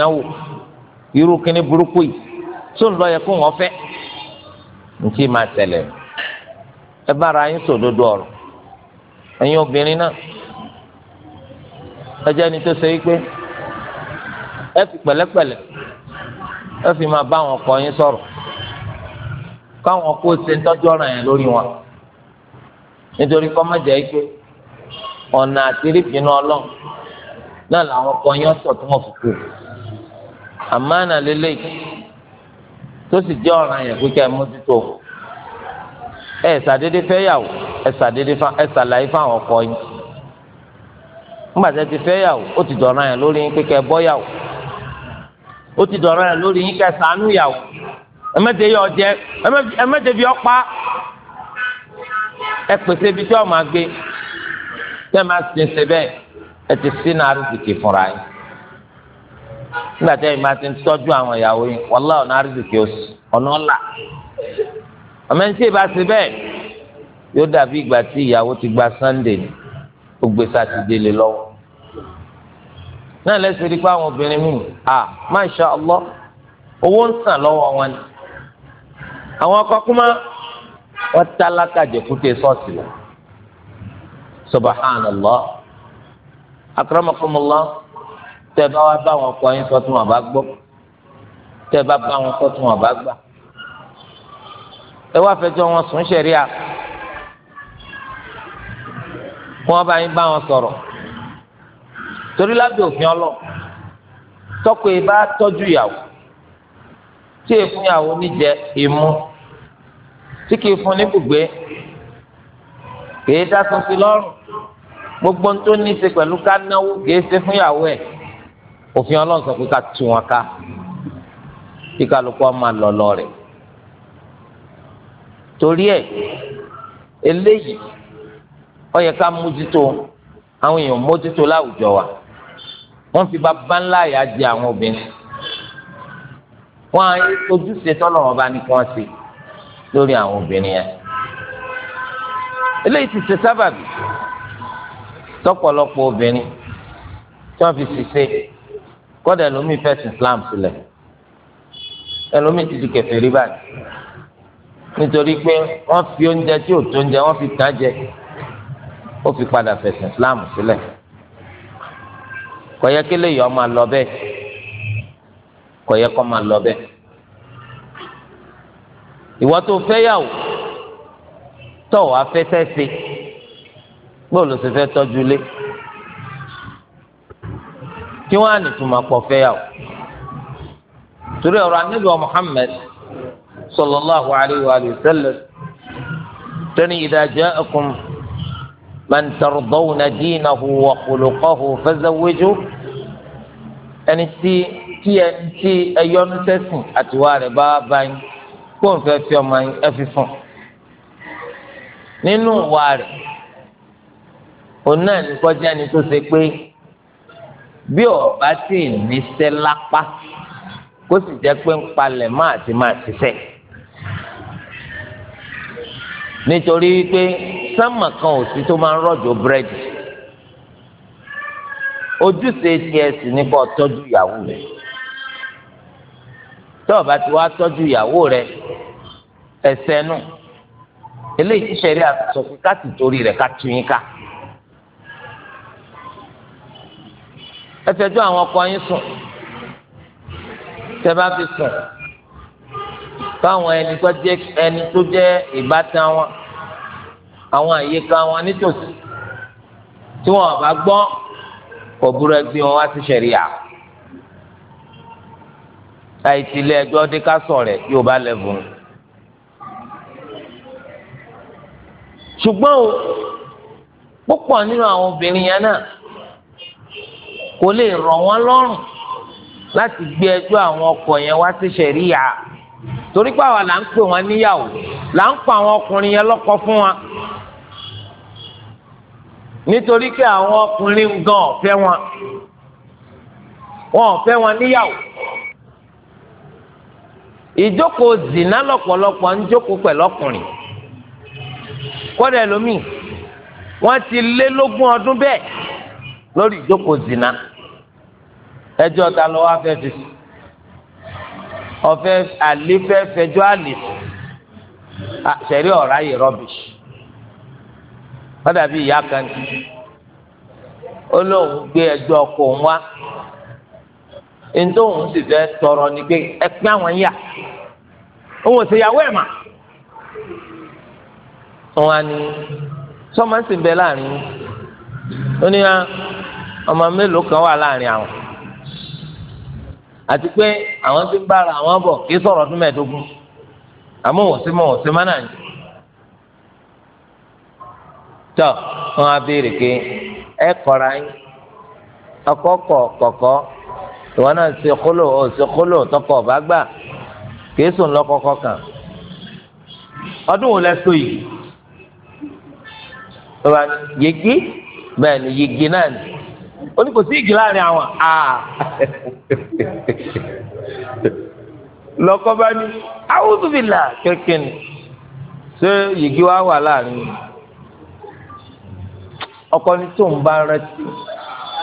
irú kíní burúkú yìí tó ń lọ yẹ kó wọ́n fẹ́ máa tẹ̀lé ẹ bára yín sòdodo ẹ̀yin obìnrin náà ẹ ni ẹni tó ṣe wípé ẹ fi pẹ̀lẹ́pẹ̀lẹ́ ẹ fi máa bá àwọn ọkọ yín sọ̀rọ̀ káwọn kó ṣe ń tọ́jú yẹn lórí wọn nítorí kọ́ má pé ọ̀nà àti ọlọ́run náà làwọn ọkọ yín ọ̀sọ̀ tí wọ́n fi kú àmánà lélẹ́yìí tó sì jẹ́ ọ̀ràn yẹn kẹ́ o. ẹ ṣàdédé fẹ́ yàwó ẹ fa ọkọ ti fẹ́ ó ti dọ̀ràn yẹn lórí yín kékeré ó ti yẹn lórí yín yàwó ẹ mẹ́tẹ̀ yọ ẹ mẹ́tẹ̀ bí ọ̀pá ẹ pèsè ibi tí wọ́n máa gbé tẹ́ máa sin ṣe bẹ́ẹ̀ ẹ ti fúnra yín máa ti tọ́jú àwọn ìyàwó àmọ́ ní tí ì bá ṣe bẹ́ẹ̀ yóò dàbí ìgbà tí ìyàwó ti gba Sunday ó gbé sátidé lé lọ́wọ́ náà lẹ́sẹ̀ rí pé àwọn obìnrin mú à Masha Allah owó ń sàn lọ́wọ́ wọn ni àwọn ọkọ kúmá wọn tálákà jẹkútẹ ṣọ́ọ̀ṣì lọ Subhanallah akramakumullah tẹ bá wá bá wọn kọ yín sọ tí wọn bá gbọ́ tẹ bá bá wọn sọ tí wọn bá gbà ẹ wá fẹjọ́ wọn sùn ṣẹ̀ríà kí wọ́n bá yín bá wọn sọ̀rọ̀ torí lábẹ́ òfin ọlọ́ tọ́kọ ẹ bá tọ́jú ìyàwó tí ẹ fún ìyàwó níjẹ ìmú tí kì í fún níbùgbé kì í sí lọ́rùn gbogbo tó ní í ṣe pẹ̀lú ká náwó ṣe fún ìyàwó ẹ̀ òfin ọlọ́run sọ pé ká tú wọn ká kí kálukú ọmọ àlọ́ rẹ̀ torí ẹ̀ eléyìí ó yẹ ká mójútó àwọn èèyàn mójútó láwùjọ wa wọ́n fi bàbá ńlá yà jẹ àwọn obìnrin wọ́n á ojúṣe tọ́lọ̀ wọn bá ní kí wọ́n ṣe lórí àwọn obìnrin yẹn eléyìí ti ṣe sábàbí tọ́pọ̀lọpọ̀ obìnrin tí wọ́n fi ṣiṣẹ́ kọ́dà ẹlòmíì fẹ́sìn Islam sílẹ̀ ẹlòmíì ti di kèfèrí báyìí nítorí pé wọ́n fi oúnjẹ tí ò tó oúnjẹ wọ́n fi tàn jẹ ó fi padà fẹ̀sìn Islam sílẹ̀ kò yẹ kí lèyìn ọmọ àlọ bẹ́ẹ̀ kò yẹ kó máa lọ bẹ́ẹ̀ ìwọ tó fẹ́yàwó tó wàá fẹsẹ̀ sí bóòlù sì fẹ́ tọ́jú lé kí wọ́n á nìtúmọ̀ pọ̀ fẹ́yàwó torí ọ̀rọ̀ anábìwọ̀ Muhammad. صلى الله عليه وآله وسلم تني إذا جاءكم من ترضون دينه وخلقه فزوجوه ẹni tí tí ẹ tí ẹ yọ́nú sẹ́sìn àtiwá rẹ̀ bá bá yín kó n fẹ́ fi ọmọ yín ẹ fi fún nínú ìwà rẹ̀ òun náà ní kọjá ni tó ṣe pé bí ọba tí ì níṣẹ́ lápá kó sì jẹ́ pé ń palẹ̀ má àti má àti sẹ́ẹ̀ nítorí wípé sámà kan ò sí tó máa ń rọ̀jò búrẹ́dì ojúṣe tiẹ̀ sì ní kó tọ́jú ìyàwó rẹ̀ tó o bá ti wá tọ́jú ìyàwó rẹ̀ ẹsẹ̀ nù eléyìí ṣẹ̀rí àtúnṣe pé ká sì torí rẹ̀ ká tún yín ká. ẹ fẹjọ́ àwọn ọkọ yín sùn tẹ bá fi sùn fáwọn ẹni tó jẹ́ ẹni tó jẹ́ ìbátan wọn àwọn àyíká wọn nítòsí tí wọn bá gbọ́ kò burú ẹgbẹ́ wọn wá sí ṣẹ̀ríà àìtìlẹ ẹjọ́ dé ká sọ rẹ yóò bá lẹbùn ṣùgbọ́n o púpọ̀ nínú àwọn obìnrin yẹn náà kò lè rọ̀ wọ́n lọ́rùn láti gbé ẹjọ́ àwọn ọkọ yẹn wá sí ṣẹ̀ríà. torí pé àwa là ń pè wọn níyàwó là ń pa àwọn ọkùnrin yẹn lọ́kọ fún wa nítorí pé àwọn ọkùnrin gan ọ̀fẹ́ wọn wọn ọ̀fẹ́ wọn níyàwó ìjókòó zìnà lọ̀pọ̀lọpọ̀ ń jókòó pẹ̀lú ọkùnrin kọ́dà ẹlòmíì wọn ti lé lógún ọdún bẹ́ẹ̀ lórí ìjókòó zìnà ẹjọ́ ta ló wá fẹ́ fi sùn. ọ̀fẹ́ àlefẹ́ fẹjọ́ àlè sẹ̀rí ọ̀rá yìí rọ́bìṣì wọ́n dàbí ìyá kan ní ó lóun gbé ẹjọ́ ọkọ òun wá ntòun sì fẹ́ tọrọ ni pé ẹ pín àwọn yà òun ò sì yàwó ẹ̀ mà wọn á ní sọ́mọ́sì bẹ láàrin ó ní ah, ọmọ mélòó kan wà láàrin àwọn àti pé àwọn tí ń bára àwọn bọ̀ kì í sọ̀rọ̀ ọdún mẹ́ẹ̀ẹ́dógún àmọ́ wọ́n sí mọ́ wọ́n sí mánà ni. tọ́ wọn á béèrè pé ẹ kọ́ra yín ọkọ kọ̀ kọ̀kọ́ ìwọ náà ṣe kólò ó ṣe kólò tọkọ ọba gbà kì í sùn lọ́kọ́kọ́ kan ọdún wo lẹ so yìí yegi bẹ́ẹ̀ ni náà ni ó ní kò sí ìjì láàrin àwọn à lọkọ bá ní awúdúbìlà kékeré ni ṣé yìgì wa wà láàrin ọkọ ní tó ń bá rántí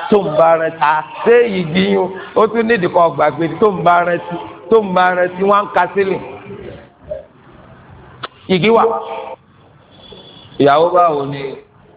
tó ń bá rántí àṣé yìgì yín ó tún nídìí kan gbàgbé tó ń bá rántí tó ń bá rántí wọn ń ka sílẹ̀ yìgì wa ìyàwó báwo ni.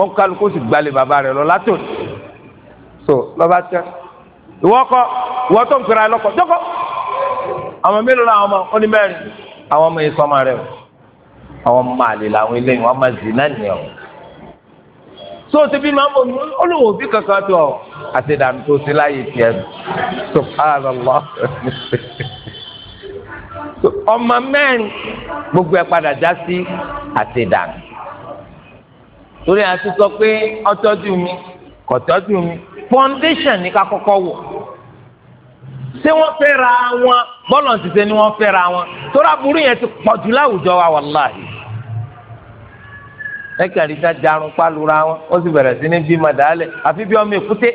kọ́ńkálù kó sì gbalẹ̀ bàbá rẹ̀ lọ látò so lọ́ba tẹ́ ìwọ́ kọ́ ìwọ́ tó ń pera lọ́kọ̀ jókòó àwọn mélòó la àwọn ọmọ ó ní mẹ́rin àwọn ọmọ yìí sọmọ rẹ o àwọn ọmọ àlè làwọn eléyìí wọn máa zì náà nìyẹn o so ti bí màmú olówó bí kankan tó ọ àti ìdààmú tó sí láyé tiẹ so pààlọlọ ọmọ mẹ́rin gbogbo ẹ padà já sí àti ìdààmú torí a ti sọ pé ọtọ́jú mi kọ̀tọ́jú mi foundation ní ká kọ́kọ́ wò ṣé wọ́n fẹ́ ra wọn bọ́ọ̀lù ṣiṣẹ́ ni wọ́n fẹ́ ra wọn tóra burú yẹn ti pọ̀jù láwùjọ wa wàláhì ẹ kàn ríta jarun pálura wọn ó sì bẹ̀rẹ̀ sí ní bí màdàálẹ̀ àfi bí ọmọ èkúté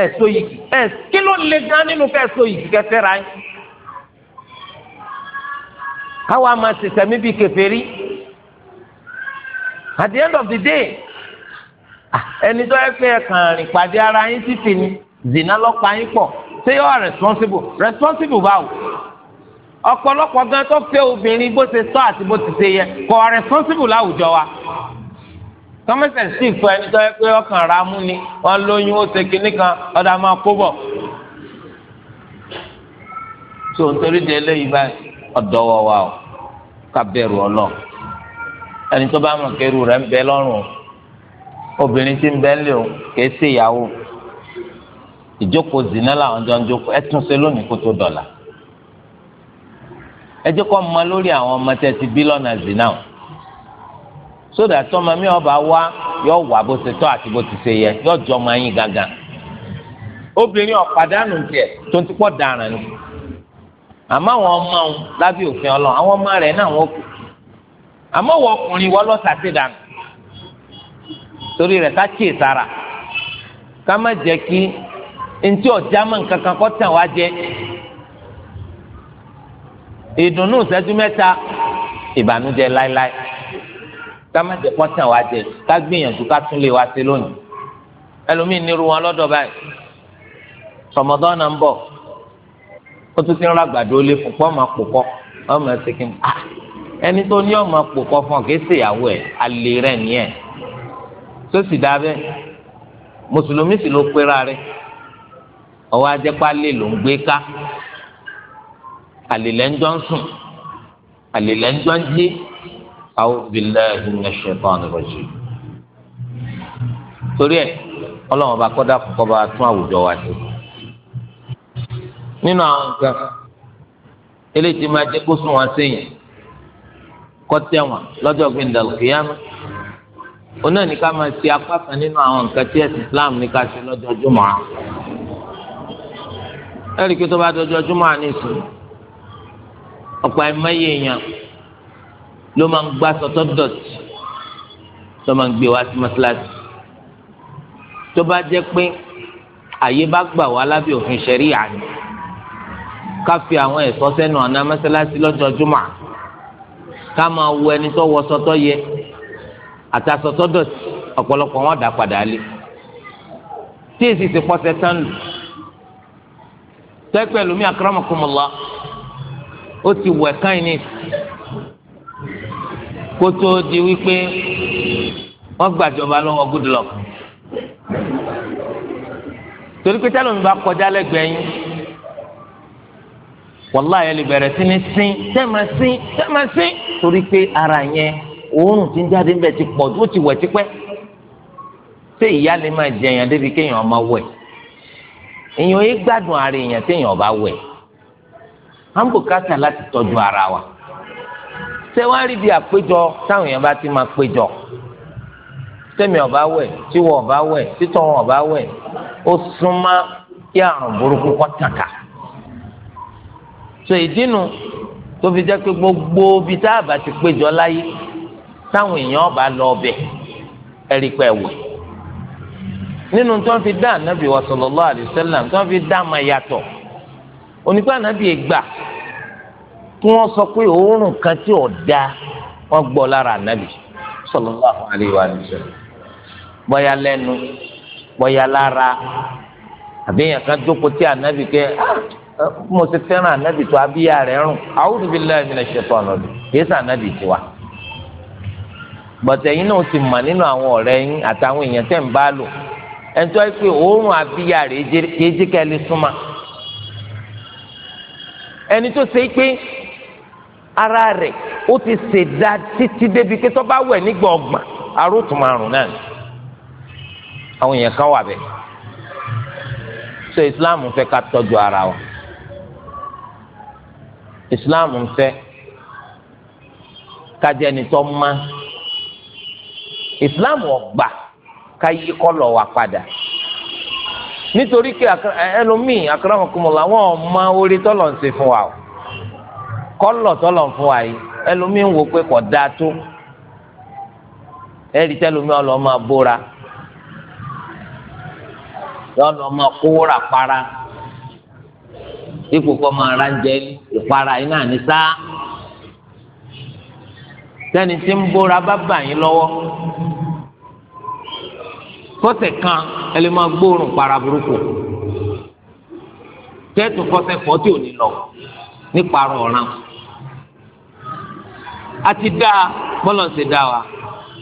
ẹ so yìí ẹ kí ló le gan nínú kẹ so yìí kẹfẹ ra yín káwa máa ṣẹṣẹ mi bí kèfèrí at the end of the day ẹni tó yẹ pé ẹkàn rìn pàdé ara yín títì ni zina lọ́pàá yín pọ̀ ṣé yóò responsible responsible báwo ọ̀pọ̀lọpọ̀ gan tó fẹ́ obìnrin bó ṣe sọ àti bó ti ṣe yẹ kò responsible láwùjọ wa kọ́mẹ́sẹ̀ sì fọ ẹni tó yẹ pé ọkàn ra mú ni wọ́n lóyún ó ṣe kinní kan ọ̀dà máa kó bọ̀ tó nítorí de eléyìí báyìí ọ̀dọ́ wọ wa o ká bẹ̀rù ẹni tó bá mọ̀ kẹrù rẹ ń bẹ lọ́rùn obìnrin tí ń bẹ o kìí ṣe ìyàwó ìjókòó zina làwọn jọ ń jókòó ẹ lónìí kó tó mọ lórí àwọn ọmọ ti bí lọ́nà zina o sódà mi ọba yọ wà bó ṣe tọ́ àti bó ti yọ jọ ọmọ yín gangan obìnrin tiẹ̀ tó dàrán ni àmọ́ àwọn ọmọ òun lábẹ́ òfin ọlọ́run àwọn ọmọ rẹ̀ àmọ́ wọ ọkùnrin wọ́n lọ́ọ́ sàṣẹ dànù torí rẹ̀ ká kíyè sára ká má jẹ́ kí ntí ọ̀já mọ̀ nǹkan kan kọ́ tàn wá jẹ ìdùnnú ìṣẹ́jú mẹ́ta ìbànújẹ́ láéláé ká má jẹ́ kọ́ tàn wá jẹ ká gbìyànjú ká tún lè wá sí lónìí ẹlòmíì nírú wọn lọ́dọ̀ báyìí Ramadan náà ń bọ̀ ó tún ti ń ra àgbàdo lé fún pọ́ máa ọmọ ẹ̀ ṣe kí n ah! ẹni tó ní ọmọ àpòkọ fún ọ kì í ṣe ìyàwó ẹ alẹ rẹ nìyẹn tó sì dá bẹ mùsùlùmí sì ló pera rẹ ọwọ ajẹpá lè ló ń gbé ká àlèlẹ ń ń sùn àlèlẹ ń jọ ń jí a'udhu billahi minash shaitani rajim torí ẹ ọlọ́wọ́n bá kọ́ dákun bá tún àwùjọ wa ṣe nínú àwọn nǹkan eléyìí ti máa jẹ́ kó sún wọn séyìn kọ́tẹ̀wọ̀n lọ́jọ́ gbẹ̀ndàlùkìyàmù oná ní ká máa ṣe apá kan nínú àwọn nǹkan tí ẹ̀sìn Islam ní ká ṣe lọ́jọ́ jùmọ̀ á ẹ̀rí kí tó bá dọjọ́ jùmọ̀ á nìsín ọ̀pọ̀ àìmọye èèyàn ló máa ń gbá sọtọ́ dọ̀tí tó máa ń gbé wá sí mọ́ṣáláṣí tó bá jẹ́ pé àyè bá gbà wá lábẹ́ òfin ṣẹ̀ríyà ni ká fi àwọn ẹ̀ṣọ́ sẹ́nu ọ̀nà mọ́ṣáláṣí lọ́jọ́ jùmọ̀ á ká máa wo ẹni tó wọ sọtọ yẹ àtàsọtọ dọ̀tí ọ̀pọ̀lọpọ̀ wọn dà padà lé tí èsì ti pọ́ sẹ́tàn lù tẹ́pẹ́ lómi akramakumullah ó ti wẹ̀ káyìn ní kótó di wípé wọ́n gbàjọba lọ́wọ́ Goodluck torí pé tẹ́lẹ̀ mi bá kọjá lẹ́gbẹ̀ẹ́ yín wàláyé lè bẹ̀rẹ̀ sí ní sín tẹ́mà sín tẹ́mà sín torí pé ara yẹn òórùn tí ń jáde ńbẹ ti pọ̀ tó ti wẹ̀ tipẹ́ ṣé ìyá lè máa jẹ èèyàn débi kéèyàn ọmọ wẹ̀ èèyàn yìí gbádùn ara èèyàn téèyàn ọba wẹ̀ hambúkátà láti tọ́jú ara wa ṣé wàá rí bí àpéjọ táwọn èèyàn bá ti máa péjọ tẹ́mi ọba wẹ̀ tíwọ ọba wẹ̀ títọ́ ọba wẹ̀ ó súnmọ́ kí àrùn burúkú kọ́ tàkà. so ìdínú tó fi jẹ́ pé gbogbo ibi tá a bá ti péjọ láyé táwọn èèyàn bá lọ ọbẹ̀ ẹ̀rí pẹ̀ wò nínú tí wọ́n fi dá ànábì wa sallallahu alaihi wasallam tí fi dá àmà yàtọ̀ onígbà ànábì gbà kí wọ́n sọ pé òórùn kan tí ò da wọ́n gbọ́ lára ànábì bọ́yá lẹ́nu bọ́yá mo ti fẹ́ràn ànábì tó abíyá rẹ̀ rùn a'udhu billahi minash shaitani rajim kìí sàn ànábì tiwa. bọ̀tẹ̀ yín náà ti mà nínú àwọn ọ̀rẹ́ yín àtàwọn èèyàn tẹ̀ ń bá lò ẹ̀ńtọ́ pé òórùn abíyá rẹ̀ kìí jẹ́ kẹ́ lè súnmọ́. ẹni tó ṣe pé ara rẹ̀ ó ti ṣèdá títí débi pé tó bá wẹ̀ nígbà ọgbọ̀n arótùmọ̀ àrùn náà àwọn èèyàn kan wà bẹ́ẹ̀ so Islam fẹ́ ká tọ́jú ara wa. islam ń fẹ́ kájẹ́ ẹni tó islam ọgbà ká yí nitori wa padà nítorí pé ẹlòmíì wọn ma orí tọ́lọ̀ fún wa o kọ́lọ̀ fún wa yìí ẹlòmíì wò pé tó para. dípò kọ́ máa ra ń jẹ ìpara yìí ní sáà sẹ́ni tí ń bóra bá bà yín lọ́wọ́ kan ẹ lè máa gbóòórùn para burúkú tẹ́tù fọ́tẹ̀ ò ní lọ ọ̀ràn a ti dá bọ́lọ̀ ṣe dá wa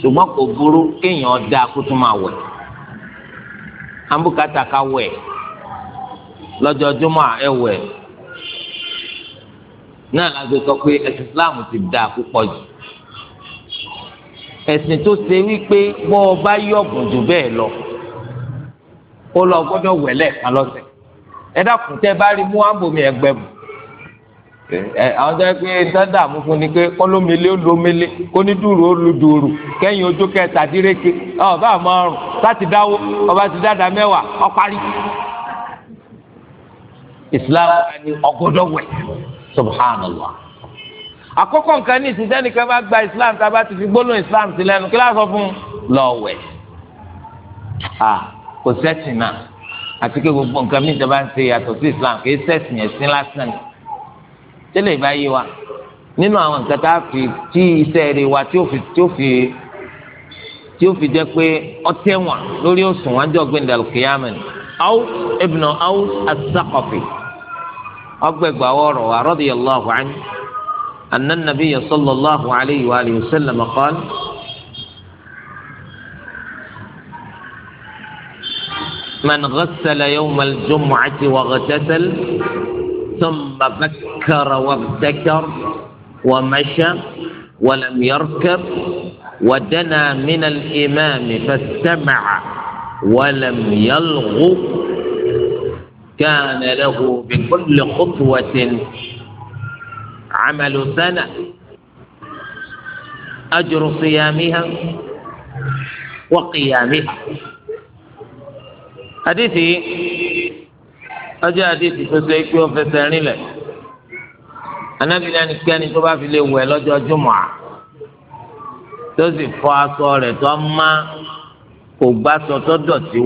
ṣùgbọ́n kò burú kéèyàn dá kó tún máa wẹ̀ wẹ̀ lọ́jọ́ ẹ náà la gbé sọ pé ẹ̀sìn islam ti dáa púpọ̀ jù ẹ̀sìn tó ṣe wípé bọ́ ọ bá yọ̀bùn jù bẹ́ẹ̀ lọ ó lọ gbọ́dọ̀ wẹ̀lẹ̀ kan lọ́sẹ̀ ẹ dákun tẹ́ bá rí mú àbòmí ẹgbẹ́ mu àwọn tó yẹ pé dáadáa mú fún ni pé kọlómele olómele kónídùúró olùdùúró kẹyìn ojú kẹta dírékè ọba àmọrùn láti dáwó ọba ti dáadáa mẹ́wàá ọparí Islam ni ọgọdọ wẹ subhanallah àkọ́kọ́ nǹkan ní ìsìn sẹ́nìkan bá gba islam tá a bá ti fi gbólóhùn islam sí lẹ́nu kí láà sọ fún un lọ́wẹ̀ kò sẹ́sìn náà àti pé gbogbo nǹkan mi ìjọba ń ṣe yàtọ̀ sí islam kì í sẹ́sìn ẹ̀sìn lásán ni tẹ́lẹ̀ ìbá yé wa nínú àwọn nǹkan tá a fi tí iṣẹ́ rẹ̀ wa tí ó fi tí ó fi tí ó fi jẹ́ pé ọtẹ́ wọn lórí òṣùwọ̀n àjọ gbẹ̀ndàlùkìyàmẹ̀ ni aw ibnu aw as ọgbẹgba ọ̀rọ̀ wa radiyallahu anhu anna nabiyya sallallahu alayhi wa alihi wa sallam qala. من غسل يوم الجمعة واغتسل ثم فكر وابتكر ومشى ولم يركب ودنا من الإمام فاستمع ولم يلغ كان له بكل خطوة عمل سنة أجر صيامها وقيامها حديثي أجا حديثي فسيكي وفساني لك أنا بلاني كان يتبع في الأول أجا جمعة تزي فاسولة تما وباسو تدوتي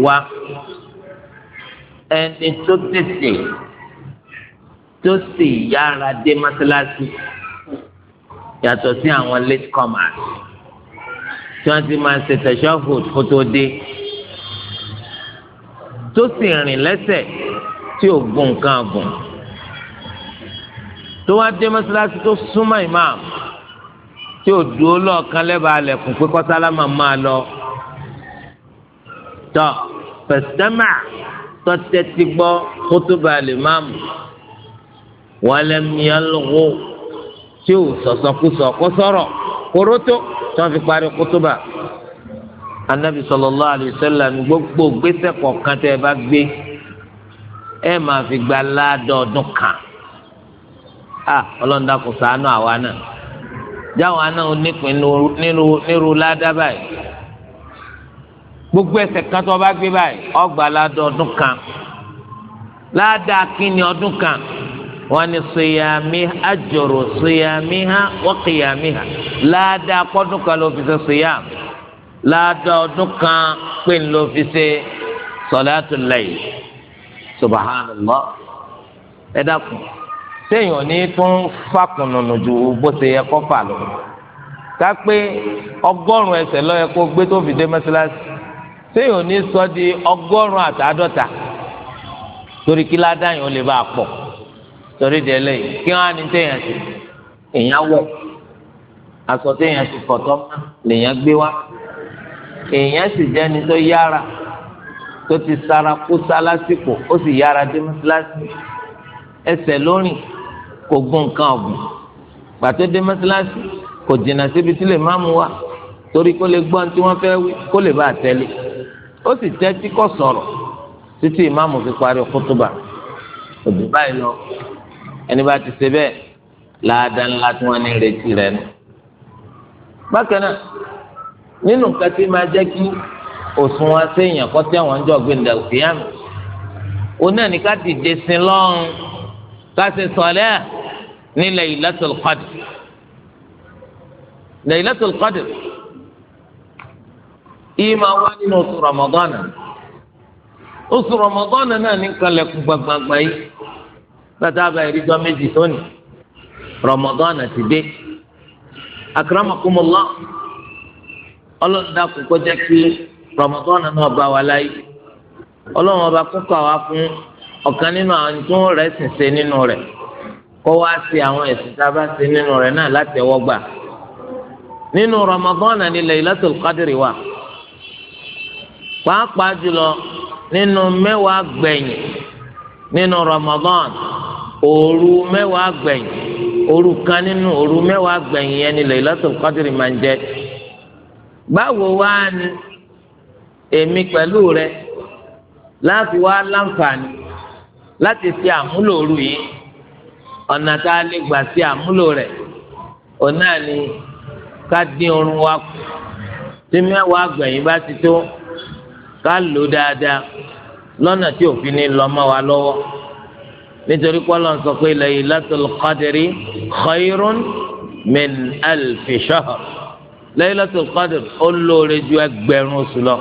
ẹni tó tètè tó sì yára dé mọ́sálásí yàtọ̀ sí àwọn late comers tí wọ́n ti máa ṣe tẹ̀sọ́fòt kó tó dé tó sì rìn lẹ́sẹ̀ tí ò gun nǹkan gùn tó wá dé mọ́sálásí tó súnmọ́ ìmáàmù tí ò dúró lọ́ọ̀kan lẹ́bàá lẹ̀kùn pé kọ́sálámà máa lọ tọ́ pẹ̀sẹ́mà tọ́tẹ́tí gbọ́ kótóba àlèmáàmù wàlẹ́mìálùwò tí ò sọ̀sọ̀kúsọ̀ kó sọ̀rọ̀ kórótó tí wọ́n fi parí kótóba. anabi sallallahu alaihi wasallam ní gbogbo gbèsè kọ̀ọ̀kan tẹ́ ẹ bá gbé ẹ máa fi gba ládọọdún kan a ọlọ́ọ̀dà kò ṣàánú àwa náà jáwọn náà nípìn nírú ládàbà gbogbo ẹsẹ̀ kan tó bá gbé báyìí ọgbà ládọ ọdún kan ládàá kínní ọdún kan wọn ni sèyàmí àjòrò sèyàmí ha wọkìyàmí ha ládàá kọdún kan ló fi ṣe sèyàm ládàá ọdún kan pé ló fi ṣe sọláàtù láyl subahánàlá ẹ dákun sẹ́yìn òní tún fàkùnùnù ju bó ṣe yẹ kó fà lọ ká pé ọgọ́rùn ẹsẹ̀ ló yẹ kó gbé tó fi dé mọ́ṣáláṣí séyìn ò ní sọ di ọgọ́rùn-ún àtàdọ́ta torí kí ládàáyìn ó lè bá a pọ̀ torí délé kí wọ́n á ní téèyàn sí èèyàn wọ̀ aṣọ téèyàn sì kọ̀tọ́ lèèyàn gbé wá èèyàn sì jẹ́ni tó yára tó ti sara kó sá lásìkò ó sì yára dé mọ́sálásí ẹsẹ̀ lórìn kò gún nǹkan ọ̀gbìn pàtó dé mọ́sálásí kò jìnnà síbi tí lè má mú wa torí kó lè gbọ́n tí wọ́n fẹ́ wí kó lè bá a tẹ̀lé ó sì tẹ́tí kọ́ sọ̀rọ̀ títí ìmáàmù fi parí kútúbà òbí báyìí lọ ẹni bá ti ṣe bẹ́ẹ̀ láàdá ńlá tí wọ́n ní retí rẹ̀ nù. bákan náà nínú nǹkan tí máa jẹ́ kí òṣùwọ̀n séèyàn kọ́ tí àwọn ń jọ gbé ndàlùfíàmù oní ẹni ká dìde sin lọ́run ká ṣe sọ̀lẹ́ ní Laylatul Qadr Laylatul Qadr. yìí máa wá nínú oṣù ramadana oṣù ramadana náà ní kalẹ̀kùn gbagbagba yìí gbàtà àgbà ìrìjọ méjì ti dé akramakumula ọlọ́dà kókó kí ramadana náà bá wa láyé ọlọ́run ọba kókó àwa fún ọ̀kan nínú àwọn tó ń rẹ̀ ṣe nínú rẹ̀ wá sí àwọn ẹ̀sìn tá a bá ṣe nínú rẹ̀ náà láti ẹwọ́ pàápàá jùlọ nínú mẹ́wàá gbẹ̀yìn nínú Ramadan òru mẹ́wàá gbẹ̀yìn òru kan nínú òru mẹ́wàá gbẹ̀yìn yẹn ni Lailatul Qadr máa ń jẹ báwo wá ni èmi pẹ̀lú rẹ láti wá láǹfààní láti ṣe àmúlò òru yìí ọ̀nà tá a lè gbà àmúlò rẹ̀ ni ká wa kù tí mẹ́wàá gbẹ̀yìn ti tó. ká lò dáadáa lọ́nà tí òfin ní lọ mọ́ wa lọ́wọ́ nítorí pọ́lọ́ ń sọ pé Laylatul Qadri khayrun min alfi shahr Laylatul Qadr ó lóore ju ẹgbẹ̀rún oṣù lọ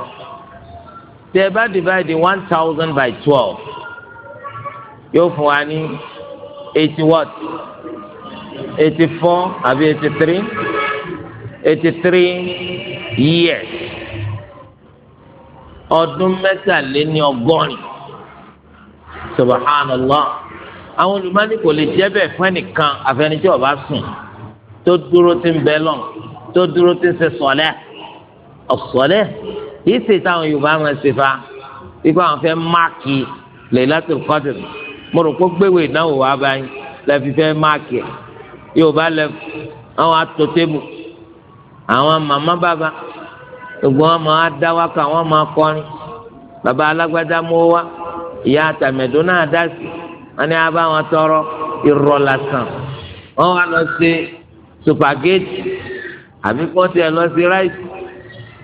tẹ ẹ bá divide one thousand by twelve yóò fún wa ní eighty what eighty four àbí eighty three eighty three years ọdún mẹ́tàléní ọgọ́rin subhanallah àwọn olùmọ́ni kò lè jẹ́ bẹ́ẹ̀ fún ẹnìkan àfẹnijẹ́ ọba sùn tó dúró ti ń bẹ́ lọ́n tó dúró ti ń ṣe sọ̀lẹ́ ọ̀sọ̀lẹ́ yìí ṣe táwọn yorùbá máa ń ṣe fa wípé àwọn fẹ́ máàkì Lailatul Qadr mo rò pé gbéwò ìdánwò wa báyìí lẹ́fi fẹ́ máàkì yorùbá lẹ́fi àwọn atọ́ àwọn màmá bàbá gbogbo wọn máa dá wákà wọn máa kọrin bàbá alágbádá mú wá ìyá àtàmẹ̀dó náà dá sí wọn ni a bá wọn tọrọ irọ́ lásán wọn wá lọ sí supageti àbí kọ́ tiẹ̀ lọ sí ráìsì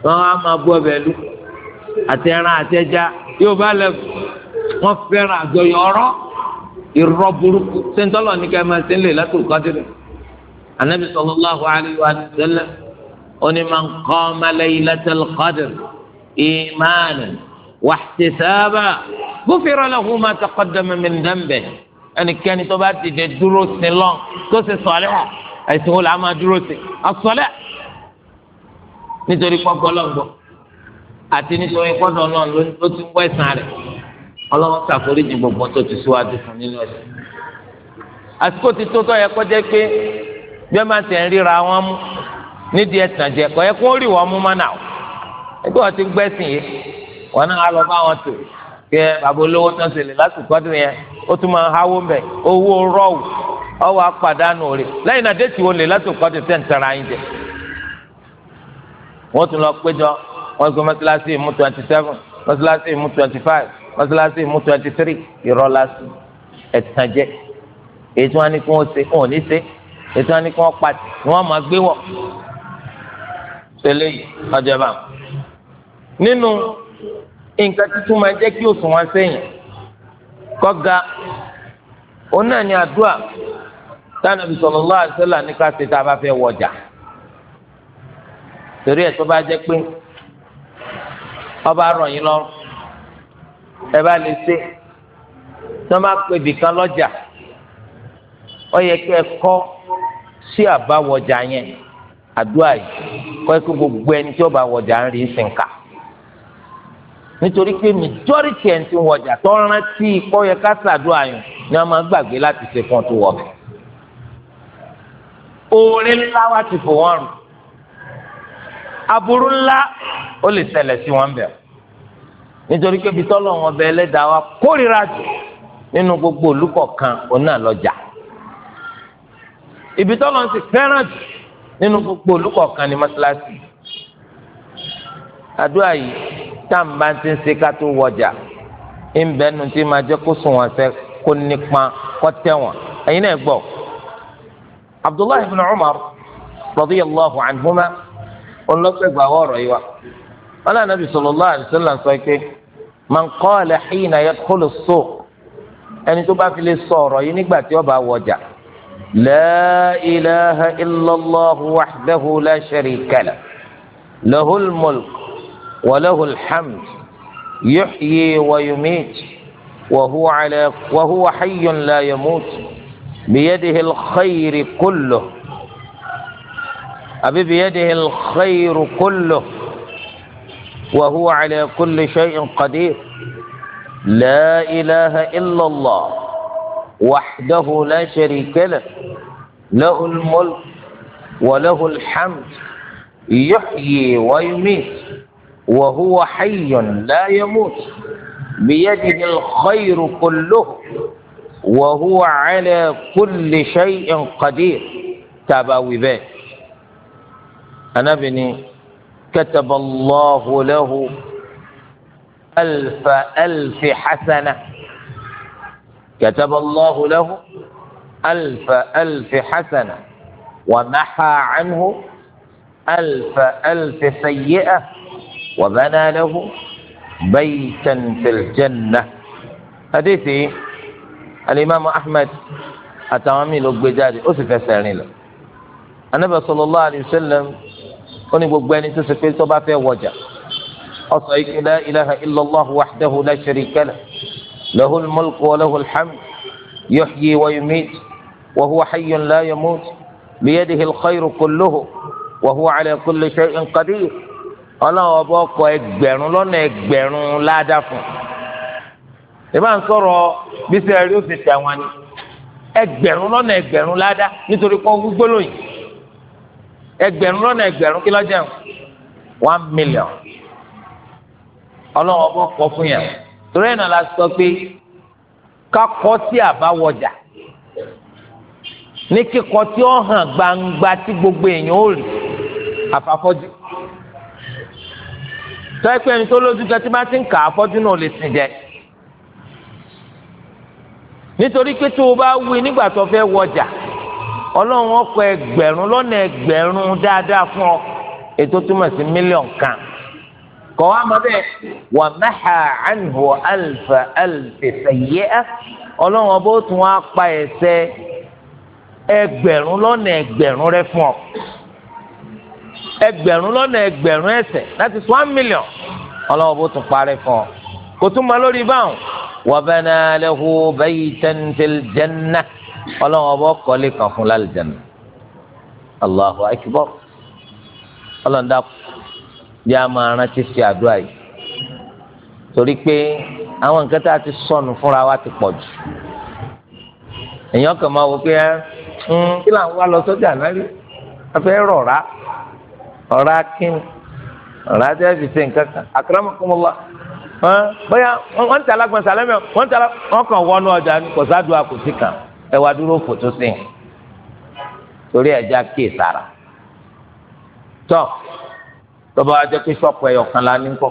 wọn wá máa bú ọbẹ̀ lú àti yóò bá lẹ́kọ̀ọ́ wọn fẹ́ràn àjọyọ̀ ọ̀rọ̀ irọ́ burúkú sẹ́ńtọ́lọ̀ ní kẹ́mẹ́sì ń lè látòkọ́ dé rẹ̀ anabi sallallahu oni man qama laylatal qadr imanan wahtisaba gufira lahu ma taqaddama min dhanbihi ẹnikẹ́ni tó bá ti dé dúró sí lọ́n tó ṣe sọ̀lẹ́ ẹ̀sìn wo la máa dúró sí asọ̀lẹ́ nítorí pọ́pọ́ lọ́gbọ́ àti nítorí pọ́dọ̀ náà ló ti wọ́ ẹ̀sán rẹ̀ ọlọ́run ṣàforíjì gbogbo tó ti síwájú fún nínú ẹ̀sìn. àsìkò ti tó tọ́ yẹ kọjá pé bí wọ́n máa tẹ̀ ń ríra wọn mú nídìí ẹ̀tàn jẹ kọ́ yẹ kó rí mú mọ́nà o ẹgbẹ́ wọn ti gbẹ́sìn yìí wọn náà lọ bá wọn tò kẹ bàbá olówó tán ṣẹlẹ̀ lásìkò ọdún yẹn ó tún máa háwó mbẹ owó rọ́ọ̀wù ọwọ́ apàdánù rẹ̀ lẹ́yìn náà déètì lè lásìkò ọdún tẹ̀ tara yín jẹ wọ́n tún lọ péjọ wọ́n gbé mọ́tíláṣí mú twenty seven mọ́tíláṣí mú twenty five mọ́tíláṣí mú twenty three èyí tí wọ́n á ní ṣẹlẹ̀ yìí ọjọba nínú nǹkan tuntun máa jẹ́ kí òsùn wá òun náà ni àdúrà tánàbí sallallahu alaihi wasallam ní ká ṣe tá a bá wọjà torí tó bá ọba yín lọ ẹ bá lè ṣe tí wọ́n bá pè bìkan lọ́jà ó yẹ kí ẹ kọ sí àbáwọjà yẹn. àdúrà yìí kọ́ ẹ kó gbogbo ẹni tí ó bá wọjà ń rí sìnkà nítorí pé majority ẹni tí wọjà tó rántí kọ́ yẹ ká ṣàdúrà yìí ni wọ́n máa gbàgbé láti ṣe fún ọ tó wọ̀ oore ńlá wa ti fò wọ́n rùn aburú ńlá ó lè ṣẹlẹ̀ sí wọn bẹ̀ nítorí pé ibi tọ́lọ̀ wọn bẹ ẹlẹ́dàá wa kórìíra jù nínú gbogbo olùkọ̀ọ̀kan òun náà lọ́jà ibi tọ́lọ̀ ń sì fẹ́ràn jù nínú gbogbo olùkọ̀ọ̀kan ní mọ́ṣáláṣí àdúrà yìí táǹbà ti ń ṣe ká tó wọjà ń bẹ nu tí máa jẹ́ kó sùn wọn sẹ́ kó nípa kó tẹ̀wọ̀n ẹ̀yin náà gbọ́. abdullahi ibn umar radiyallahu anhuma ọlọ́gbẹ̀gbà ọ̀rọ̀ yìí wa wọn náà nàbì sallallahu alaihi wasallam sọ pé man qala hina yadkhulu as-suq ẹni tó bá fi lè sọ ọ̀rọ̀ yìí nígbà tí ó wọjà. لا إله إلا الله وحده لا شريك له له الملك وله الحمد يحيي ويميت وهو على وهو حي لا يموت بيده الخير كله أبي بيده الخير كله وهو على كل شيء قدير لا إله إلا الله وحده لا شريك له له الملك وله الحمد يحيي ويميت وهو حي لا يموت بيده الخير كله وهو على كل شيء قدير تباوي به أنا بني كتب الله له ألف ألف حسنة كتب الله له ألف ألف حسنة ومحى عنه ألف ألف سيئة وبنى له بيتا في الجنة حديثي الإمام أحمد أتوامي لقبجاري أسف سعرين له النبي صلى الله عليه وسلم قل بقباني تسفل تبا في وجه أصعيك لا إله إلا الله وحده لا شريك له له الملك وله الحمد يحيي ويميت وهو حي لا يموت بيده الخير كله وهو على كل شيء قدير ọlọ́run ọba ọkọ̀ ẹgbẹ̀rún lọ́nà ẹgbẹ̀rún ládàá fún un ìbá ń sọ̀rọ̀ bísí ẹ̀rí ó ti tẹ̀ wọ́n ni ẹgbẹ̀rún lọ́nà ẹgbẹ̀rún ládàá nítorí pé ọkú gbólóyìn ẹgbẹ̀rún lọ́nà ẹgbẹ̀rún kí lọ́jọ́ one million ọlọ́run ọba ọkọ̀ fún yẹn. torí ẹ̀ náà la sọ pé kakọ́ sí àbáwọjà ní kíkọ tí ó hàn gbangba tí gbogbo èèyàn ó rí àfàfọ́jú tọ́ ẹ̀pẹ́ ẹni tó lójú jẹ tí bá ti ń kà àfọ́jú náà lè sìn jẹ nítorí pé tó o bá wí nígbà tó fẹ́ wọjà ọlọ́run ọkọ̀ ẹgbẹ̀rún lọ́nà ẹgbẹ̀rún dáadáa fún ọ ètò túmọ̀ sí kan kọ́ wa mọ bẹ́ẹ̀ wà mẹ́hà ànhù àlfà àlfẹ̀fẹ̀ yẹ ẹ́ ọlọ́run ọba ó tún wá pa ẹ̀ṣẹ̀ ẹgbẹ̀rún lọ́nà ẹgbẹ̀rún rẹ fún ọ ẹgbẹ̀rún lọ́nà ẹgbẹ̀rún ẹ̀ṣẹ̀ láti one million ọlọ́run ọba ó tún parẹ́ fún ọ kò tún ma lórí báwọn wa bana lahu baytan fil ọlọ́run ọba kọ́lé kan fún lálẹ́ jẹ́nà Allahu akbar ọlọ́run dàpọ̀. bí a máa rántí ṣe àdúrà yìí torí pé àwọn nǹkan tá a ti sọnù fúnra wa ti pọ̀ jù èèyàn kàn máa wò pé hmm, kí làwọn wá lọ sọ́jà náà rí a fẹ́ rọ̀rá ọ̀rá kíni tí a fi ṣe nǹkan kan akramakumullah bóyá wọ́n alágbọ̀n sàlẹ́mẹ̀ wọ́n wọ́n kàn wọnú ọjà ní kò àkùsí kan ẹ wá dúró fòtó sí i torí ẹ̀já kí ì sára tọ́ba wa jẹ́ pé ṣọ́ọ̀pù ẹ̀yọ̀ la ní kọ́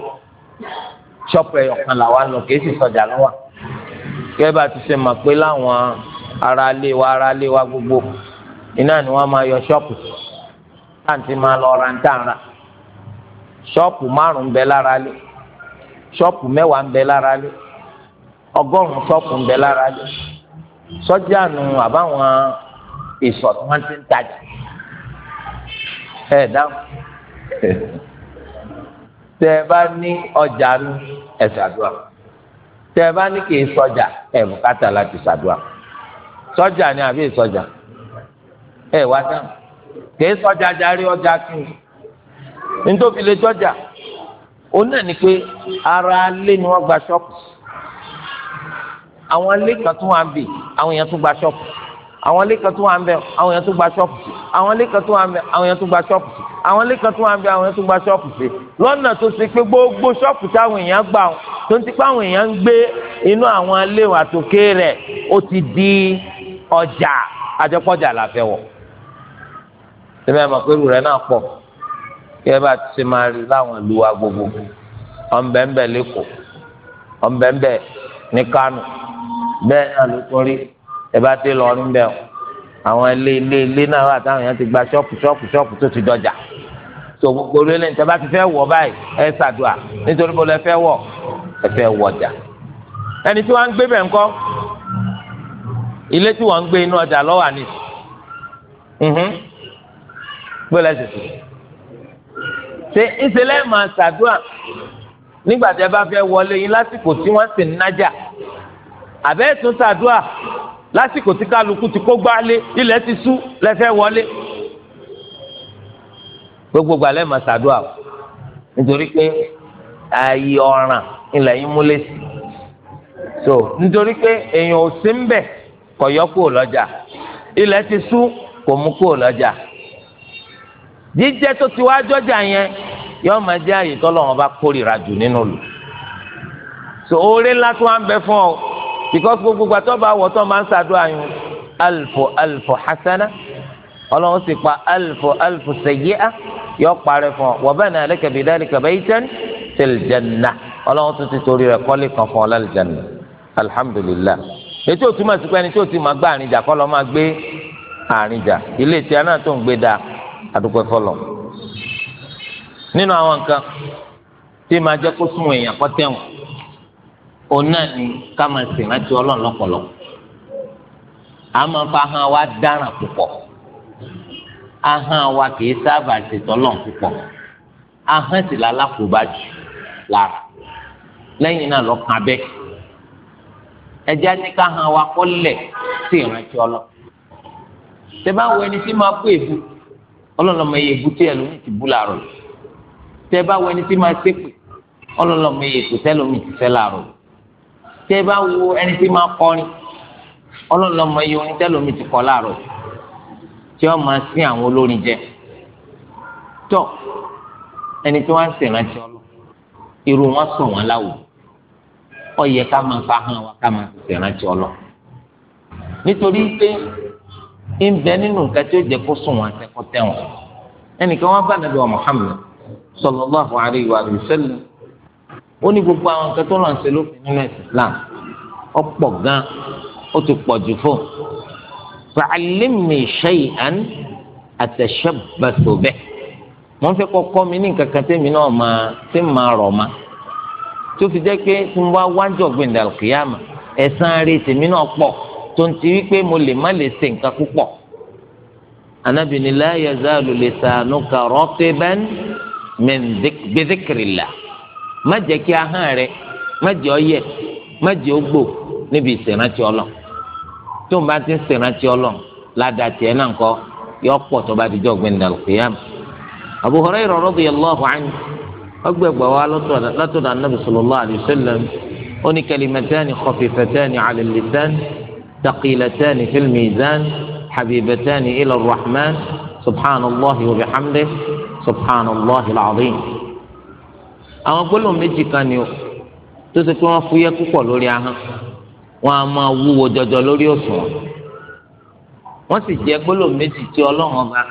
ṣọ́ọ̀pù ẹ̀yọ̀ kan là lọ bá ti ṣe pé láwọn ara lé wa gbogbo iná ni wọ́n máa yọ ṣọ́ọ̀pù láǹtí máa lọ ra ń tàn ra márùn bẹ lára lé ṣọ́ọ̀pù mẹ́wàá bẹ lára lé ọgọ́rùn-ún bẹ lára tẹ ẹ bá ní ọjà nù ẹ ṣàdúrà tẹ ẹ bá ní kì í sọjà ẹ bùkátà láti ṣàdúrà sọjà ni àbí ìsọjà ẹ wá dáhùn kì í sọjà járí ọjà kí ni nítorí lè jọjà ó náà ni pé ara lé ni wọn gba ṣọ́ọ̀pù àwọn ilé kan tún wà ń bì àwọn èèyàn tún gba ṣọ́ọ̀pù àwọn ilé kan tó wà ń bẹ àwọn èèyàn tó gba ṣọ́ọ̀pù sí àwọn ilé kan tó wà ń bẹ àwọn èèyàn tó gba ṣọ́ọ̀pù sí àwọn ilé kan tó wà ń bẹ àwọn èèyàn tó gba ṣọ́ọ̀pù sí lọ́nà tó ṣe pé gbogbo ṣọ́ọ̀pù táwọn èèyàn gbà wọn tó ń tipa àwọn èèyàn ń gbé inú àwọn ilé àtòkè rẹ̀ ó ti di ọjà àjẹpọ̀jà làfẹ́ wọ̀. ṣẹlẹ̀ mọ̀ pé rúrẹ́ náà pọ̀ kí ẹ bá ti ṣe máa rí láwọn ìlú wa gbogbo ọ̀nbẹ̀ńbẹ̀ lẹ́kọ̀ọ́ ọ̀nbẹ̀ńbẹ̀ ní Kánò bẹ́ẹ̀ náà ló rí ẹ bá dé lọ níbẹ̀ àwọn ilé ilé ilé náà wà táwọn èèyàn ti gba ṣọ́ọ̀pù ṣọ́ọ̀pù ṣọ́ọ̀pù tó ti dọjà tó gbogbo orí ẹlẹ́yìn tẹ́ bá ti fẹ́ wọ̀ báyìí ẹ ṣàdùà nítorí bọ́lá ẹ fẹ́ wọ̀ ẹ fẹ́ wọ̀jà ẹni tí wọ́n ń gbé bẹ̀ ńkọ́ ilé tí wọ́n ń gbé inú ọjà lọ́wọ́ àní gbọ́dọ̀ ẹ̀sìn sí ṣe ìṣẹ̀lẹ̀ máa ṣàdùà nígbà tí ẹ bá fẹ́ wọlé yín lásìkò tí wọ́n sì ń nájà àbẹ́ẹ̀tún ṣàdùà lásìkò tí kálukú ti kó gbálé ilẹ̀ ti sú lẹ́fẹ́ wọlé gbogbo gbalẹ̀ máa ṣàdúrà o nítorí pé ààyè ọ̀ràn ilẹ̀ yín múlẹ̀ sí so nítorí pé èèyàn ò sí ń bẹ̀ kò yọ kúrò lọ́jà ilẹ̀ ti sú kò mú kúrò lọ́jà jíjẹ tó ti wá jọjà yẹn yọọ máa jẹ ààyè tọ́lọ́wọ́n bá kórìíra jù nínú lò so oore ńlá tó wá ń bẹ fún ọ because gbogbo gbàtọ́ bá wọ̀ tán máa ń ṣàdúrà yín alfu alfu hasana ọlọ́run sì pa alfu alfu sayyi'a yọ parẹ́ fún ọ wa bana laka bi dhalika baytan fil janna ọlọ́run tún ti torí rẹ̀ kọ́lé kan fún ọ lálìjẹ́nà alhamdulillah ètò òtúmọ̀ sí pé ẹni tí ti máa gbá àrìnjà kọ́ lọ́ máa gbé àrìnjà ilé tí a náà tó ń gbé dáa adúpẹ́ fọlọ́ nínú àwọn nǹkan tí máa jẹ́ kó súnmọ́ èèyàn kọ́ òun náà ni ká máa sìn láti ọlọ́run lọ́pọ̀lọpọ̀ àmọ́ fáhàn wa dáràn púpọ̀ ahọ́n wa kìí sábà ṣètọ́lọ́n púpọ̀ ahọ́n sì lálákòóbá jù lára lẹ́yìn náà lọ́kàn abẹ́ ẹja ní káhọ́n wa kọ́lẹ̀ sí ìrántí ọlọ́ tẹ́bá wo ẹni tí máa kó èbú ọlọ́lọ́mọ iye èbú tí ẹlòmí ti bú làárọ̀ tẹ́bá wo ẹni tí máa ṣépè ọlọ́lọ́mọ iye èpè tẹ́lòmí ti fẹ́ làárọ̀ tẹ ẹ bá wo ẹni tí máa kọrin ọlọ́lọ́mọ iye orin tẹ́lómi ti kọ́ láàárọ̀ tí wọ́n máa sin àwọn olórin jẹ tọ́ ẹni tí wọ́n ń ṣèrántí ọlọ́ irú wọn sọ wọn láwùjọ ó yẹ ká máa fa hàn wá ká máa ṣèrántí ọlọ́ nítorí pé ń bẹ nínú nǹkan tí ó jẹ kó sùn wọn sẹ́kọ̀tẹ̀ wọn ẹnìkan wọn bá nàbẹ̀ wa Muhammad sallallahu alaihi wa sallam ó ní gbogbo àwọn nǹkan tó lọ́n ṣe lófin nínú ẹ̀sìn Islam ó pọ̀ gan ó ti pọ̀ jù fún un fàálìmì ṣẹ́yìn àtẹ̀ṣẹ́bàtò bẹ́ẹ̀ mo ń fẹ́ kọ́kọ́ mi ní nǹkan kan tẹ́mi náà máa tẹ́ máa rọ̀ ma tó fi jẹ́ pé tí mo bá wájú ọ̀gbìn dàlùkìyàmà ẹ̀san rẹ̀ tèmi náà pọ̀ tó ń ti wípé mo lè má lè ṣe nǹkan púpọ̀ anábìnrin zálù lè sànú kàrọ́tẹ́bẹ́n mẹ́ndékìrìlà má jẹ́ kí ahọ́n rẹ má jẹ́ ọyẹ má jẹ́ ogbò níbi ìṣèrántí ọlọ tó ń bá ti ń ṣèrántí ọlọ ládàá tiẹ̀ náà kọ́ yọ pọ̀ tó bá ti jọ gbẹ̀ndà lùkìyàm. Abu Hurairah radiyallahu anhu ọgbẹ̀gbà wa látọ̀dọ̀ anábì sallallahu wa sallam ó ní kalimatani khafifatani ala al-lisan taqilatani fil mizan habibatani ila ar-rahman subhanallahi wa bihamdihi subhanallahi àwọn gbólóhùn méjì kan ni o tó ṣe pé wọ́n fúyẹ́ púpọ̀ lórí ahọ́n wọ́n á máa wúwo jọjọ lórí òṣùwọ̀n wọ́n sì jẹ́ gbólóhùn méjì tí Ọlọ́run ọba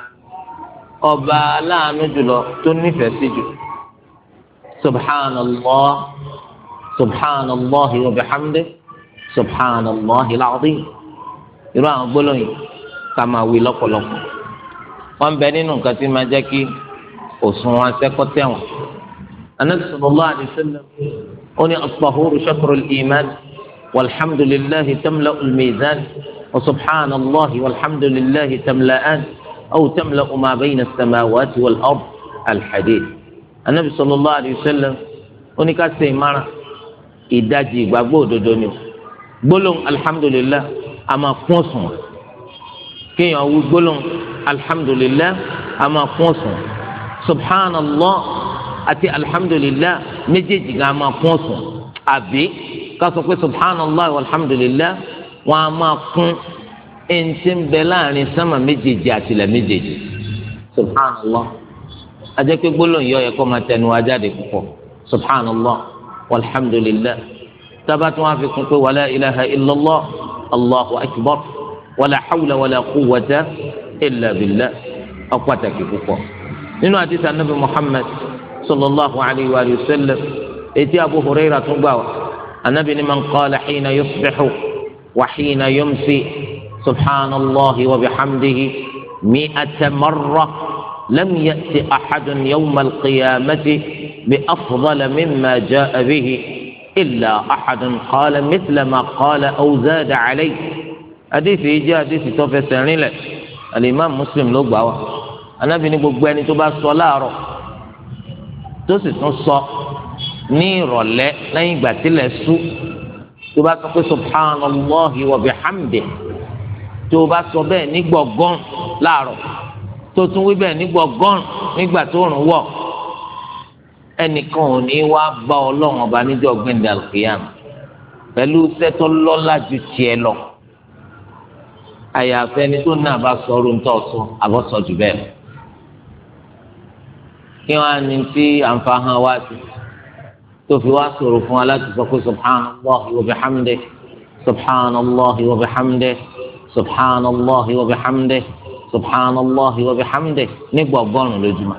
ọba aláàánú jùlọ tó nífẹ̀ẹ́ sí jù subhanallah subhanallah wa subhanallah al irú àwọn gbólóhùn yìí ká máa wí lọ́pọ̀lọpọ̀ wọ́n bẹ nínú nǹkan tí máa jẹ́ kí òṣùwọ̀n asẹ́kọ̀tẹ̀wọ̀n. النبي صلى الله عليه وسلم أني الطهور شكر الإيمان والحمد لله تملأ الميزان وسبحان الله والحمد لله تملأان أو تملأ ما بين السماوات والأرض الحديث النبي صلى الله عليه وسلم أني كاسي مانا إداجي بابو دودوني بولون الحمد لله أما كونسون كي أقول gbólóhùn alhamdulilayi a máa kún sùn subhanallah àti alhamdulillah méjèèjì gan máa kún ọ̀sùn àbí ká sọ pé subhanallah alhamdulillah wọn a máa kún ẹni tí ń bẹ láàrin sánmà méjèèjì àti ilẹ̀ méjèèjì subhanallah ajẹ́ pé gbólóhùn yọ yẹ kó máa tẹnu wa jáde púpọ̀ subhanallah walhamdulillah tábàtún wa fi kún pé wàlá ilaha illallah allahu akbar wàlá hawla wàlá quwwata illa billah ọ̀pọ̀ pàtàkì púpọ̀ nínú àdìsá nàbì muhammad sallallahu alayhi wa sallam etí abu hurairah tún gbà wá anabi ni man qala xiina yusbixu wa xiina yumsi subxaana allahi wa bixamdihi mi'ata marra lam ya'ti axadun yawma alqiyaamati biafdala mima jaa bihi إلا أحد قال مثل ما قال أو زاد عليه حديث جاء حديث توفي السنين الإمام مسلم لو أنا بني بقباني تبا الصلاة tó sì tún sọ ní ìrọ̀lẹ́ lẹ́yìn ìgbà tílẹ̀ sú tó bá sọ pé subhanallahi wa bihamdi tó bá sọ bẹ́ẹ̀ ní gbọ̀ngàn láàrọ̀ tó tún wí bẹ́ẹ̀ ní gbọ̀ngàn nígbà tó rùn wọ̀ ẹnìkan ò ní wá bá ọlọ́run ọba níjọ́ gbẹ̀ndẹ̀ alqiyam pẹ̀lú sẹ́tọ́ lọ́lá ju tiẹ̀ lọ àyàfẹ́ni tó náà bá sọ ọ́rùn tó sọ àbọ̀sọ̀ jù bẹ́ẹ̀ lọ kí wọn á ní tí àǹfààní wá sí tó fi wá sọ̀rọ̀ fún wa láti sọ pé subhanallahi wa bihamdihi subhanallahi wa bihamdihi subhanallahi wa bihamdihi subhanallahi wa bihamdihi nígbà ọgọ́rùn lójúmọ́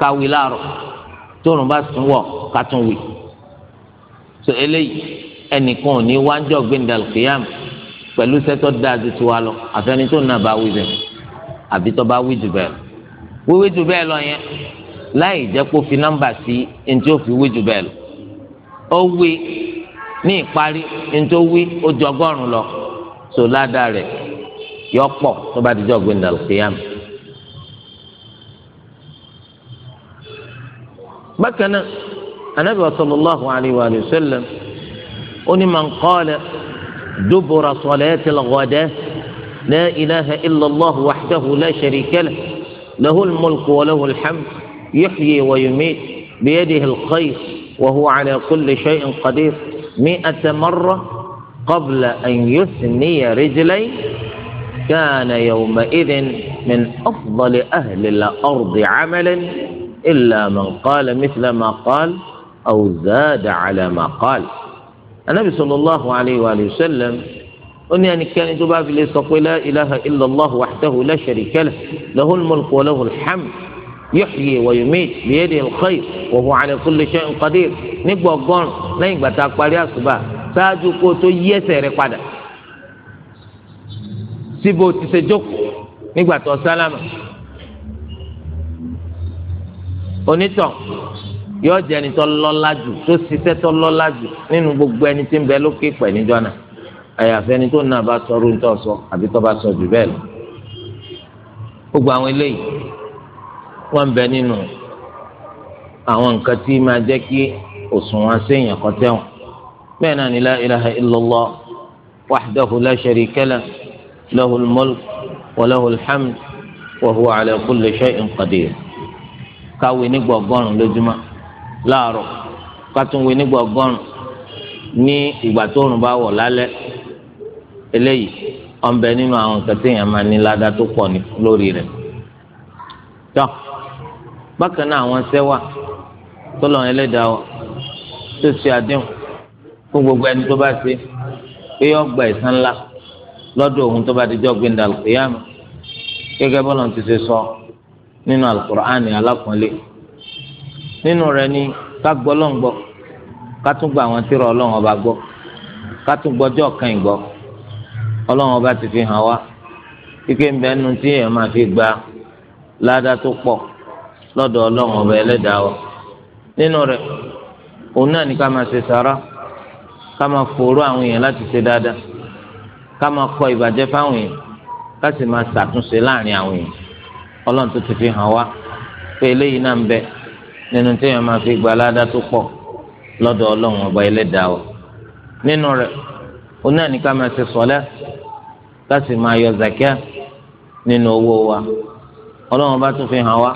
káwí láàrọ̀ tóorùn bá sùn wọ̀ ká tún wí so eléyìí ẹnìkan ò ní wájọ gbẹndàlùkìyàm pẹ̀lú sẹtọ dáa tiwa lọ àfẹnitó náà bá wí bẹ́ẹ̀ àbí bá wí jù bẹ́ẹ̀ wíwí ju bẹ́ẹ̀ lọ yẹn láì jẹ́ kó fi nọ́mbà sí ntí ó fi wí ju bẹ́ẹ̀ lọ ó wí ní ìparí ntí ó wí ó ju ọgọ́rùn lọ so ládàá rẹ̀ yọ pọ̀ tó bá dijọ́ gbẹ̀ndà lùkìyàmù. bákan náà anabi sallallahu alayhi wa sallam ó man qala dubura salati al-ghada ilaha illa allah la sharika له الملك وله الحمد يحيي ويميت بيده الخير وهو على كل شيء قدير مئة مرة قبل أن يثني رجليه كان يومئذ من أفضل أهل الأرض عملا إلا من قال مثل ما قال أو زاد على ما قال النبي صلى الله عليه وآله وسلم ó ní ẹnikẹ́ni tó bá fi lè sọ pé la ilaha illallah wahdahu la sharika lahu lahul mulku wa lahul hamd yuhyi wa yumit biyadihi alkhayr wa huwa ala kulli shay'in qadir nígbà ọgọ́rùn lẹ́yìn ìgbà tá àsùbà ṣáájú kó tó yí rẹ padà síbo ti ṣe jókòó nígbà tó sálámà onítàn yóò jẹ́ ẹni tó lọ́lá jù tó ṣiṣẹ́ tó lọ́lá jù nínú gbogbo ẹni tí ń bẹ lókè pẹ̀ níjọ́ náà àyàfẹ́ni tó nà bá sọ rúntọ́ sọ àbí tó bá sọ jù bẹ́ẹ̀ lọ. gbogbo àwọn eléyìí wọ́n ń bẹ nínú àwọn nǹkan tí máa jẹ́ kí òṣùwọ̀n séèyàn kọ́ tẹ̀wọ̀n. bẹ́ẹ̀ náà ni la ilaha illallah wahdahu la sharika lah lahul mulk wa lahul hamd wa huwa ala káwé nígbà ọgọ́rùn-ún lójúmọ́ láàárọ̀ kátúnwé nígbà ọgọ́rùn-ún ní ìgbà tóòrùn bá wọ̀ lálẹ́ eléyìí ọ̀nbẹ nínú àwọn nǹkan tí èèyàn máa ní ládàá tó pọ̀ lórí rẹ̀ tán bákan náà àwọn sẹ́wà tó lọ́n ẹlẹ́dàá wa tó ṣe àdéhùn fún gbogbo ẹni tó bá ṣe pé yọ gba ìsan ńlá lọ́dọ̀ òun tó bá ti jọ́ gbẹ̀ndà àlùkìyàmù gẹ́gẹ́ bọ́lá ti ṣe sọ nínú alukur'ani alákùnlé nínú rẹ̀ ni ká gbọ́ lọ́n ká tún gba àwọn tírà Ọlọ́run ọba gbọ́ ká tún gbọ́jọ́ kan ìgbọ́ ọlọ́run ọba ti fi hàn wá kíkẹ́ ń bẹ nu tí èèyàn máa fi gba ládá tó pọ̀ lọ́dọ̀ ọlọ́run ọba ẹlẹ́dàá wa nínú rẹ̀ òun náà ní ká máa ṣe sàrà ká máa fòrò àwọn èèyàn láti ṣe dáadáa ká máa kọ ìbàjẹ́ fáwọn èèyàn ká sì máa ṣàtúnṣe láàrin àwọn èèyàn ọlọ́run tó ti fi hàn wá pé eléyìí náà ń bẹ nínú tí èèyàn máa fi gba ládá tó pọ̀ lọ́dọ̀ ọlọ́run ọba ẹlẹ́dàá wa nínú rẹ̀ òun náà ní ká máa ṣe sọ́lẹ́ ká sì máa yọ zakia nínú owó wa ọlọ́run bá tún fi hàn wá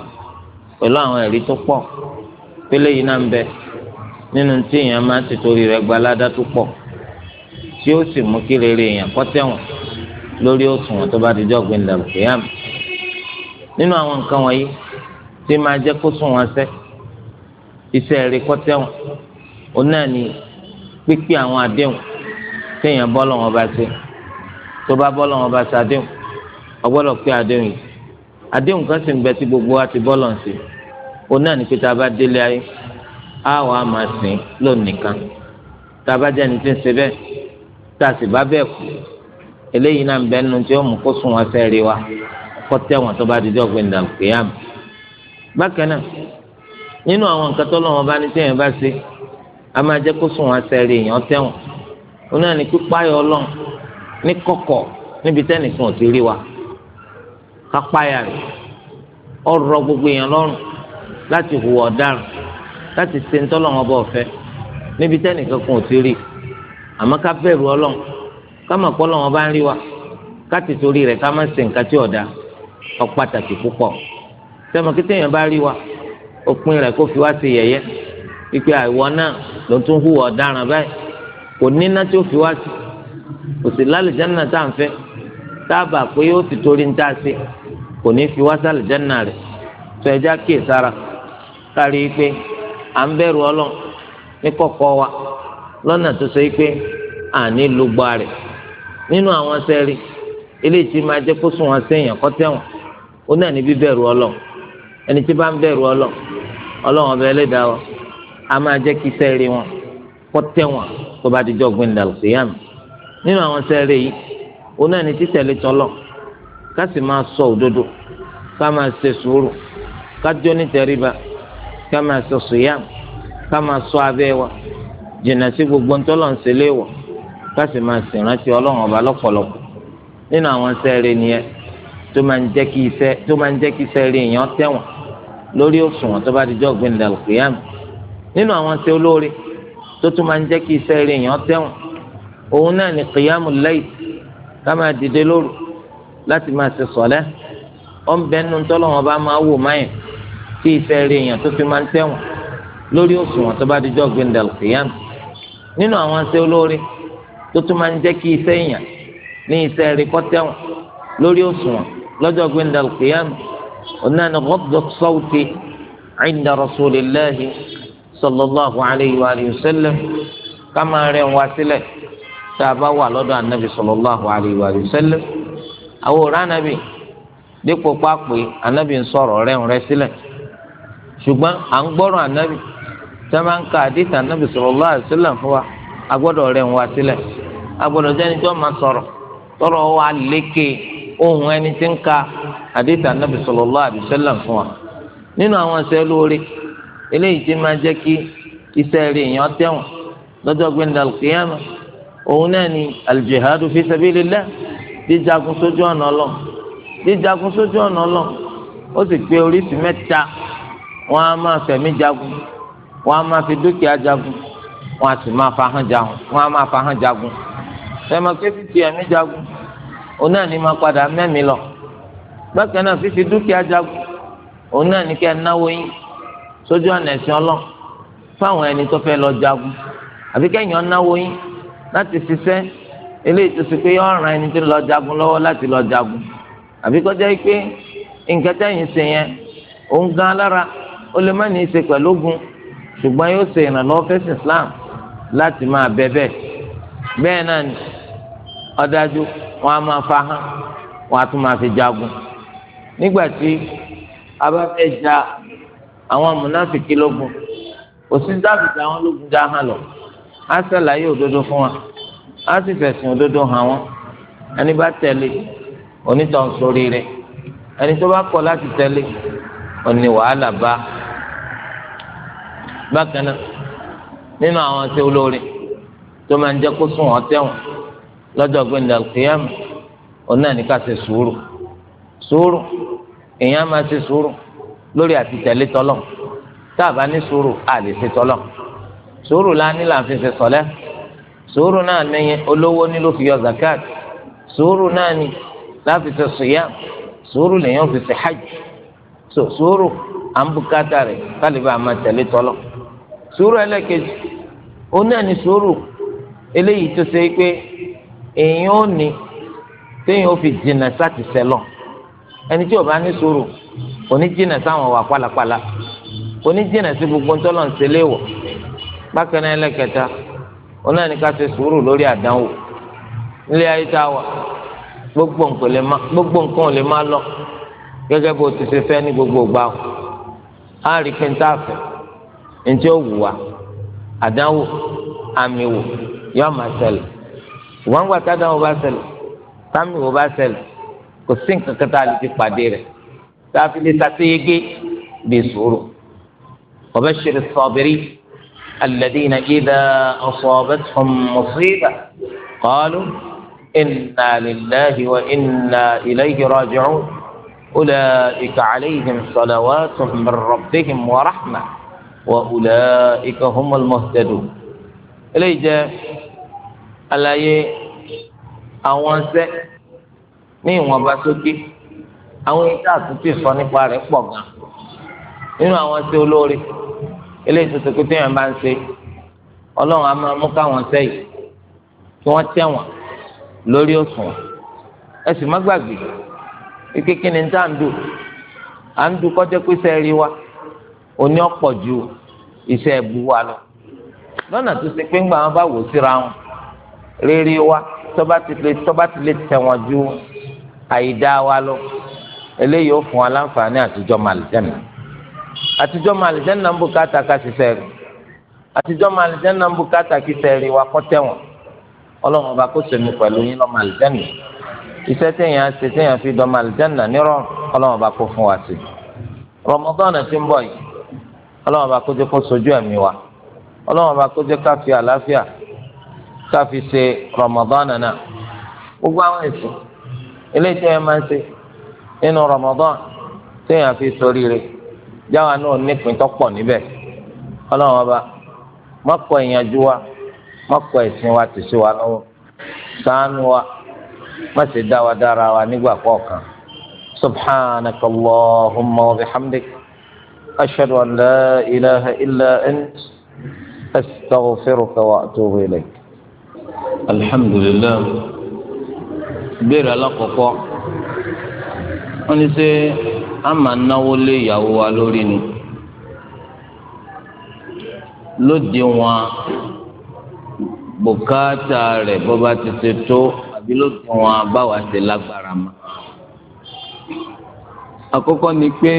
pẹ̀lú àwọn ẹ̀rí tó pọ̀ pélé yìí náà ń bẹ nínú tí èèyàn máa ti torí rẹ̀ gba aládá tó pọ̀ tí ó sì mú kí rere èèyàn kọ́ tẹ̀wọ̀n lórí òṣùwọ̀n tó bá di jọ́gbìn lẹ́mùkìyàm nínú àwọn nǹkan wọ̀nyí tí máa jẹ́ kó sùn wọn sẹ́ iṣẹ́ rí kọ́ tẹ̀wọ̀n ó náà ní pípé àwọn àdéhùn téèyàn bọ́ lọ́wọ́ bá ṣe tó bá bọ́ lọ́wọ́ bá ṣàdéhùn ọgbọ́dọ̀ pé àdéhùn yìí àdéhùn kan sì ń bẹ tí gbogbo wa ti bọ́lọ̀ sí òun náà ní pé tá a bá délé ayé á wà á máa sìn lónìí nìkan tá a bá jẹ́ ẹni tí ń ṣe bẹ́ẹ̀ tá a sì bá bẹ́ẹ̀ kú eléyìí náà ń bẹ nínú tí ó mú kó sùn wọn sẹ́ẹ̀rì wa kó tẹ̀wọ̀n tó bá di dọ́gbìn dàgbéyàmù bákan náà nínú àwọn nǹkan tó lọ́wọ́ bá ní tẹ̀yìn bá ṣe a máa jẹ́ kó sùn wọn sẹ́ẹ̀rì èèyàn tẹ̀wọ̀n òun náà ní pípáyọ̀ ọlọ́run ní kọ̀kọ̀ níbi tẹ́nìkan ò ti rí wa kápáyà rẹ̀ ọ̀rọ̀ gbogbo èèyàn lọ́rùn láti hùwà ọ̀daràn láti ṣe ntọ́lọ́run ọba ọ̀fẹ́ níbi tẹ́nìkan kan ò ti rí àmọ́ ká bẹ̀rù ọlọ́run ká mọ̀ pé ọlọ́run ọba ń rí wa ká ti torí rẹ̀ ká má ṣe nǹkan tí ọ̀dà ó pàtàkì púpọ̀ sẹ́mi kí téèyàn bá rí wa òpin rẹ̀ kó fi wá sí yẹ̀yẹ́ pípẹ́ àìwọ́ náà ló tún hùwà ọ̀daràn báyìí kò níná tí ó fi wá sí kò sí lálùjáná tá à ń fẹ́ dábàá pé ó ti torí fi wá sálùjáná rẹ̀ tó ẹja kíyè sára kárí pé à ń bẹ̀rù ní wa lọ́nà tó ṣe pé àní lùgbà rẹ̀ nínú àwọn sẹ́ẹ̀rì eléyìí máa jẹ́ kó sùn wọn séèyàn kọ́ ó náà ní bíbẹ̀rù ẹni tí bá ń bẹ̀rù ọbẹ̀ ẹlẹ́dàá wa nínú àwọn sẹ́ẹ̀rẹ̀ yìí òun náà ní títẹ̀lé tọ́lọ̀ ká sì máa sọ òdodo ká máa ṣe sùúrù ká jó ní tẹríba ká máa ṣe sùyàm ká máa sọ abẹ́ wa jìnnà sí gbogbo ntọ́lọ̀ ń ṣe léèwọ̀ ká sì máa sì rántí ọlọ́run ọba lọ́pọ̀lọpọ̀ nínú àwọn sẹ́ẹ̀rẹ̀ nìyẹn tó máa ń jẹ́ kí iṣẹ́ tó máa ń jẹ́ kí sẹ́ẹ̀rẹ̀ èèyàn tẹ̀wọ̀n lórí òṣùwọ̀n tó bá di jọ́ gbẹ̀ndàlùkìyàmù nínú àwọn sẹ́ẹ̀rẹ̀ olóore tó tún máa ń jẹ́ kí iṣẹ́ èèyàn tẹ̀wọ̀n òun náà ní kìyàmù lẹ́yìn ká máa dìde lóru láti máa ṣe sọ̀lẹ́ ọ̀nbẹ́ nu tọ́lọ́wọ́n bá máa wò máyìn tí ìfẹ́ rí èèyàn tó fi máa ń tẹ̀wọ̀n lórí òṣùwọ̀n tó bá dijọ́ gbẹ̀ndẹ̀lù kìyàmù nínú àwọn ṣe olóore tó tún máa ń jẹ́ kí iṣẹ́ èèyàn ní iṣẹ́ rí kó tẹ̀wọ̀n lórí òṣùwọ̀n lọ́jọ́ gbẹ̀ndẹ̀lù kìyàmù onáni gbọ́dọ̀ sọ́wọ́tì ẹ̀yìndà rasulillahi sallallahu alayhi wa sallam ká máa rẹ̀ wá sílẹ̀ tá a bá wà lọ́dọ̀ anabi sallallahu alayhi wa àwọn anabi dípò anabi ń sọ̀rọ̀ rẹ́ sílẹ̀ ṣùgbọ́n à anabi máa ń ka anabi sallallahu alayhi wa fún wa a gbọ́dọ̀ rẹ̀ ń sílẹ̀ a gbọ́dọ̀ jẹ́ni tó máa sọ̀rọ̀ tọ́rọ̀ wa ohun ẹni tí ń ka àdìsí anabi sallallahu alayhi wa fún wa nínú àwọn iṣẹ́ òun náà ni aljihadu fi sabilillah jíjagun sójú ọ̀nà ọlọ́run jíjagun sójú ọ̀nà ọlọ́run ó sì pé oríṣi mẹ́ta wọ́n á máa jagun wọ́n a máa fi dúkìá jagun wọ́n a sì máa fahán jagun wọ́n a máa fahán jagun pé fífi jagun òun náà ni máa padà mẹ́mi lọ bákan náà fífi dúkìá jagun òun náà ni kẹ́ ẹ náwó yín sójú ọ̀nà ẹ̀sìn ọlọ́run fáwọn ẹni tó fẹ́ lọ jagun àbí náwó yín láti ṣiṣẹ́ eléyìí tó ṣe pé yọ ọ̀ràn ẹni tó lọ jagun lọ́wọ́ láti lọ jagun àbí kọjá pé nǹkan tẹ́yìn ṣe yẹn òun gan alára ó lè má ní í ṣe pẹ̀lú ogun ṣùgbọ́n yóò ṣe ìrànlọ́wọ́ Islam láti máa bẹ bẹ́ẹ̀ bẹ́ẹ̀ náà ni ọ̀dájú wọn fi jagun nígbà tí a bá fẹ́ ja àwọn amúnáfìkì lógun àwọn lógun já hàn lọ. á ṣàlàyé òdodo fún wa á sì fẹ̀sìn òdodo hàn wọ́n ẹni bá tẹ̀lé onítàn sórí rẹ̀ ẹni tó bá kọ̀ láti tẹ̀lé òní wàhálà bá bákan náà nínú àwọn ṣe olóore tó máa ń jẹ́ kó sùn wọ́n tẹ̀wọ̀n lọ́jọ́ gbẹ̀ndà kìyàmù òun náà ní ká ṣe sùúrù sùúrù èèyàn máa ṣe sùúrù lórí àti tẹ̀lé tọ́lọ̀ tá a bá ní sùúrù a lè ṣe tọ́lọ̀ sùúrù la ní la fi ṣe sọlẹ sùúrù náà ní olówó ní ló fi yọ zakat sùúrù náà ní la fi ṣe siyam sùúrù lèyàn fi ṣe hajj so sùúrù à ń bukata rẹ kálíbà máa tẹ̀lé tọ́lọ̀ sùúrù ẹlẹ́kejì ó náà ní sùúrù eléyìí tó ṣe pé èèyàn ò ní téèyàn ò fi jìnnà sáti sẹlọ ẹni tí ò bá ní sùúrù kò ní jìnnà sáwọn wà pálapàla kò ní jìnnà sí gbogbo ntọ́lọ́ bákan náà ẹlẹ́kẹta ọ̀nà ni ká ṣe sùúrù lórí àdánwò nílé ayé tá a wà gbogbo nǹkan ò lè má lọ gẹ́gẹ́ bó ti ṣe fẹ́ ní gbogbo ìgbà o á rí pé n tá a fẹ́ n tí ó wù wá àdánwò àmì wò yóò máa ṣẹlẹ̀ ìwọ̀n gbà tá àdánwò bá ṣẹlẹ̀ sámi bá ṣẹlẹ̀ kò sí nǹkan kan tá ti pàdé rẹ̀ tá a fi lè ṣàṣeyege bí sùúrù ọ̀bẹ ṣe lè sọ ọ̀bẹ̀rẹ̀ yìí. الذين إذا أصابتهم مصيبة قالوا إنا لله وإنا إليه راجعون أولئك عليهم صلوات من ربهم ورحمة وأولئك هم المهتدون إليه جاء àlàyé àwọn ṣẹ ní ìwọ̀nba sókè àwọn ìta àtúntì sọ eléyìí tó sèkúté yẹn bá ń ṣe ọlọ́run á máa mú káwọn sẹ́yìn kí wọ́n tẹ̀wọ̀n lórí òṣùwọ̀n ẹ sì má gbàgbé kíkẹ́ kí ni tá à ń dù à ń dù kọjá pé iṣẹ́ rí wa òní ọ̀pọ̀ ju iṣẹ́ ẹ̀bù wa lọ lọ́nà tó ṣe pé ńgbà wọn bá wò síra wọn rírí wa tọ́ba ti lè tọ́ba ti lè tẹ̀wọ̀n ju àìdá wa lọ eléyìí ó fún wa láǹfààní àtijọ́ màlìjẹ́nà àtijọ́ máa lè jẹ́nà ń bùkátà ká ṣiṣẹ́ rẹ̀ àtijọ́ máa lè jẹ́nà ń bùkátà kí sẹ́ẹ̀rì wa kọ́ tẹ̀wọ̀n ọlọ́run ọba kó sèmi pẹ̀lú yín lọ́mọ àlìjẹ́nà iṣẹ́ téèyàn ṣe téèyàn fi dọ́mọ àlìjẹ́nà nírọ̀ ọlọ́run ọba kó fún wa sí i Ramadan tí ń bọ̀ yìí ọlọ́run ọba kó jẹ́ kó sojú ẹ̀mí wa ọlọ́run ọba kó jẹ́ ká àlàáfíà ká fi ṣe Ramadan náà gbogbo àwọn èso eléyìí téèyàn máa Ramadan téèyàn fi soríire jáwa náà nípìn tó pọ̀ níbẹ̀ ọlọ́run ọba mọ́kọ ìyànjú wa mọ́kọ ẹ̀sìn wa ti sí wa lọ́wọ́ ṣàánú wa má ṣe dá wa dára wa nígbà kọ̀ọ̀kan subhanaka allahumma wa bihamdik ashhadu an la ilaha illa ant astaghfiruka wa atubu ilayk. alhamdulilayi ìbéèrè alákọ̀ọ́kọ́ wọ́n ní sẹ́ a máa náwó lé ìyàwó wa lórí ni lóde wọn bùkátà rẹ̀ bọba ti ṣe tó àbí lóde wọn báwa ṣe lágbára mọ́ àkọ́kọ́ ni pé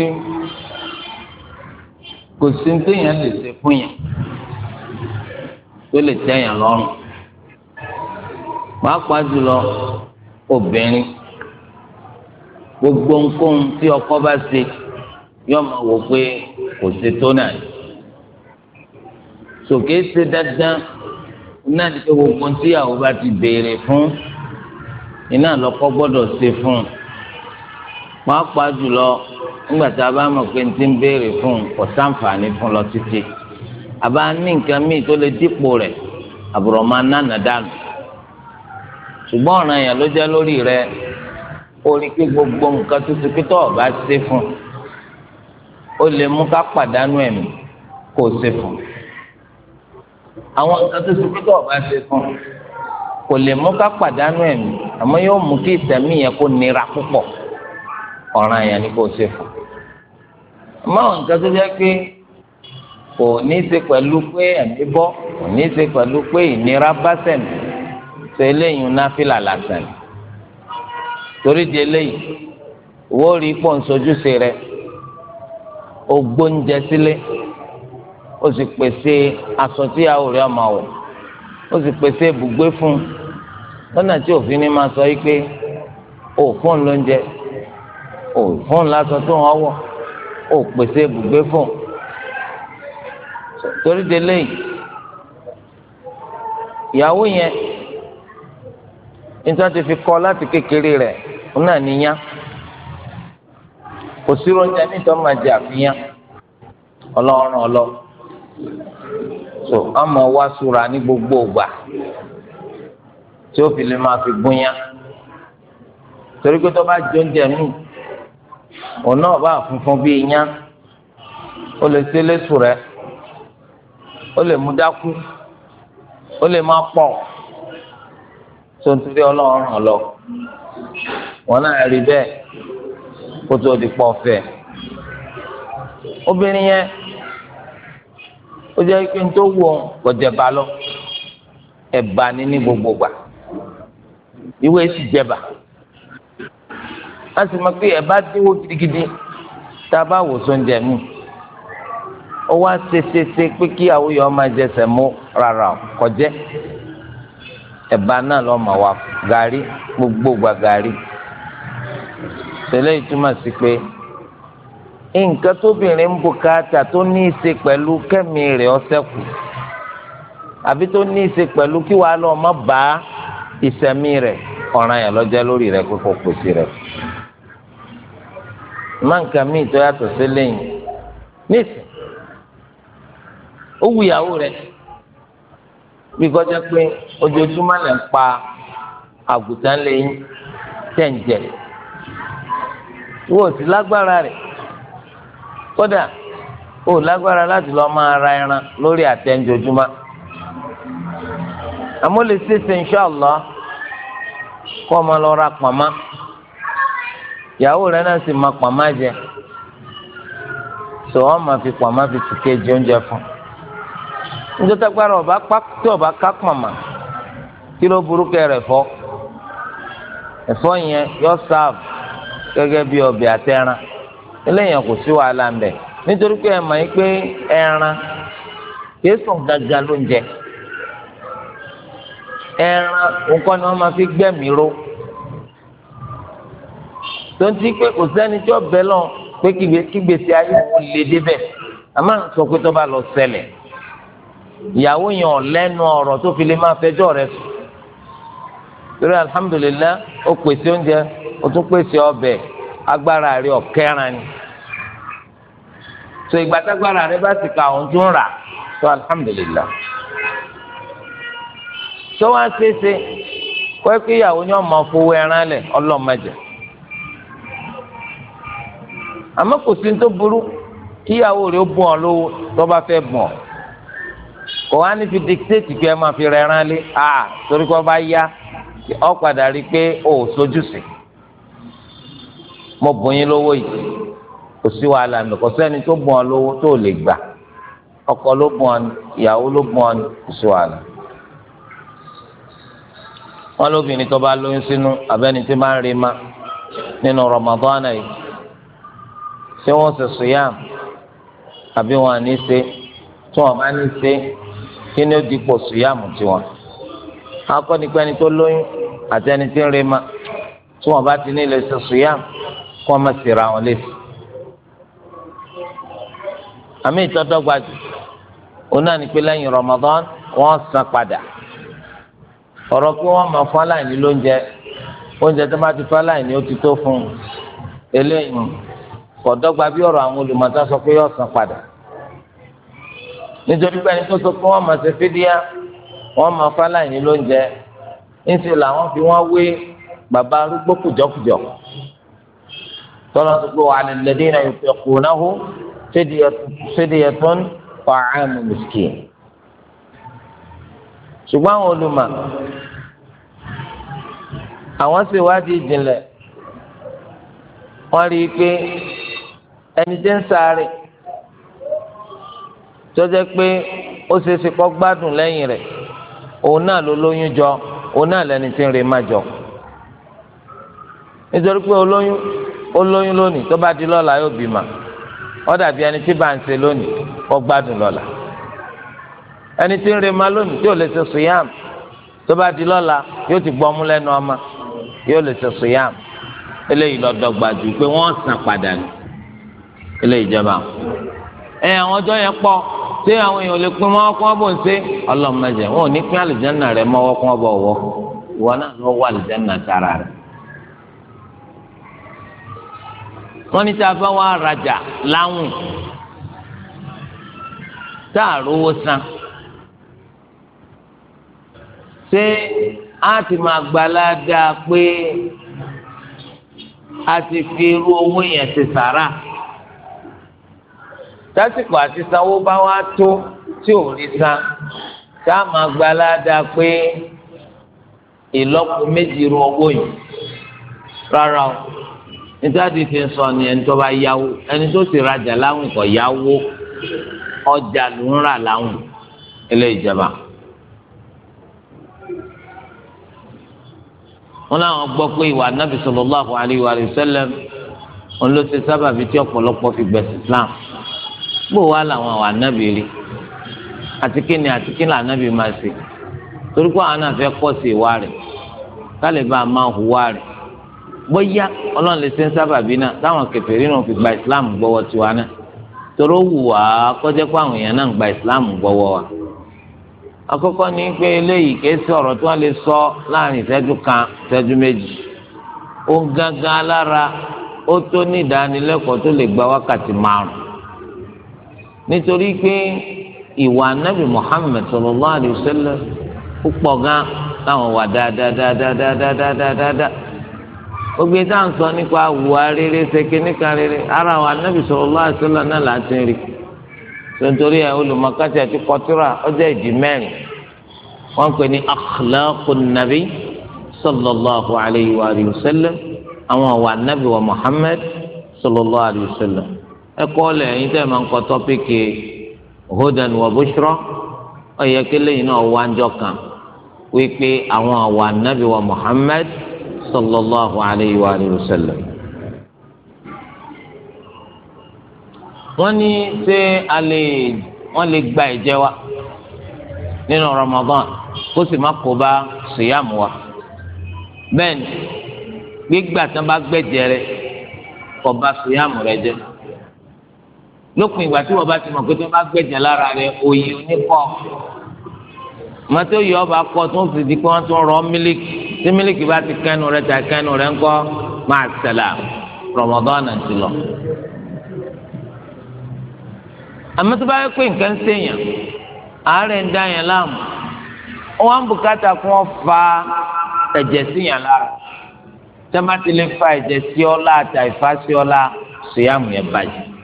kò sí téèyàn lè ṣe fún yàn tó lè tẹ́yàn lọ́rùn pàápàá jùlọ obìnrin gbogbo nǹkan tí ọkọ bá ṣe yóò máa wò pé kò ṣe tó náà sòkè ṣe dandan náà ní pé gbogbo tí ìyàwó bá ti béèrè fún iná lọkọ gbọ́dọ̀ ṣe fún pàápàá jùlọ nígbà tá a bá mọ̀ pé n ti ń béèrè fún kò sáǹfààní fún lọ títí àbá ní nǹkan míì tó lè dípò rẹ̀ àbùrọ̀ máa nánà dànù ṣùgbọ́n ọ̀ràn yẹn ló jẹ́ lórí rẹ̀ orí pé gbogbo nǹkan tó ti pétọ́ ọba ṣe fún ó lè mú ká pàdánù ẹ̀mí kó o ṣe fún àwọn nǹkan tó ti pétọ́ ọba ṣe fún kò lè mú ká pàdánù ẹ̀mí àmọ́ yóò mú kí ìsẹ̀mí yẹn kó nira púpọ̀ ọ̀ràn yẹn ni kò ṣe fún àmọ́ nǹkan tó jẹ́ pé kò ní í ṣe pẹ̀lú pé ẹ̀mí bọ́ kò ní í ṣe pẹ̀lú pé ìnira bá sẹ̀mí ṣe eléyìí náfìlà lásán ni. torí di eléyìí wọ́n rí pọ̀ ń sojúṣe rẹ̀ o gbóúnjẹ sílé ó sì pèsè aṣọ tíyàwó ọmọ wọ̀ o sì pèsè ibùgbé fún un lọ́nà tí òfin ni máa sọ pé ò fún un lóúnjẹ o fún un tó ń níta ti fi kọ́ láti kékeré rẹ̀ òun náà níyàn kò sí oúnjẹ níta máa jẹ àfihàn ọlọ́run ọlọ́ so ọmọ wa súra ní gbogbo ògbà tí ó fi lè máa fi gbóyàn torí pé tó bá jẹ oúnjẹ mi òun náà bá funfun bí iyán ó lè ṣe lẹ́sùn ó lè mú dákú ó lè má pọ̀ tó ń torí ọlọ́run ràn lọ wọn náà rí bẹ́ẹ̀ kó tó di pọ̀ fẹ́ obìnrin yẹn ó jẹ́ pé tó wù ọ́n kò jẹba lọ ẹ̀bà ni ní gbogbo gbà ìwé sì jẹba a sì mọ̀ pé ẹ̀bà dínwó gidigidi tá a bá wò sóúnjẹ mi ó wá ṣe ṣe ṣe pé kí àwòyọ máa jẹ sẹ̀mó rárá kọjẹ́. ẹ̀bà náà lọ́ mọ̀ wá gàrí gbogbo gba gàrí tẹ́lẹ̀ ìtumọ̀ sí pé nǹkan tóbìnrin ń bùkátà tó ní í ṣe pẹ̀lú kẹ́mi rẹ̀ to àbí tó ní í ṣe pẹ̀lú kí wàá lọ́ọ́ má bá ìṣẹ̀mí rẹ̀ ọ̀ràn yẹn lọ́jọ́ lórí rẹ̀ pé kò pèsè rẹ̀ máǹkà míì tó yàtọ̀ sí lẹ́yìn bí kọjá pé ojoojúmọ́ lè ń pa àgùntàn lẹ́yìn tẹ̀ǹjẹ̀ wò sí lágbára rẹ̀ kódà ó lágbára láti lọ́ọ́ máa ra ẹran lórí àtẹ̀ǹjojúmọ́ àmọ́ lè ṣèṣe inṣàlá kọ́ ọ máa lọ ra pàmà ìyàwó rẹ̀ náà sì máa pàmà jẹ sọ wọn máa fi pàmà fi tìkẹ́ jẹ oúnjẹ fún un nítorí agbára ọba tí ọba ká pàmà kí ló burúkú rẹ̀ fọ́ ẹ̀fọ́ yẹn yọ sáàf gẹ́gẹ́ bí ọbẹ̀ àtẹran eléyàn kò sí wàhálà ń bẹ nítorí pé ẹ mọ̀ yín pé ẹran kìí sùn gangan ló ń jẹ ẹran nǹkan ni wọ́n máa fi gbẹ̀mí ró tó ń ti pé kò sẹ́ni tí ọbẹ̀ lọ pé kígbèsè ayé wọn lè débẹ̀ àmọ́ sọ pé tó bá lọ ṣẹlẹ̀ ìyàwó yẹn ọ̀lẹ́nu ọ̀rọ̀ tó fi lè máa fẹjọ́ rẹ̀ sùn torí alihamudulilayi ó pèsè oúnjẹ ó tún pèsè ọbẹ̀ agbára rẹ̀ ọ̀kẹ́ran ni so ìgbà tágbára rẹ̀ bá ti ka òun tún rà so alihamudulilayi tó wá ṣeéṣe kọ́ ẹ́ pé ìyàwó yẹn ọmọ fowó ẹran lẹ̀ ọlọ́mọdé àmọ́ kò sí ní tó burú kíyàwó rẹ̀ ó bùn ọ́ lówó tó bá fẹ́ bùn ọ́ kò wá ní fi dictate pé ẹ máa fi rẹ̀ lé a torí kó bá yá ọ padà rí i pé o ò sojú sí mo bùn yín lówó yìí kò sí wàhálà mi kò sẹ́ni tó bùn ọ lówó tó lè gbà ọkọ ló bùn ọ ní ìyàwó ló bùn ọ kò sí wàhálà wọn lóbìnrin tó bá lóyún sínú abẹ́ni tí máa ń rí ma nínú Ramadana yìí ṣé wọ́n ṣe sùyàm àbí wọn à ní ṣe tí wọn bá ní ṣe kí ni ó di pò síyàmù tiwọn akọ́nipẹ́ ni tó lóyún àti ẹni tí ń re ma tí wọn bá ti ní ilé ṣe síyàmù kó wọn má sì ra wọn létí. àmì ìtọ́dọ́gba jù òun náà ní pé lẹ́yìn Ramadan wọ́n san padà ọ̀rọ̀ pé wọ́n máa fún aláìní lóúnjẹ oúnjẹ tó bá ti fún aláìní ó ti tó fún un eléyìí kọ̀dọ́gba bí ọ̀rọ̀ àwọn olùmọ̀tá sọ pé yóò san padà nítorí pé ẹni tó sọ pé wọ́n máa ṣe fídíà wọ́n máa fáláìní lóúnjẹ ńṣe làwọn fi wọ́n wé bàbá arúgbó kùjọkùjọ tọ́lá tó pé wàhálà lẹ́dẹ́ náà yóò fi kù náà hó fídíà tó ń ṣùgbọ́n àwọn olùmọ̀ àwọn ṣèwádìí ìjìnlẹ̀ wọ́n rí i pé ẹni tí ń sáré tọ́jẹ́ pé ó ṣeé ṣe kó gbádùn lẹ́yìn rẹ̀ òun náà ló lóyún jọ òun náà lẹni tí ń re má jọ nítorí pé olóyún olóyún lónìí tó bá di lọ́la yóò bímọ ó dàbí ẹni tí bá ń ṣe lónìí kó gbádùn lọ́la ẹni tí ń re má lónìí tí ò lè ṣe sùyàm tó bá di lọ́la yóò ti gbọ́mú lẹ́nu ọmọ yóò lè ṣe sùyàm eléyìí lọ dọ́gba jù pé wọ́n sàn padà ní eléyìí jọba ẹ àwọn ọjọ́ yẹn pọ̀ ṣé àwọn èèyàn lè pin mọ́wọ́ kí wọ́n bò ń ṣe ọlọ́mọdé wọn ò ní pín àlùjáná rẹ mọ́wọ́ kí wọ́n bọ̀ wọ́ ìwọ náà lọ wọ àlùjáná tara rẹ. wọ́n ní tá a bá wá rajà láwùn tá a rówó san ṣé a ti máa gbalada pé a ti fi irú owó yẹn ti sàrà tásìkò àti sanwó bá wá tó tí ò rí san tá a máa gba aládàá pé ìlọ́po méjì ru owó yìí rárá o nítorí fi ń sọ ni ẹni tó bá yáwó ẹni tó sì rajà láwìn kò yáwó ọjà ló ń rà láwìn ilé ìjọba. wọn làwọn gbọ́ pé ìwà Ànábì sallallahu alaihi wa sallam òun ló ṣe sábàbí tí ọ̀pọ̀lọpọ̀ fi gbẹ̀sì Islam. bó wá làwọn àwọn ànábì rí àti kí ni àti kí ni ànábì máa ṣe torí pé àwọn náà fẹ́ sí ìwà rẹ̀ kálí bá a máa hùwà rẹ̀ bóyá ọlọ́run lè ṣe ń sábàbí islam gbọ́wọ́ tiwa náà torí wù wá kọjá pé islam gbọ́wọ́ wa. ni pé eléyìí kìí tí lè sọ kan méjì ó ń gángan lára ó tó ní gba wákàtí márùn-ún nítorí pé ìwà anabi muhammed sallallahu alayhi wa sallam ó pọ̀ gan láwọn wà dáadáadáadáadáadáadáa ogbe tá à ń sọ nípa wà rere ṣèké níka rere ara àwọn anabi sallallahu alayhi wa sallam náà là ń ti rí tontori ẹ olùmọkàtí àti kọtura ọjọ ìdí mẹ́rin wọn pè ní akhlaqun nabi sallallahu alayhi wa sallam àwọn wà anabi wa muhammed sallallahu alayhi wa sallam ẹ̀kọ́ lẹ ẹ̀yin tẹ́ máa ń kọ tọpíkì hudan wa bushra ọyẹ kele yìí náà wá njọ kan wípé àwọn àwọn anabi wa muhammad sallallahu alayhi wa sallam. wọ́n ní ṣé a lè wọ́n lè gba ẹ̀jẹ̀ wa nínú ramadan kó sì má kó bá síyàmù wa bẹ́ẹ̀ gbígbà tí bá gbẹ̀jẹ̀ rẹ̀ kó bá síyàmù rẹ̀ jẹ́ lópin ìgbà tí wọn bá ti mọ pé tí wọn bá gbẹ̀jẹ̀ lára rẹ òye oníkọ mọtò yìí ọba kọ tó ń fi di pé wọn tún rọ mílíkì tí mílíkì bá ti kẹnu rẹ ta kẹnu rẹ ńkọ máa sẹlẹ Ramadan náà ti lọ. àmọ́ tó bá yẹ pé nǹkan ń sèyàn àárẹ̀ ń dá yẹn láàmú wọn ń bùkátà kí wọn fa ẹ̀jẹ̀ síyàn lára tẹ́mátì ẹ̀jẹ̀ sí ọ láàtà sùyàmù yẹn bàjẹ́.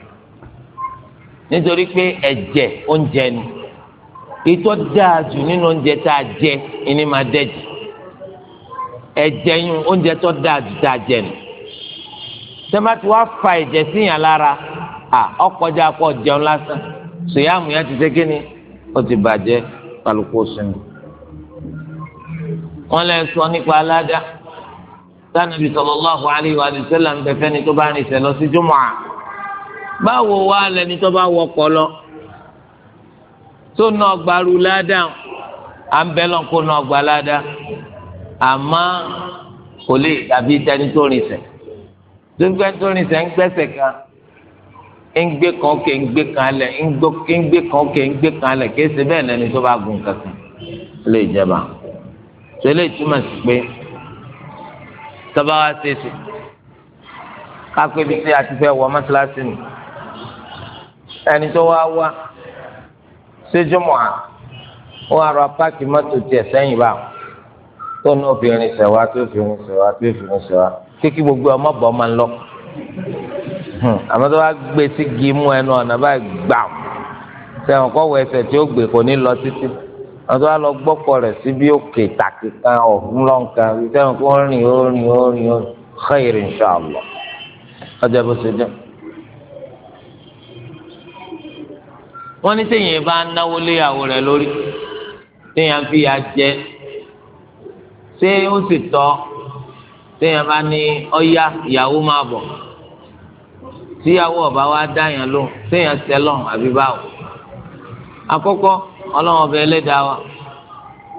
nítorí pé ẹ̀jẹ̀ oúnjẹ ni ìtọ́ dáa jù nínú oúnjẹ tá a jẹ ẹni máa dẹ́jì ẹ̀jẹ̀ yun oúnjẹ tó dáa jù tá a jẹ nù tẹ́mátì wá fa ẹ̀jẹ̀ síyàn lára à ọkọjá jẹun lásán ti ṣe kí ni ó ti bàjẹ́ kálukú sinmi. wọ́n lè sọ nípa aládàá sanabi sallallahu alayhi wa sallam ń ni tó bá rìn lọ sí báwo wá lẹni tó bá wọkọ̀ lọ tó náà gbaru ládàá à ń bẹ lọ́n kó náà gba ládàá àmọ́ kò lè dàbí tẹni tó rìn sẹ̀ tó gbẹ tó rìn sẹ̀ ń gbẹ́sẹ̀ kan ń gbé kan òkè ń gbé kan lẹ̀ ń gbé kan òkè ń gbé kan lẹ̀ kí ẹsẹ̀ bẹ́ẹ̀ lẹni tó bá gùn kankan lè jẹba tẹ́lẹ̀ túmọ̀ sí pé tọ́ba wa ṣe é ṣe ká tí a ti fẹ́ wọ mọ́ṣáláṣí nìyí ẹni tó wá wá séjúmọ́ à ó arọ apáàkì mọ́tò tiẹ̀ sẹ́yìn bá tó ní obìnrin sẹ̀wá tó obìnrin sẹ̀wá tó obìnrin sẹ̀wá kíkí gbogbo ọmọ bọ̀ máa ń lọ hmm, àmọ́ tó bá gbé sí gímú ẹnu ọ̀nà báyìí gbà sẹ́wọ̀n kọ́ wọ ẹsẹ̀ tí ó gbé kò ní lọ títí wọ́n tó wá lọ gbọ́kọ̀ rẹ̀ sí òkè tàkì kan ọ̀hún lọ́nkàn sẹ́wọ̀n kó rìn ó rìn ó rìn ó rìn khayr inshallah ọjọ́ bó ṣe jẹ́. wọ́n ní sẹ́yìn bá náwó léyàwó rẹ̀ lórí sẹ́yìn fi ya jẹ ṣé ó sì tọ́ sẹ́yìn bá ní ọ̀yá ìyàwó máa bọ̀ tíyàwó ọba wa dá yẹn lóhùn sẹ́yìn sẹ́lọ̀n àbí báwo. àkọ́kọ́ ọlọ́run ọba ẹlẹ́dàá wa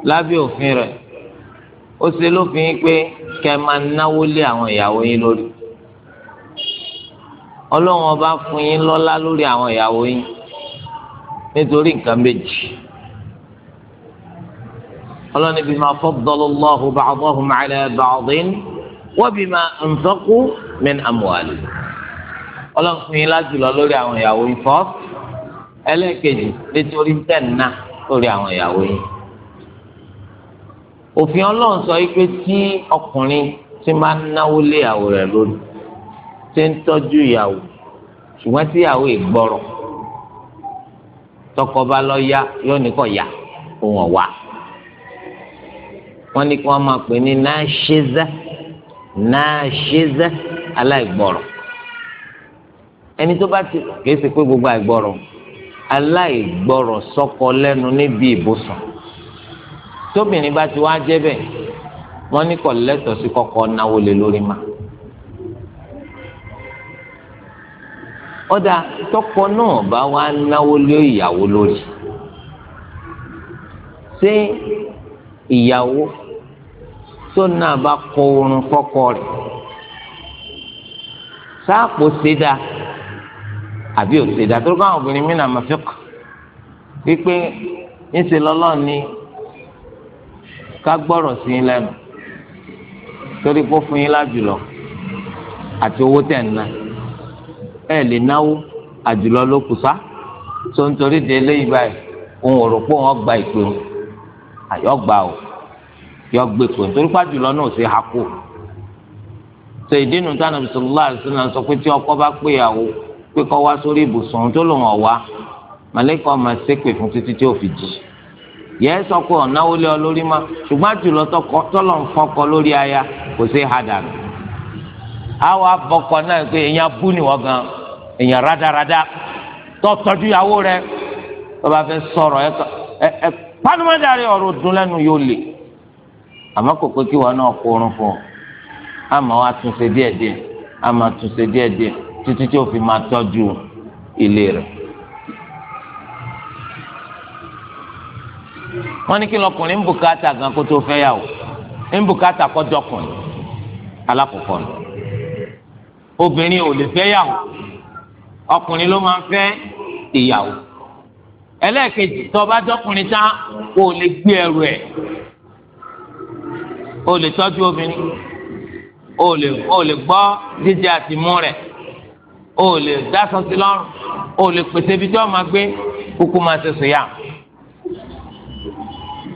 lábẹ́ òfin rẹ̀ ó ṣe lófin pé kẹ́ ẹ máa náwó lé àwọn ìyàwó yín lórí ọlọ́run ọba fún yín lọ́lá lórí àwọn ìyàwó yín nítorí nǹkan méjì ọlọ́ni bima faddala Allahu ba'dahum ala ba'din wa bima anfaqu min amwalihim ọlọ́kùnrin yín láti lọ lórí àwọn ìyàwó yín fọ́ ẹlẹ́ẹ̀kejì nítorí tẹ̀nà lórí àwọn ìyàwó yín. òfin ọlọ́run sọ wípé tí ọkùnrin ti máa ń náwó lé ìyàwó rẹ̀ lórí ti ń tọ́jú ìyàwó ṣùgbọ́n tí ìyàwó ìgbọ́rọ̀ tọkọ bá lọ ya yóò ní kọ ya òun ọ̀wà wọ́n ní kí wọ́n máa pè ní náṣẹ́zẹ́ náṣẹ́zẹ́ aláìgbọ̀rọ̀ ẹni tó bá ti kìí ṣe pé gbogbo àìgbọ̀rọ̀ aláìgbọ̀rọ̀ sọ́kọ lẹ́nu níbi ìbùsùn tóbìnrin bá ti wá jẹ́ bẹ́ẹ̀ wọ́n ní kò lẹ́tọ̀ọ́ sí kọ́kọ́ náwó lé lórí máa. ọ̀dà tọkọ náà bá wá náwó lé ìyàwó lórí ṣé ìyàwó tó náà bá kọ oorun fọkọ rẹ sáàpò ṣẹdá àbí òṣèdá tó káwọn obìnrin mí náà máa fi kọ wípé ńṣe lọ́lọ́ ni ká gbọ́rọ̀ sí i lẹ́nu torí kó fún yín lájùlọ àti owó tẹ̀ ń ná. ẹ lè náwó àjùlọ ló kù sá tó ń torí de eléyìí báyìí òun ò rò pé òun ọgbà ìpè òun àyọgbà ò yọ gbé pè òun torí pàjùlọ náà ṣe ha kù tó ìdínú táwọn bisalòlá àti náà sọ pé tí ọkọ bá pè àwò pé kọ́ wá sórí ibùsùn tó lò wọ́n wá màlẹ́kọ̀ ọmọ fún títí tí fi jì yẹ sọ pé lé èèyàn rádaràda tó ìyàwó rẹ tó bá fẹ́ sọ̀rọ̀ ẹ ẹ pálímọ́dàrí ọ̀rọ̀ dùn lẹ́nu yóò lè àmọ́ kò pé kí wọn náà kórun fún ọ àmọ́ wa túnṣe díẹ̀ àmọ́ títí tí o fi máa tọ́jú ilé rẹ wọ́n ní kí lọkùnrin o ń bùkátà alákọ̀ọ́kọ́ obìnrin ò lè fẹ́ o ọkùnrin ló máa ń fẹ́ ìyàwó ẹlẹ́ẹ̀kejì tó bá dọ́kùnrin tán kò lè gbé ẹrù ẹ̀ o lè tọ́jú obìnrin o lè o lè gbọ́ jíjẹ àtìmú rẹ̀ o lè dáṣọ sí lọ́rùn o lè pèsè ibi tí wọ́n máa gbé kúkú máa ṣe sùn yá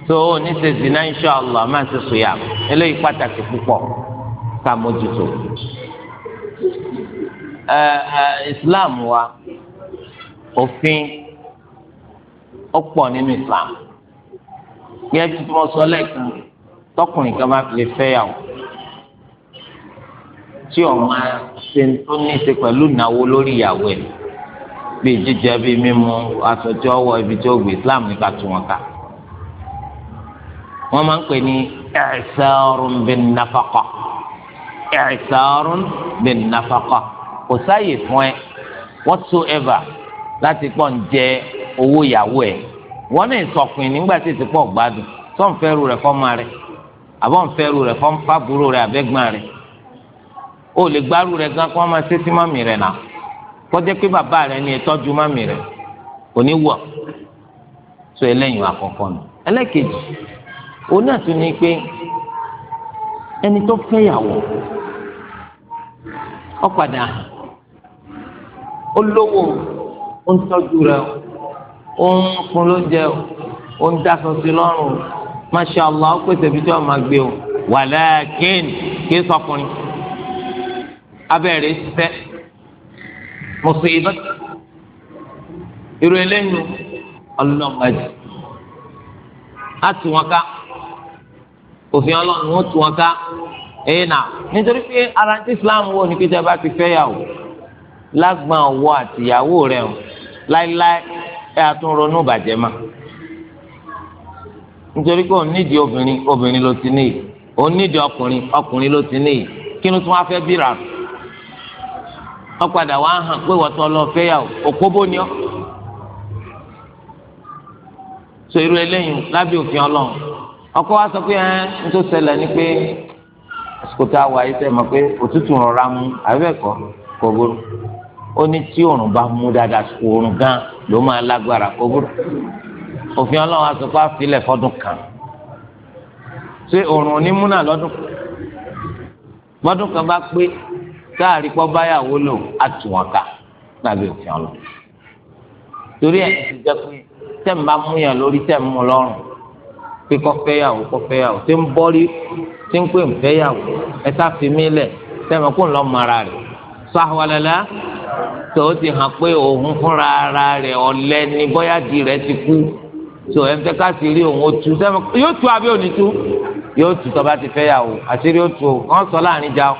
tó o ní ṣe zina inṣọ́ọ̀lá máa ṣe sùn yá eléyìí pàtàkì púpọ̀ ká mójútó. Eh, eh, islam wa òfin ó pọ̀ nínú islam gẹ́gẹ́ bí mo sọ lẹ́ẹ̀kan tọkùnrin kan bá fi lè fẹ́yàwó tí ọmọ ṣe tó ní ṣe pẹ̀lú ìnáwó lórí ìyàwó ẹ̀ bíi jíjẹ bíi mímu aṣọ tí ó wọ ibi tí ó gbé islam nípa tí wọn kà wọn máa ń pè ní i'sarun bin nafaqa i'sarun bin nafaqa kò sáàyè fún ẹ whatsoever láti pọ̀ ń jẹ owó ìyàwó ẹ̀ wọ́n náà sọkùn nígbà tí èsì pọ̀ gbádùn tó ń fẹ́rù rẹ̀ fọ́mọ rẹ̀ àbọ̀ ń fẹ́rù rẹ̀ fábúrò rẹ̀ àbẹ́gbọ́n rẹ̀ o lè gbárù rẹ̀ gan kó wọ́n máa ṣe sí mọ́mì rẹ̀ náà kọjá pé bàbá rẹ̀ ni ìtọ́jú mọ́mì rẹ̀ kò ní wọ̀ so ẹlẹ́yìn àkọ́kọ́ nù ẹlẹ́kejì òun náà tún ní pé ẹni tó fẹ́yàwó ó padà hàn ó lówó ó ń tọ́jú rẹ̀ ó ń fún lóúnjẹ ó ń dá masha allah ó pèsè tí wọ́n o wàlẹ́kìn kí é sọkùnrin abẹ́rẹ́ sẹ́ mùsùlùmí irú eléyìí ọlọ́mọdé á tù wọn ká òfin ọlọ́run ó tù wọn ká èyí nítorí pé ara ti islam wò ní kí bá ti fẹ́ yà wò. lágbọn ọwọ àtìyàwó rẹ o láíláí ẹ àtún ronú bàjẹ́ ma nítorí pé òun nídìí obìnrin obìnrin ló ti níyì òun nídìí ọkùnrin ọkùnrin ló ti níyì kí ló tún wá fẹ́ bíra ọ̀padà ni ọ́ so irú eléyìí lábẹ́ òfin ọlọ́run ọkọ wa sọ pé ẹ ń tó ni pé àsìkò tá a wà yìí tẹ̀ ó ní tí òòrùn bá mú dáadáa òòrùn gan ló máa lágbára kó burú òfin ọlọ́run asopá filẹ̀ fọdún kan ṣé òòrùn onímúnà lọ́dún bọ́dún kan bá pé sáàrí pọ́ báyàwó lò àtúwọ̀nká lábẹ́ òfin ọlọ́run torí ẹ̀ ti jẹ́ pé tẹ̀ ń bá mú yàn lórí tẹ̀ ń mú lọ́rùn pé kọ́ fẹ́yàwó kọ́ fẹ́yàwó tí ń bọ́rí tí ń pè ń fẹ́yàwó ẹ sá fi mí lẹ̀ tẹ̀ mọ́ kó ń lọ́ mọ ara rẹ̀ sáwọ́lẹ́lẹ́ tó o ti hàn pé òun fúnra ara rẹ̀ ọ̀lẹ ni bóyá di rẹ̀ ti kú tó ẹ̀ ń fẹ́ káàsì rí òun ó tu sẹ́wọ̀n yóò tu àbí òní tu yóò tu tó bá ti fẹ́ yàwó àṣírí ó tu o wọ́n sọ láàrin jà o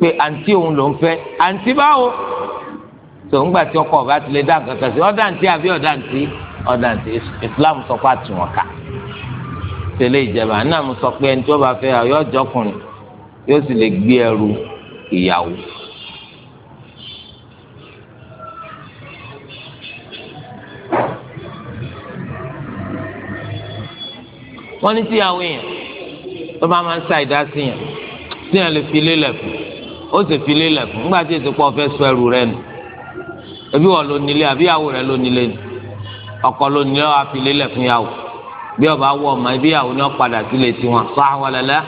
pé àǹtí òun ló ń fẹ́ àǹtí báwo tó ń gbà tí ọkọ ọba ti lè dá nǹkan kan sí ọ̀dà àǹtí àbí ọ̀dà àǹtí ọ̀dà àǹtí Islam sọ pé àtúwọ̀n ká tẹ́lẹ̀ ìjẹba náà mo sọ pé ẹni tó bá fẹ́ yàwó yóò jọkùnrin yóò sì lè gbé ẹrù ìyàwó. wọ́n ní tí àwọn èèyàn tó bá máa ń sa ìdásí yẹn tí yẹn lè fi lélẹ̀ fún ó sì fi lélẹ̀ fún nígbà tí èsì pọ̀ fẹ́ sọ ẹrù rẹ nù ẹbí wọn ló nílé àbí ìyàwó rẹ ló nílé ni ọkọ ló nílé wàá fi lélẹ̀ fún yàwó bí ọba wọ ọmọ ẹbí ìyàwó ni wọ́n padà sílé tiwọn sọ àwọn lẹ́lẹ́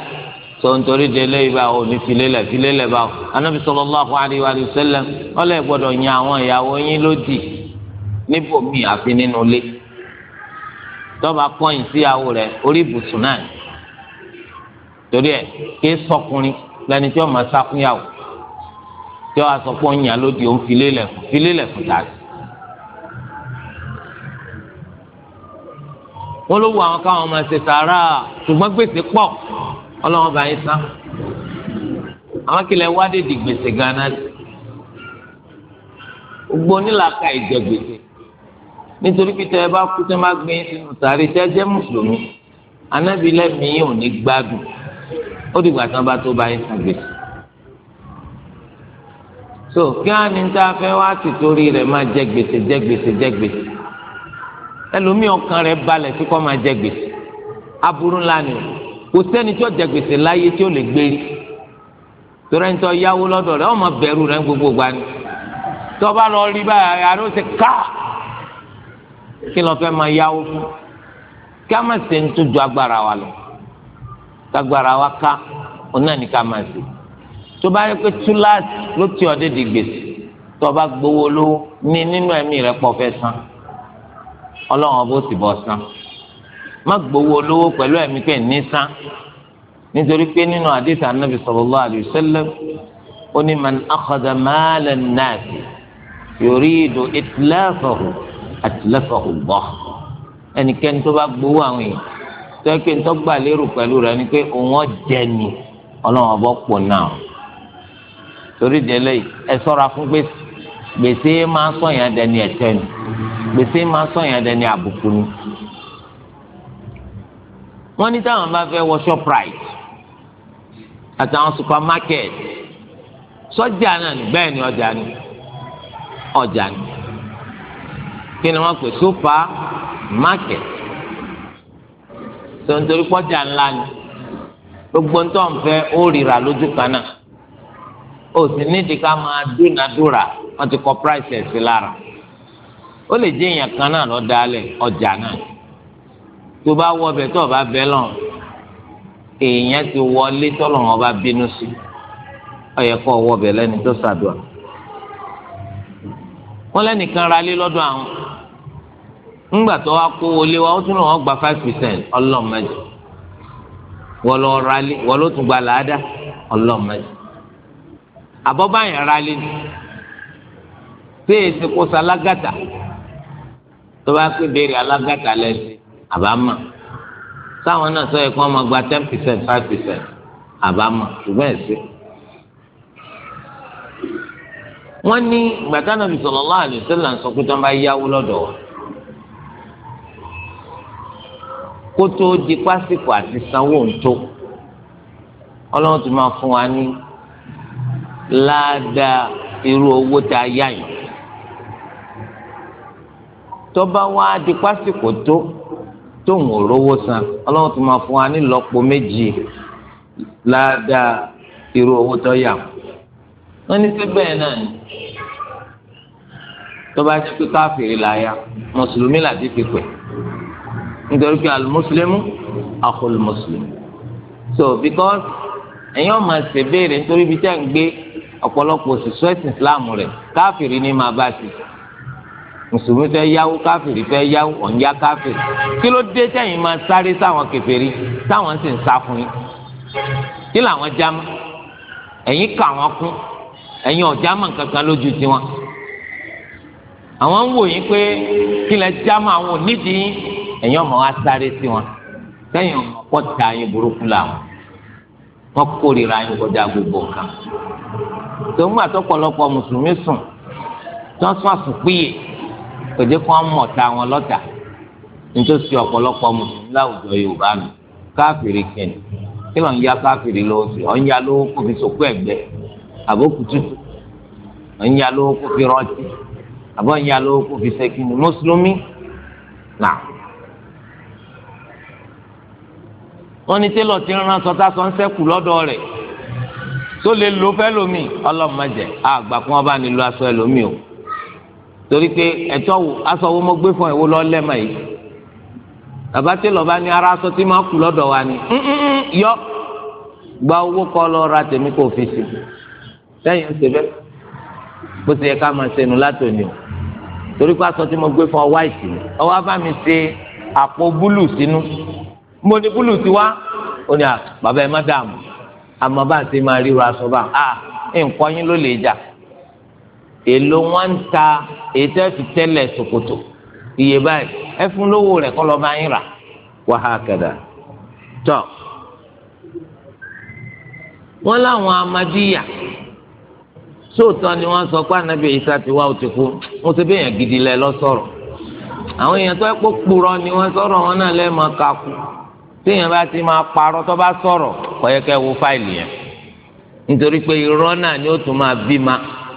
tó ń torí de lé ibà ò ní filélẹ̀ filélẹ̀ bá o anábì sallallahu alaihi wa sallam ọlẹ́ gbọ́dọ̀ yan àwọn ìyàwó tọ́ba kọ́yìn síyàwó rẹ̀ orí ibùsùn náà torí ẹ̀ ké sọkùnrin lẹni tí wọ́n máa sákúnyàwó tí wọ́n aṣọ pọ̀ ń yàn lóde òun filé lẹ̀kùn filé lẹ̀kùn dàrí. wọ́n ló wù àwọn káwọn máa ṣe sàárà ṣùgbọ́n gbèsè pọ̀ ọlọ́wọ́n bá yín sán àwọn kìlẹ̀ wádìí di gbèsè gan-an gbogbo onílàkà ìjẹ gbèsè nítorí pé tẹ ẹ bá kú tẹ má gbé sínú sàárè tẹ jẹ mùsùlùmí anábì lẹ́mìí ò ní gbádùn ó dìgbà tán bá tó bá yín gbèsè. so kí á ní tá a fẹ́ wá ti torí rẹ̀ máa jẹ gbèsè jẹ gbèsè jẹ gbèsè ẹlòmíì ọkàn rẹ̀ balẹ̀ sí kọ́ máa jẹ gbèsè aburú ńlá ni o kò sẹ́ni tí ó jẹ gbèsè láyé tí ó lè gbé rí torí ẹni tó yáwó lọ́dọ̀ rẹ̀ ọmọ bẹ̀rù rẹ̀ gbogbo gbani tó lọ rí báyà kí lọ́ọ́ fẹ́ máa yáwó fún kí a máa ṣe ń tó ju agbára wa lọ kágbára wa ká òun náà ní ká máa ṣe tó bá yẹ pé túláàsì ló ti ọdẹ di gbèsè tó bá gbowó lówó ní nínú ẹ̀mí rẹ pọ̀ fẹ́ san ọlọ́run ọbọ̀ sì bọ̀ san má gbowó lówó pẹ̀lú ẹ̀mí pé ní san nítorí pé nínú àdìsí anábì sallallahu alaihi wasallam ó ní man akhadha malan nas yuridu itlafahu àtìlẹ́fọ̀ ọ̀gbọ́ ẹnikẹ́ni tó bá gbowó àwọn èèyàn tó yẹ pé ń tọ́gbà lérò pẹ̀lú rẹ ni pé òun ọ̀jẹ̀ ni ọlọ́run ọbọ̀ pọ̀ náà torí délé ẹ sọ́ra fún gbèsè gbèsè máa sọ̀yàn dẹni ẹ̀tẹ́ ni gbèsè máa sọ̀yàn dẹni àbùkù ni wọ́n ní táwọn bá fẹ́ wọ shoprite àtàwọn supermarket sọ́jà náà ni bẹ́ẹ̀ ni ọjà ni ọjà ni kí ni wọ́n pè super market tó ń torí pọ́jà ńlá ni gbogbo ń tọ́ ń fẹ́ ó rira lójú kan náà ó sì nídìí ká máa dúnadúrà wọ́n ti kọ price ẹ̀ sí lára ó lè jẹ́ èèyàn kan náà lọ́ọ́ dálẹ̀ ọjà náà tó bá wọ ọbẹ̀ tó bá bẹ́ lọ́n èèyàn ti wọlé tọ́lọ̀ wọn bá bínú sí ó yẹ kó ọbẹ̀ lẹ́ni tó ṣàdùà wọ́n lẹ́nìkan ra lé lọ́dọ̀ àwọn ńgbà tó wá kó wọlé wa ó tún lọ́wọ́ gba five percent ọlọ́mọdé wọ́n ló tún gba làádá ọlọ́mọdé àbọ̀báyìn rálé ni ṣé èsì kó sa alágàtà tó bá pé béèrè alágàtà lẹ́sìn àbámà sáwọn náà sọ yẹ kí wọ́n máa gba ten percent five percent àbámà ṣùgbọ́n ẹ̀sìn wọ́n ní gbàtà Nábì sallallahu alaihi wasallam sọ pé tí wọ́n bá yáwó lọ́dọ̀ wa. kó tó di pásítọ̀ àti sanwó ntó ọlọ́run ti máa fún wa ní ládàá irú owó tá a yá yìí tọ́ba wa di pásítọ̀ tó tóun ò rówó san ọlọ́run ti máa fún wa ní lọ́pọ̀ méjì ládàá irú owó tó yá wọ́n ní síbẹ̀ náà ni tọ́ba ti pé káfíìrì là mùsùlùmí là fi pè é nítorí pé alimuslimu akul muslim so because ẹ̀yin ọmọ ẹsẹ̀ béèrè nítorí ibi tẹ́ ń gbé ọ̀pọ̀lọpọ̀ òṣìṣẹ́ ẹ̀sìn islam rẹ̀ káfìrí ni máa bá ti mùsùlùmí fẹ́ yáwó káfìrí fẹ́ yáwó ọ̀nyá káfìrí kí ló dé tẹ́yìn máa sáré sáwọn kèfèrí táwọn sì ń sá fún yín kí làwọn já mọ́ ẹ̀yin kà wọ́n kún ẹ̀yin ọ̀já mọ̀ kankan lójú tiwọn àwọn ń wò yín pé kí lẹ já àwọn ò ẹ̀yin ọmọ wa sáré sí wọn sẹ́yìn ọmọ pọ́tà yín burúkú làwọn wọn kórìíra yín kọjá gbogbo nǹkan tòun gbà tó mùsùlùmí sùn tó ń sún àsùnpìyè kò jẹ́ mọ̀ ta wọn lọ́tà nítòsí ọ̀pọ̀lọpọ̀ mùsùlùmí láwùjọ yorùbá mi kẹ́ni kí ló ń ya sí ń ya lówó kó fi àbókù tútù ń ya lówó kó fi àbọ̀ ń ya lówó kó wọ́n ní télọ̀ tí ń rán sọ́tà sọ ń sẹ́kù lọ́dọ̀ rẹ̀ tó lè lo fẹ́ lómi ọlọ́mọdé àgbà kí wọ́n bá nílò aṣọ ẹlòmíì o torí pé ẹ̀tọ́ wò aṣọ wo mo gbé fún ẹ̀ wo lọ lẹ́mọ̀ yìí bàbá télọ̀ bá ní ara aṣọ tí máa kù lọ́dọ̀ wa ni yọ gba owó kọ́ lọ ra tèmi kò fi si sẹ́yìn ṣe bẹ́ẹ̀ bó ti yẹ ká máa ṣẹnu látòní o torí pé aṣọ tí mo gbé fún ọ wáìtì ni ọwọ́ mi ṣe àpò búlù sínú. mo ní búlù ti wá ó ní bàbá ẹ má dààmú bá ti máa ríro aṣọ bá à nǹkan yín ló lè jà èlò wọn ń ta èyí tẹ́ fi tẹ́lẹ̀ ṣòkòtò iye báyìí ẹ fún lówó rẹ̀ kọ́ lọ́ọ́ bá yín rà wàhálà wọn láwọn amadíyà ni wọ́n sọ pé ànábì Ìsá ti wá gidi lẹ àwọn èèyàn tó ẹ kó ni wọn náà máa téèyàn bá ti máa parọ́ tó bá sọ̀rọ̀ kò yẹ wo fáìlì yẹn nítorí pé irọ́ náà ni ó tún máa bí ma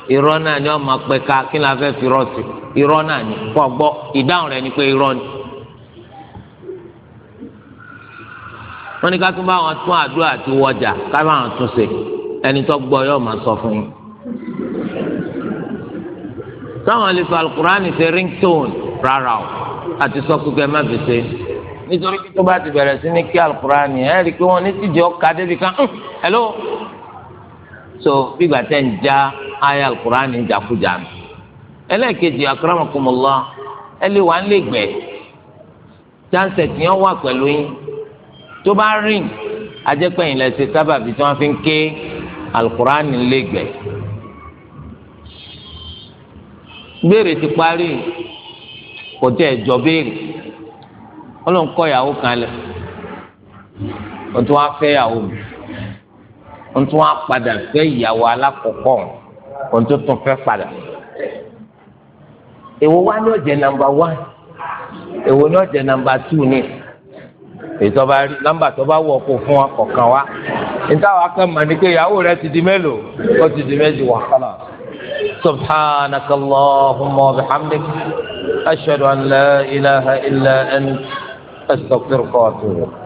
irọ́ náà ni ó máa pẹ́ ká kí ni a fẹ́ fi rọ́ irọ́ náà ni kò gbọ́ ìdáhùn rẹ̀ ni pé irọ́ ni. wọ́n ní ká tún bá wọn tún àdúrà àti wọjà ká bá wọn tún ṣe ẹni tó gbọ́ yóò máa sọ fún yín. táwọn lè fa alukur'ani ṣe ringtone rárá o àti sọ má fi ṣe nítorí tó bá ti bẹ̀rẹ̀ sí ní kí alukurani ẹ̀ rí i pé wọ́n ní tìjọ́ ká débi kan hmm, hello so bígbà tẹ̀ ń já ayé alukurani jákujà nù ẹlẹ́ẹ̀kejì akramakumullah ẹ lè wà ń lè gbẹ̀ jáǹsẹ̀ tí wọ́n wà pẹ̀lú yín tó bá rìn ajẹ́pẹ̀yìn lẹ́sẹ̀ sábàbí tí wọ́n fi ń ké alukurani lè gbẹ̀ béèrè ti parí kò tẹ̀ jọ béèrè ọlọ́run kọ́ ìyàwó kan lẹ̀ wọ́n tún wá fẹ́ ìyàwó mi wọ́n tún wá padà fẹ́ ìyàwó alákọ̀ọ́kọ́ wọ́n tún tún fẹ́ padà èwo wá ní ọ̀jẹ̀ nàmbà wán èwo ní ọ̀jẹ̀ nàmbà tù ní ìtọ́ba nọ́mbà tó bá wọ̀ kó fún wa kọ̀ọ̀kan wa níta wa kàn mà ní pé ìyàwó rẹ ti di mélòó ó ti di méjì wà kọ́lá subhanakallahumma wa bihamdik ashhadu an la ilaha illa astaghfiruka wa atubu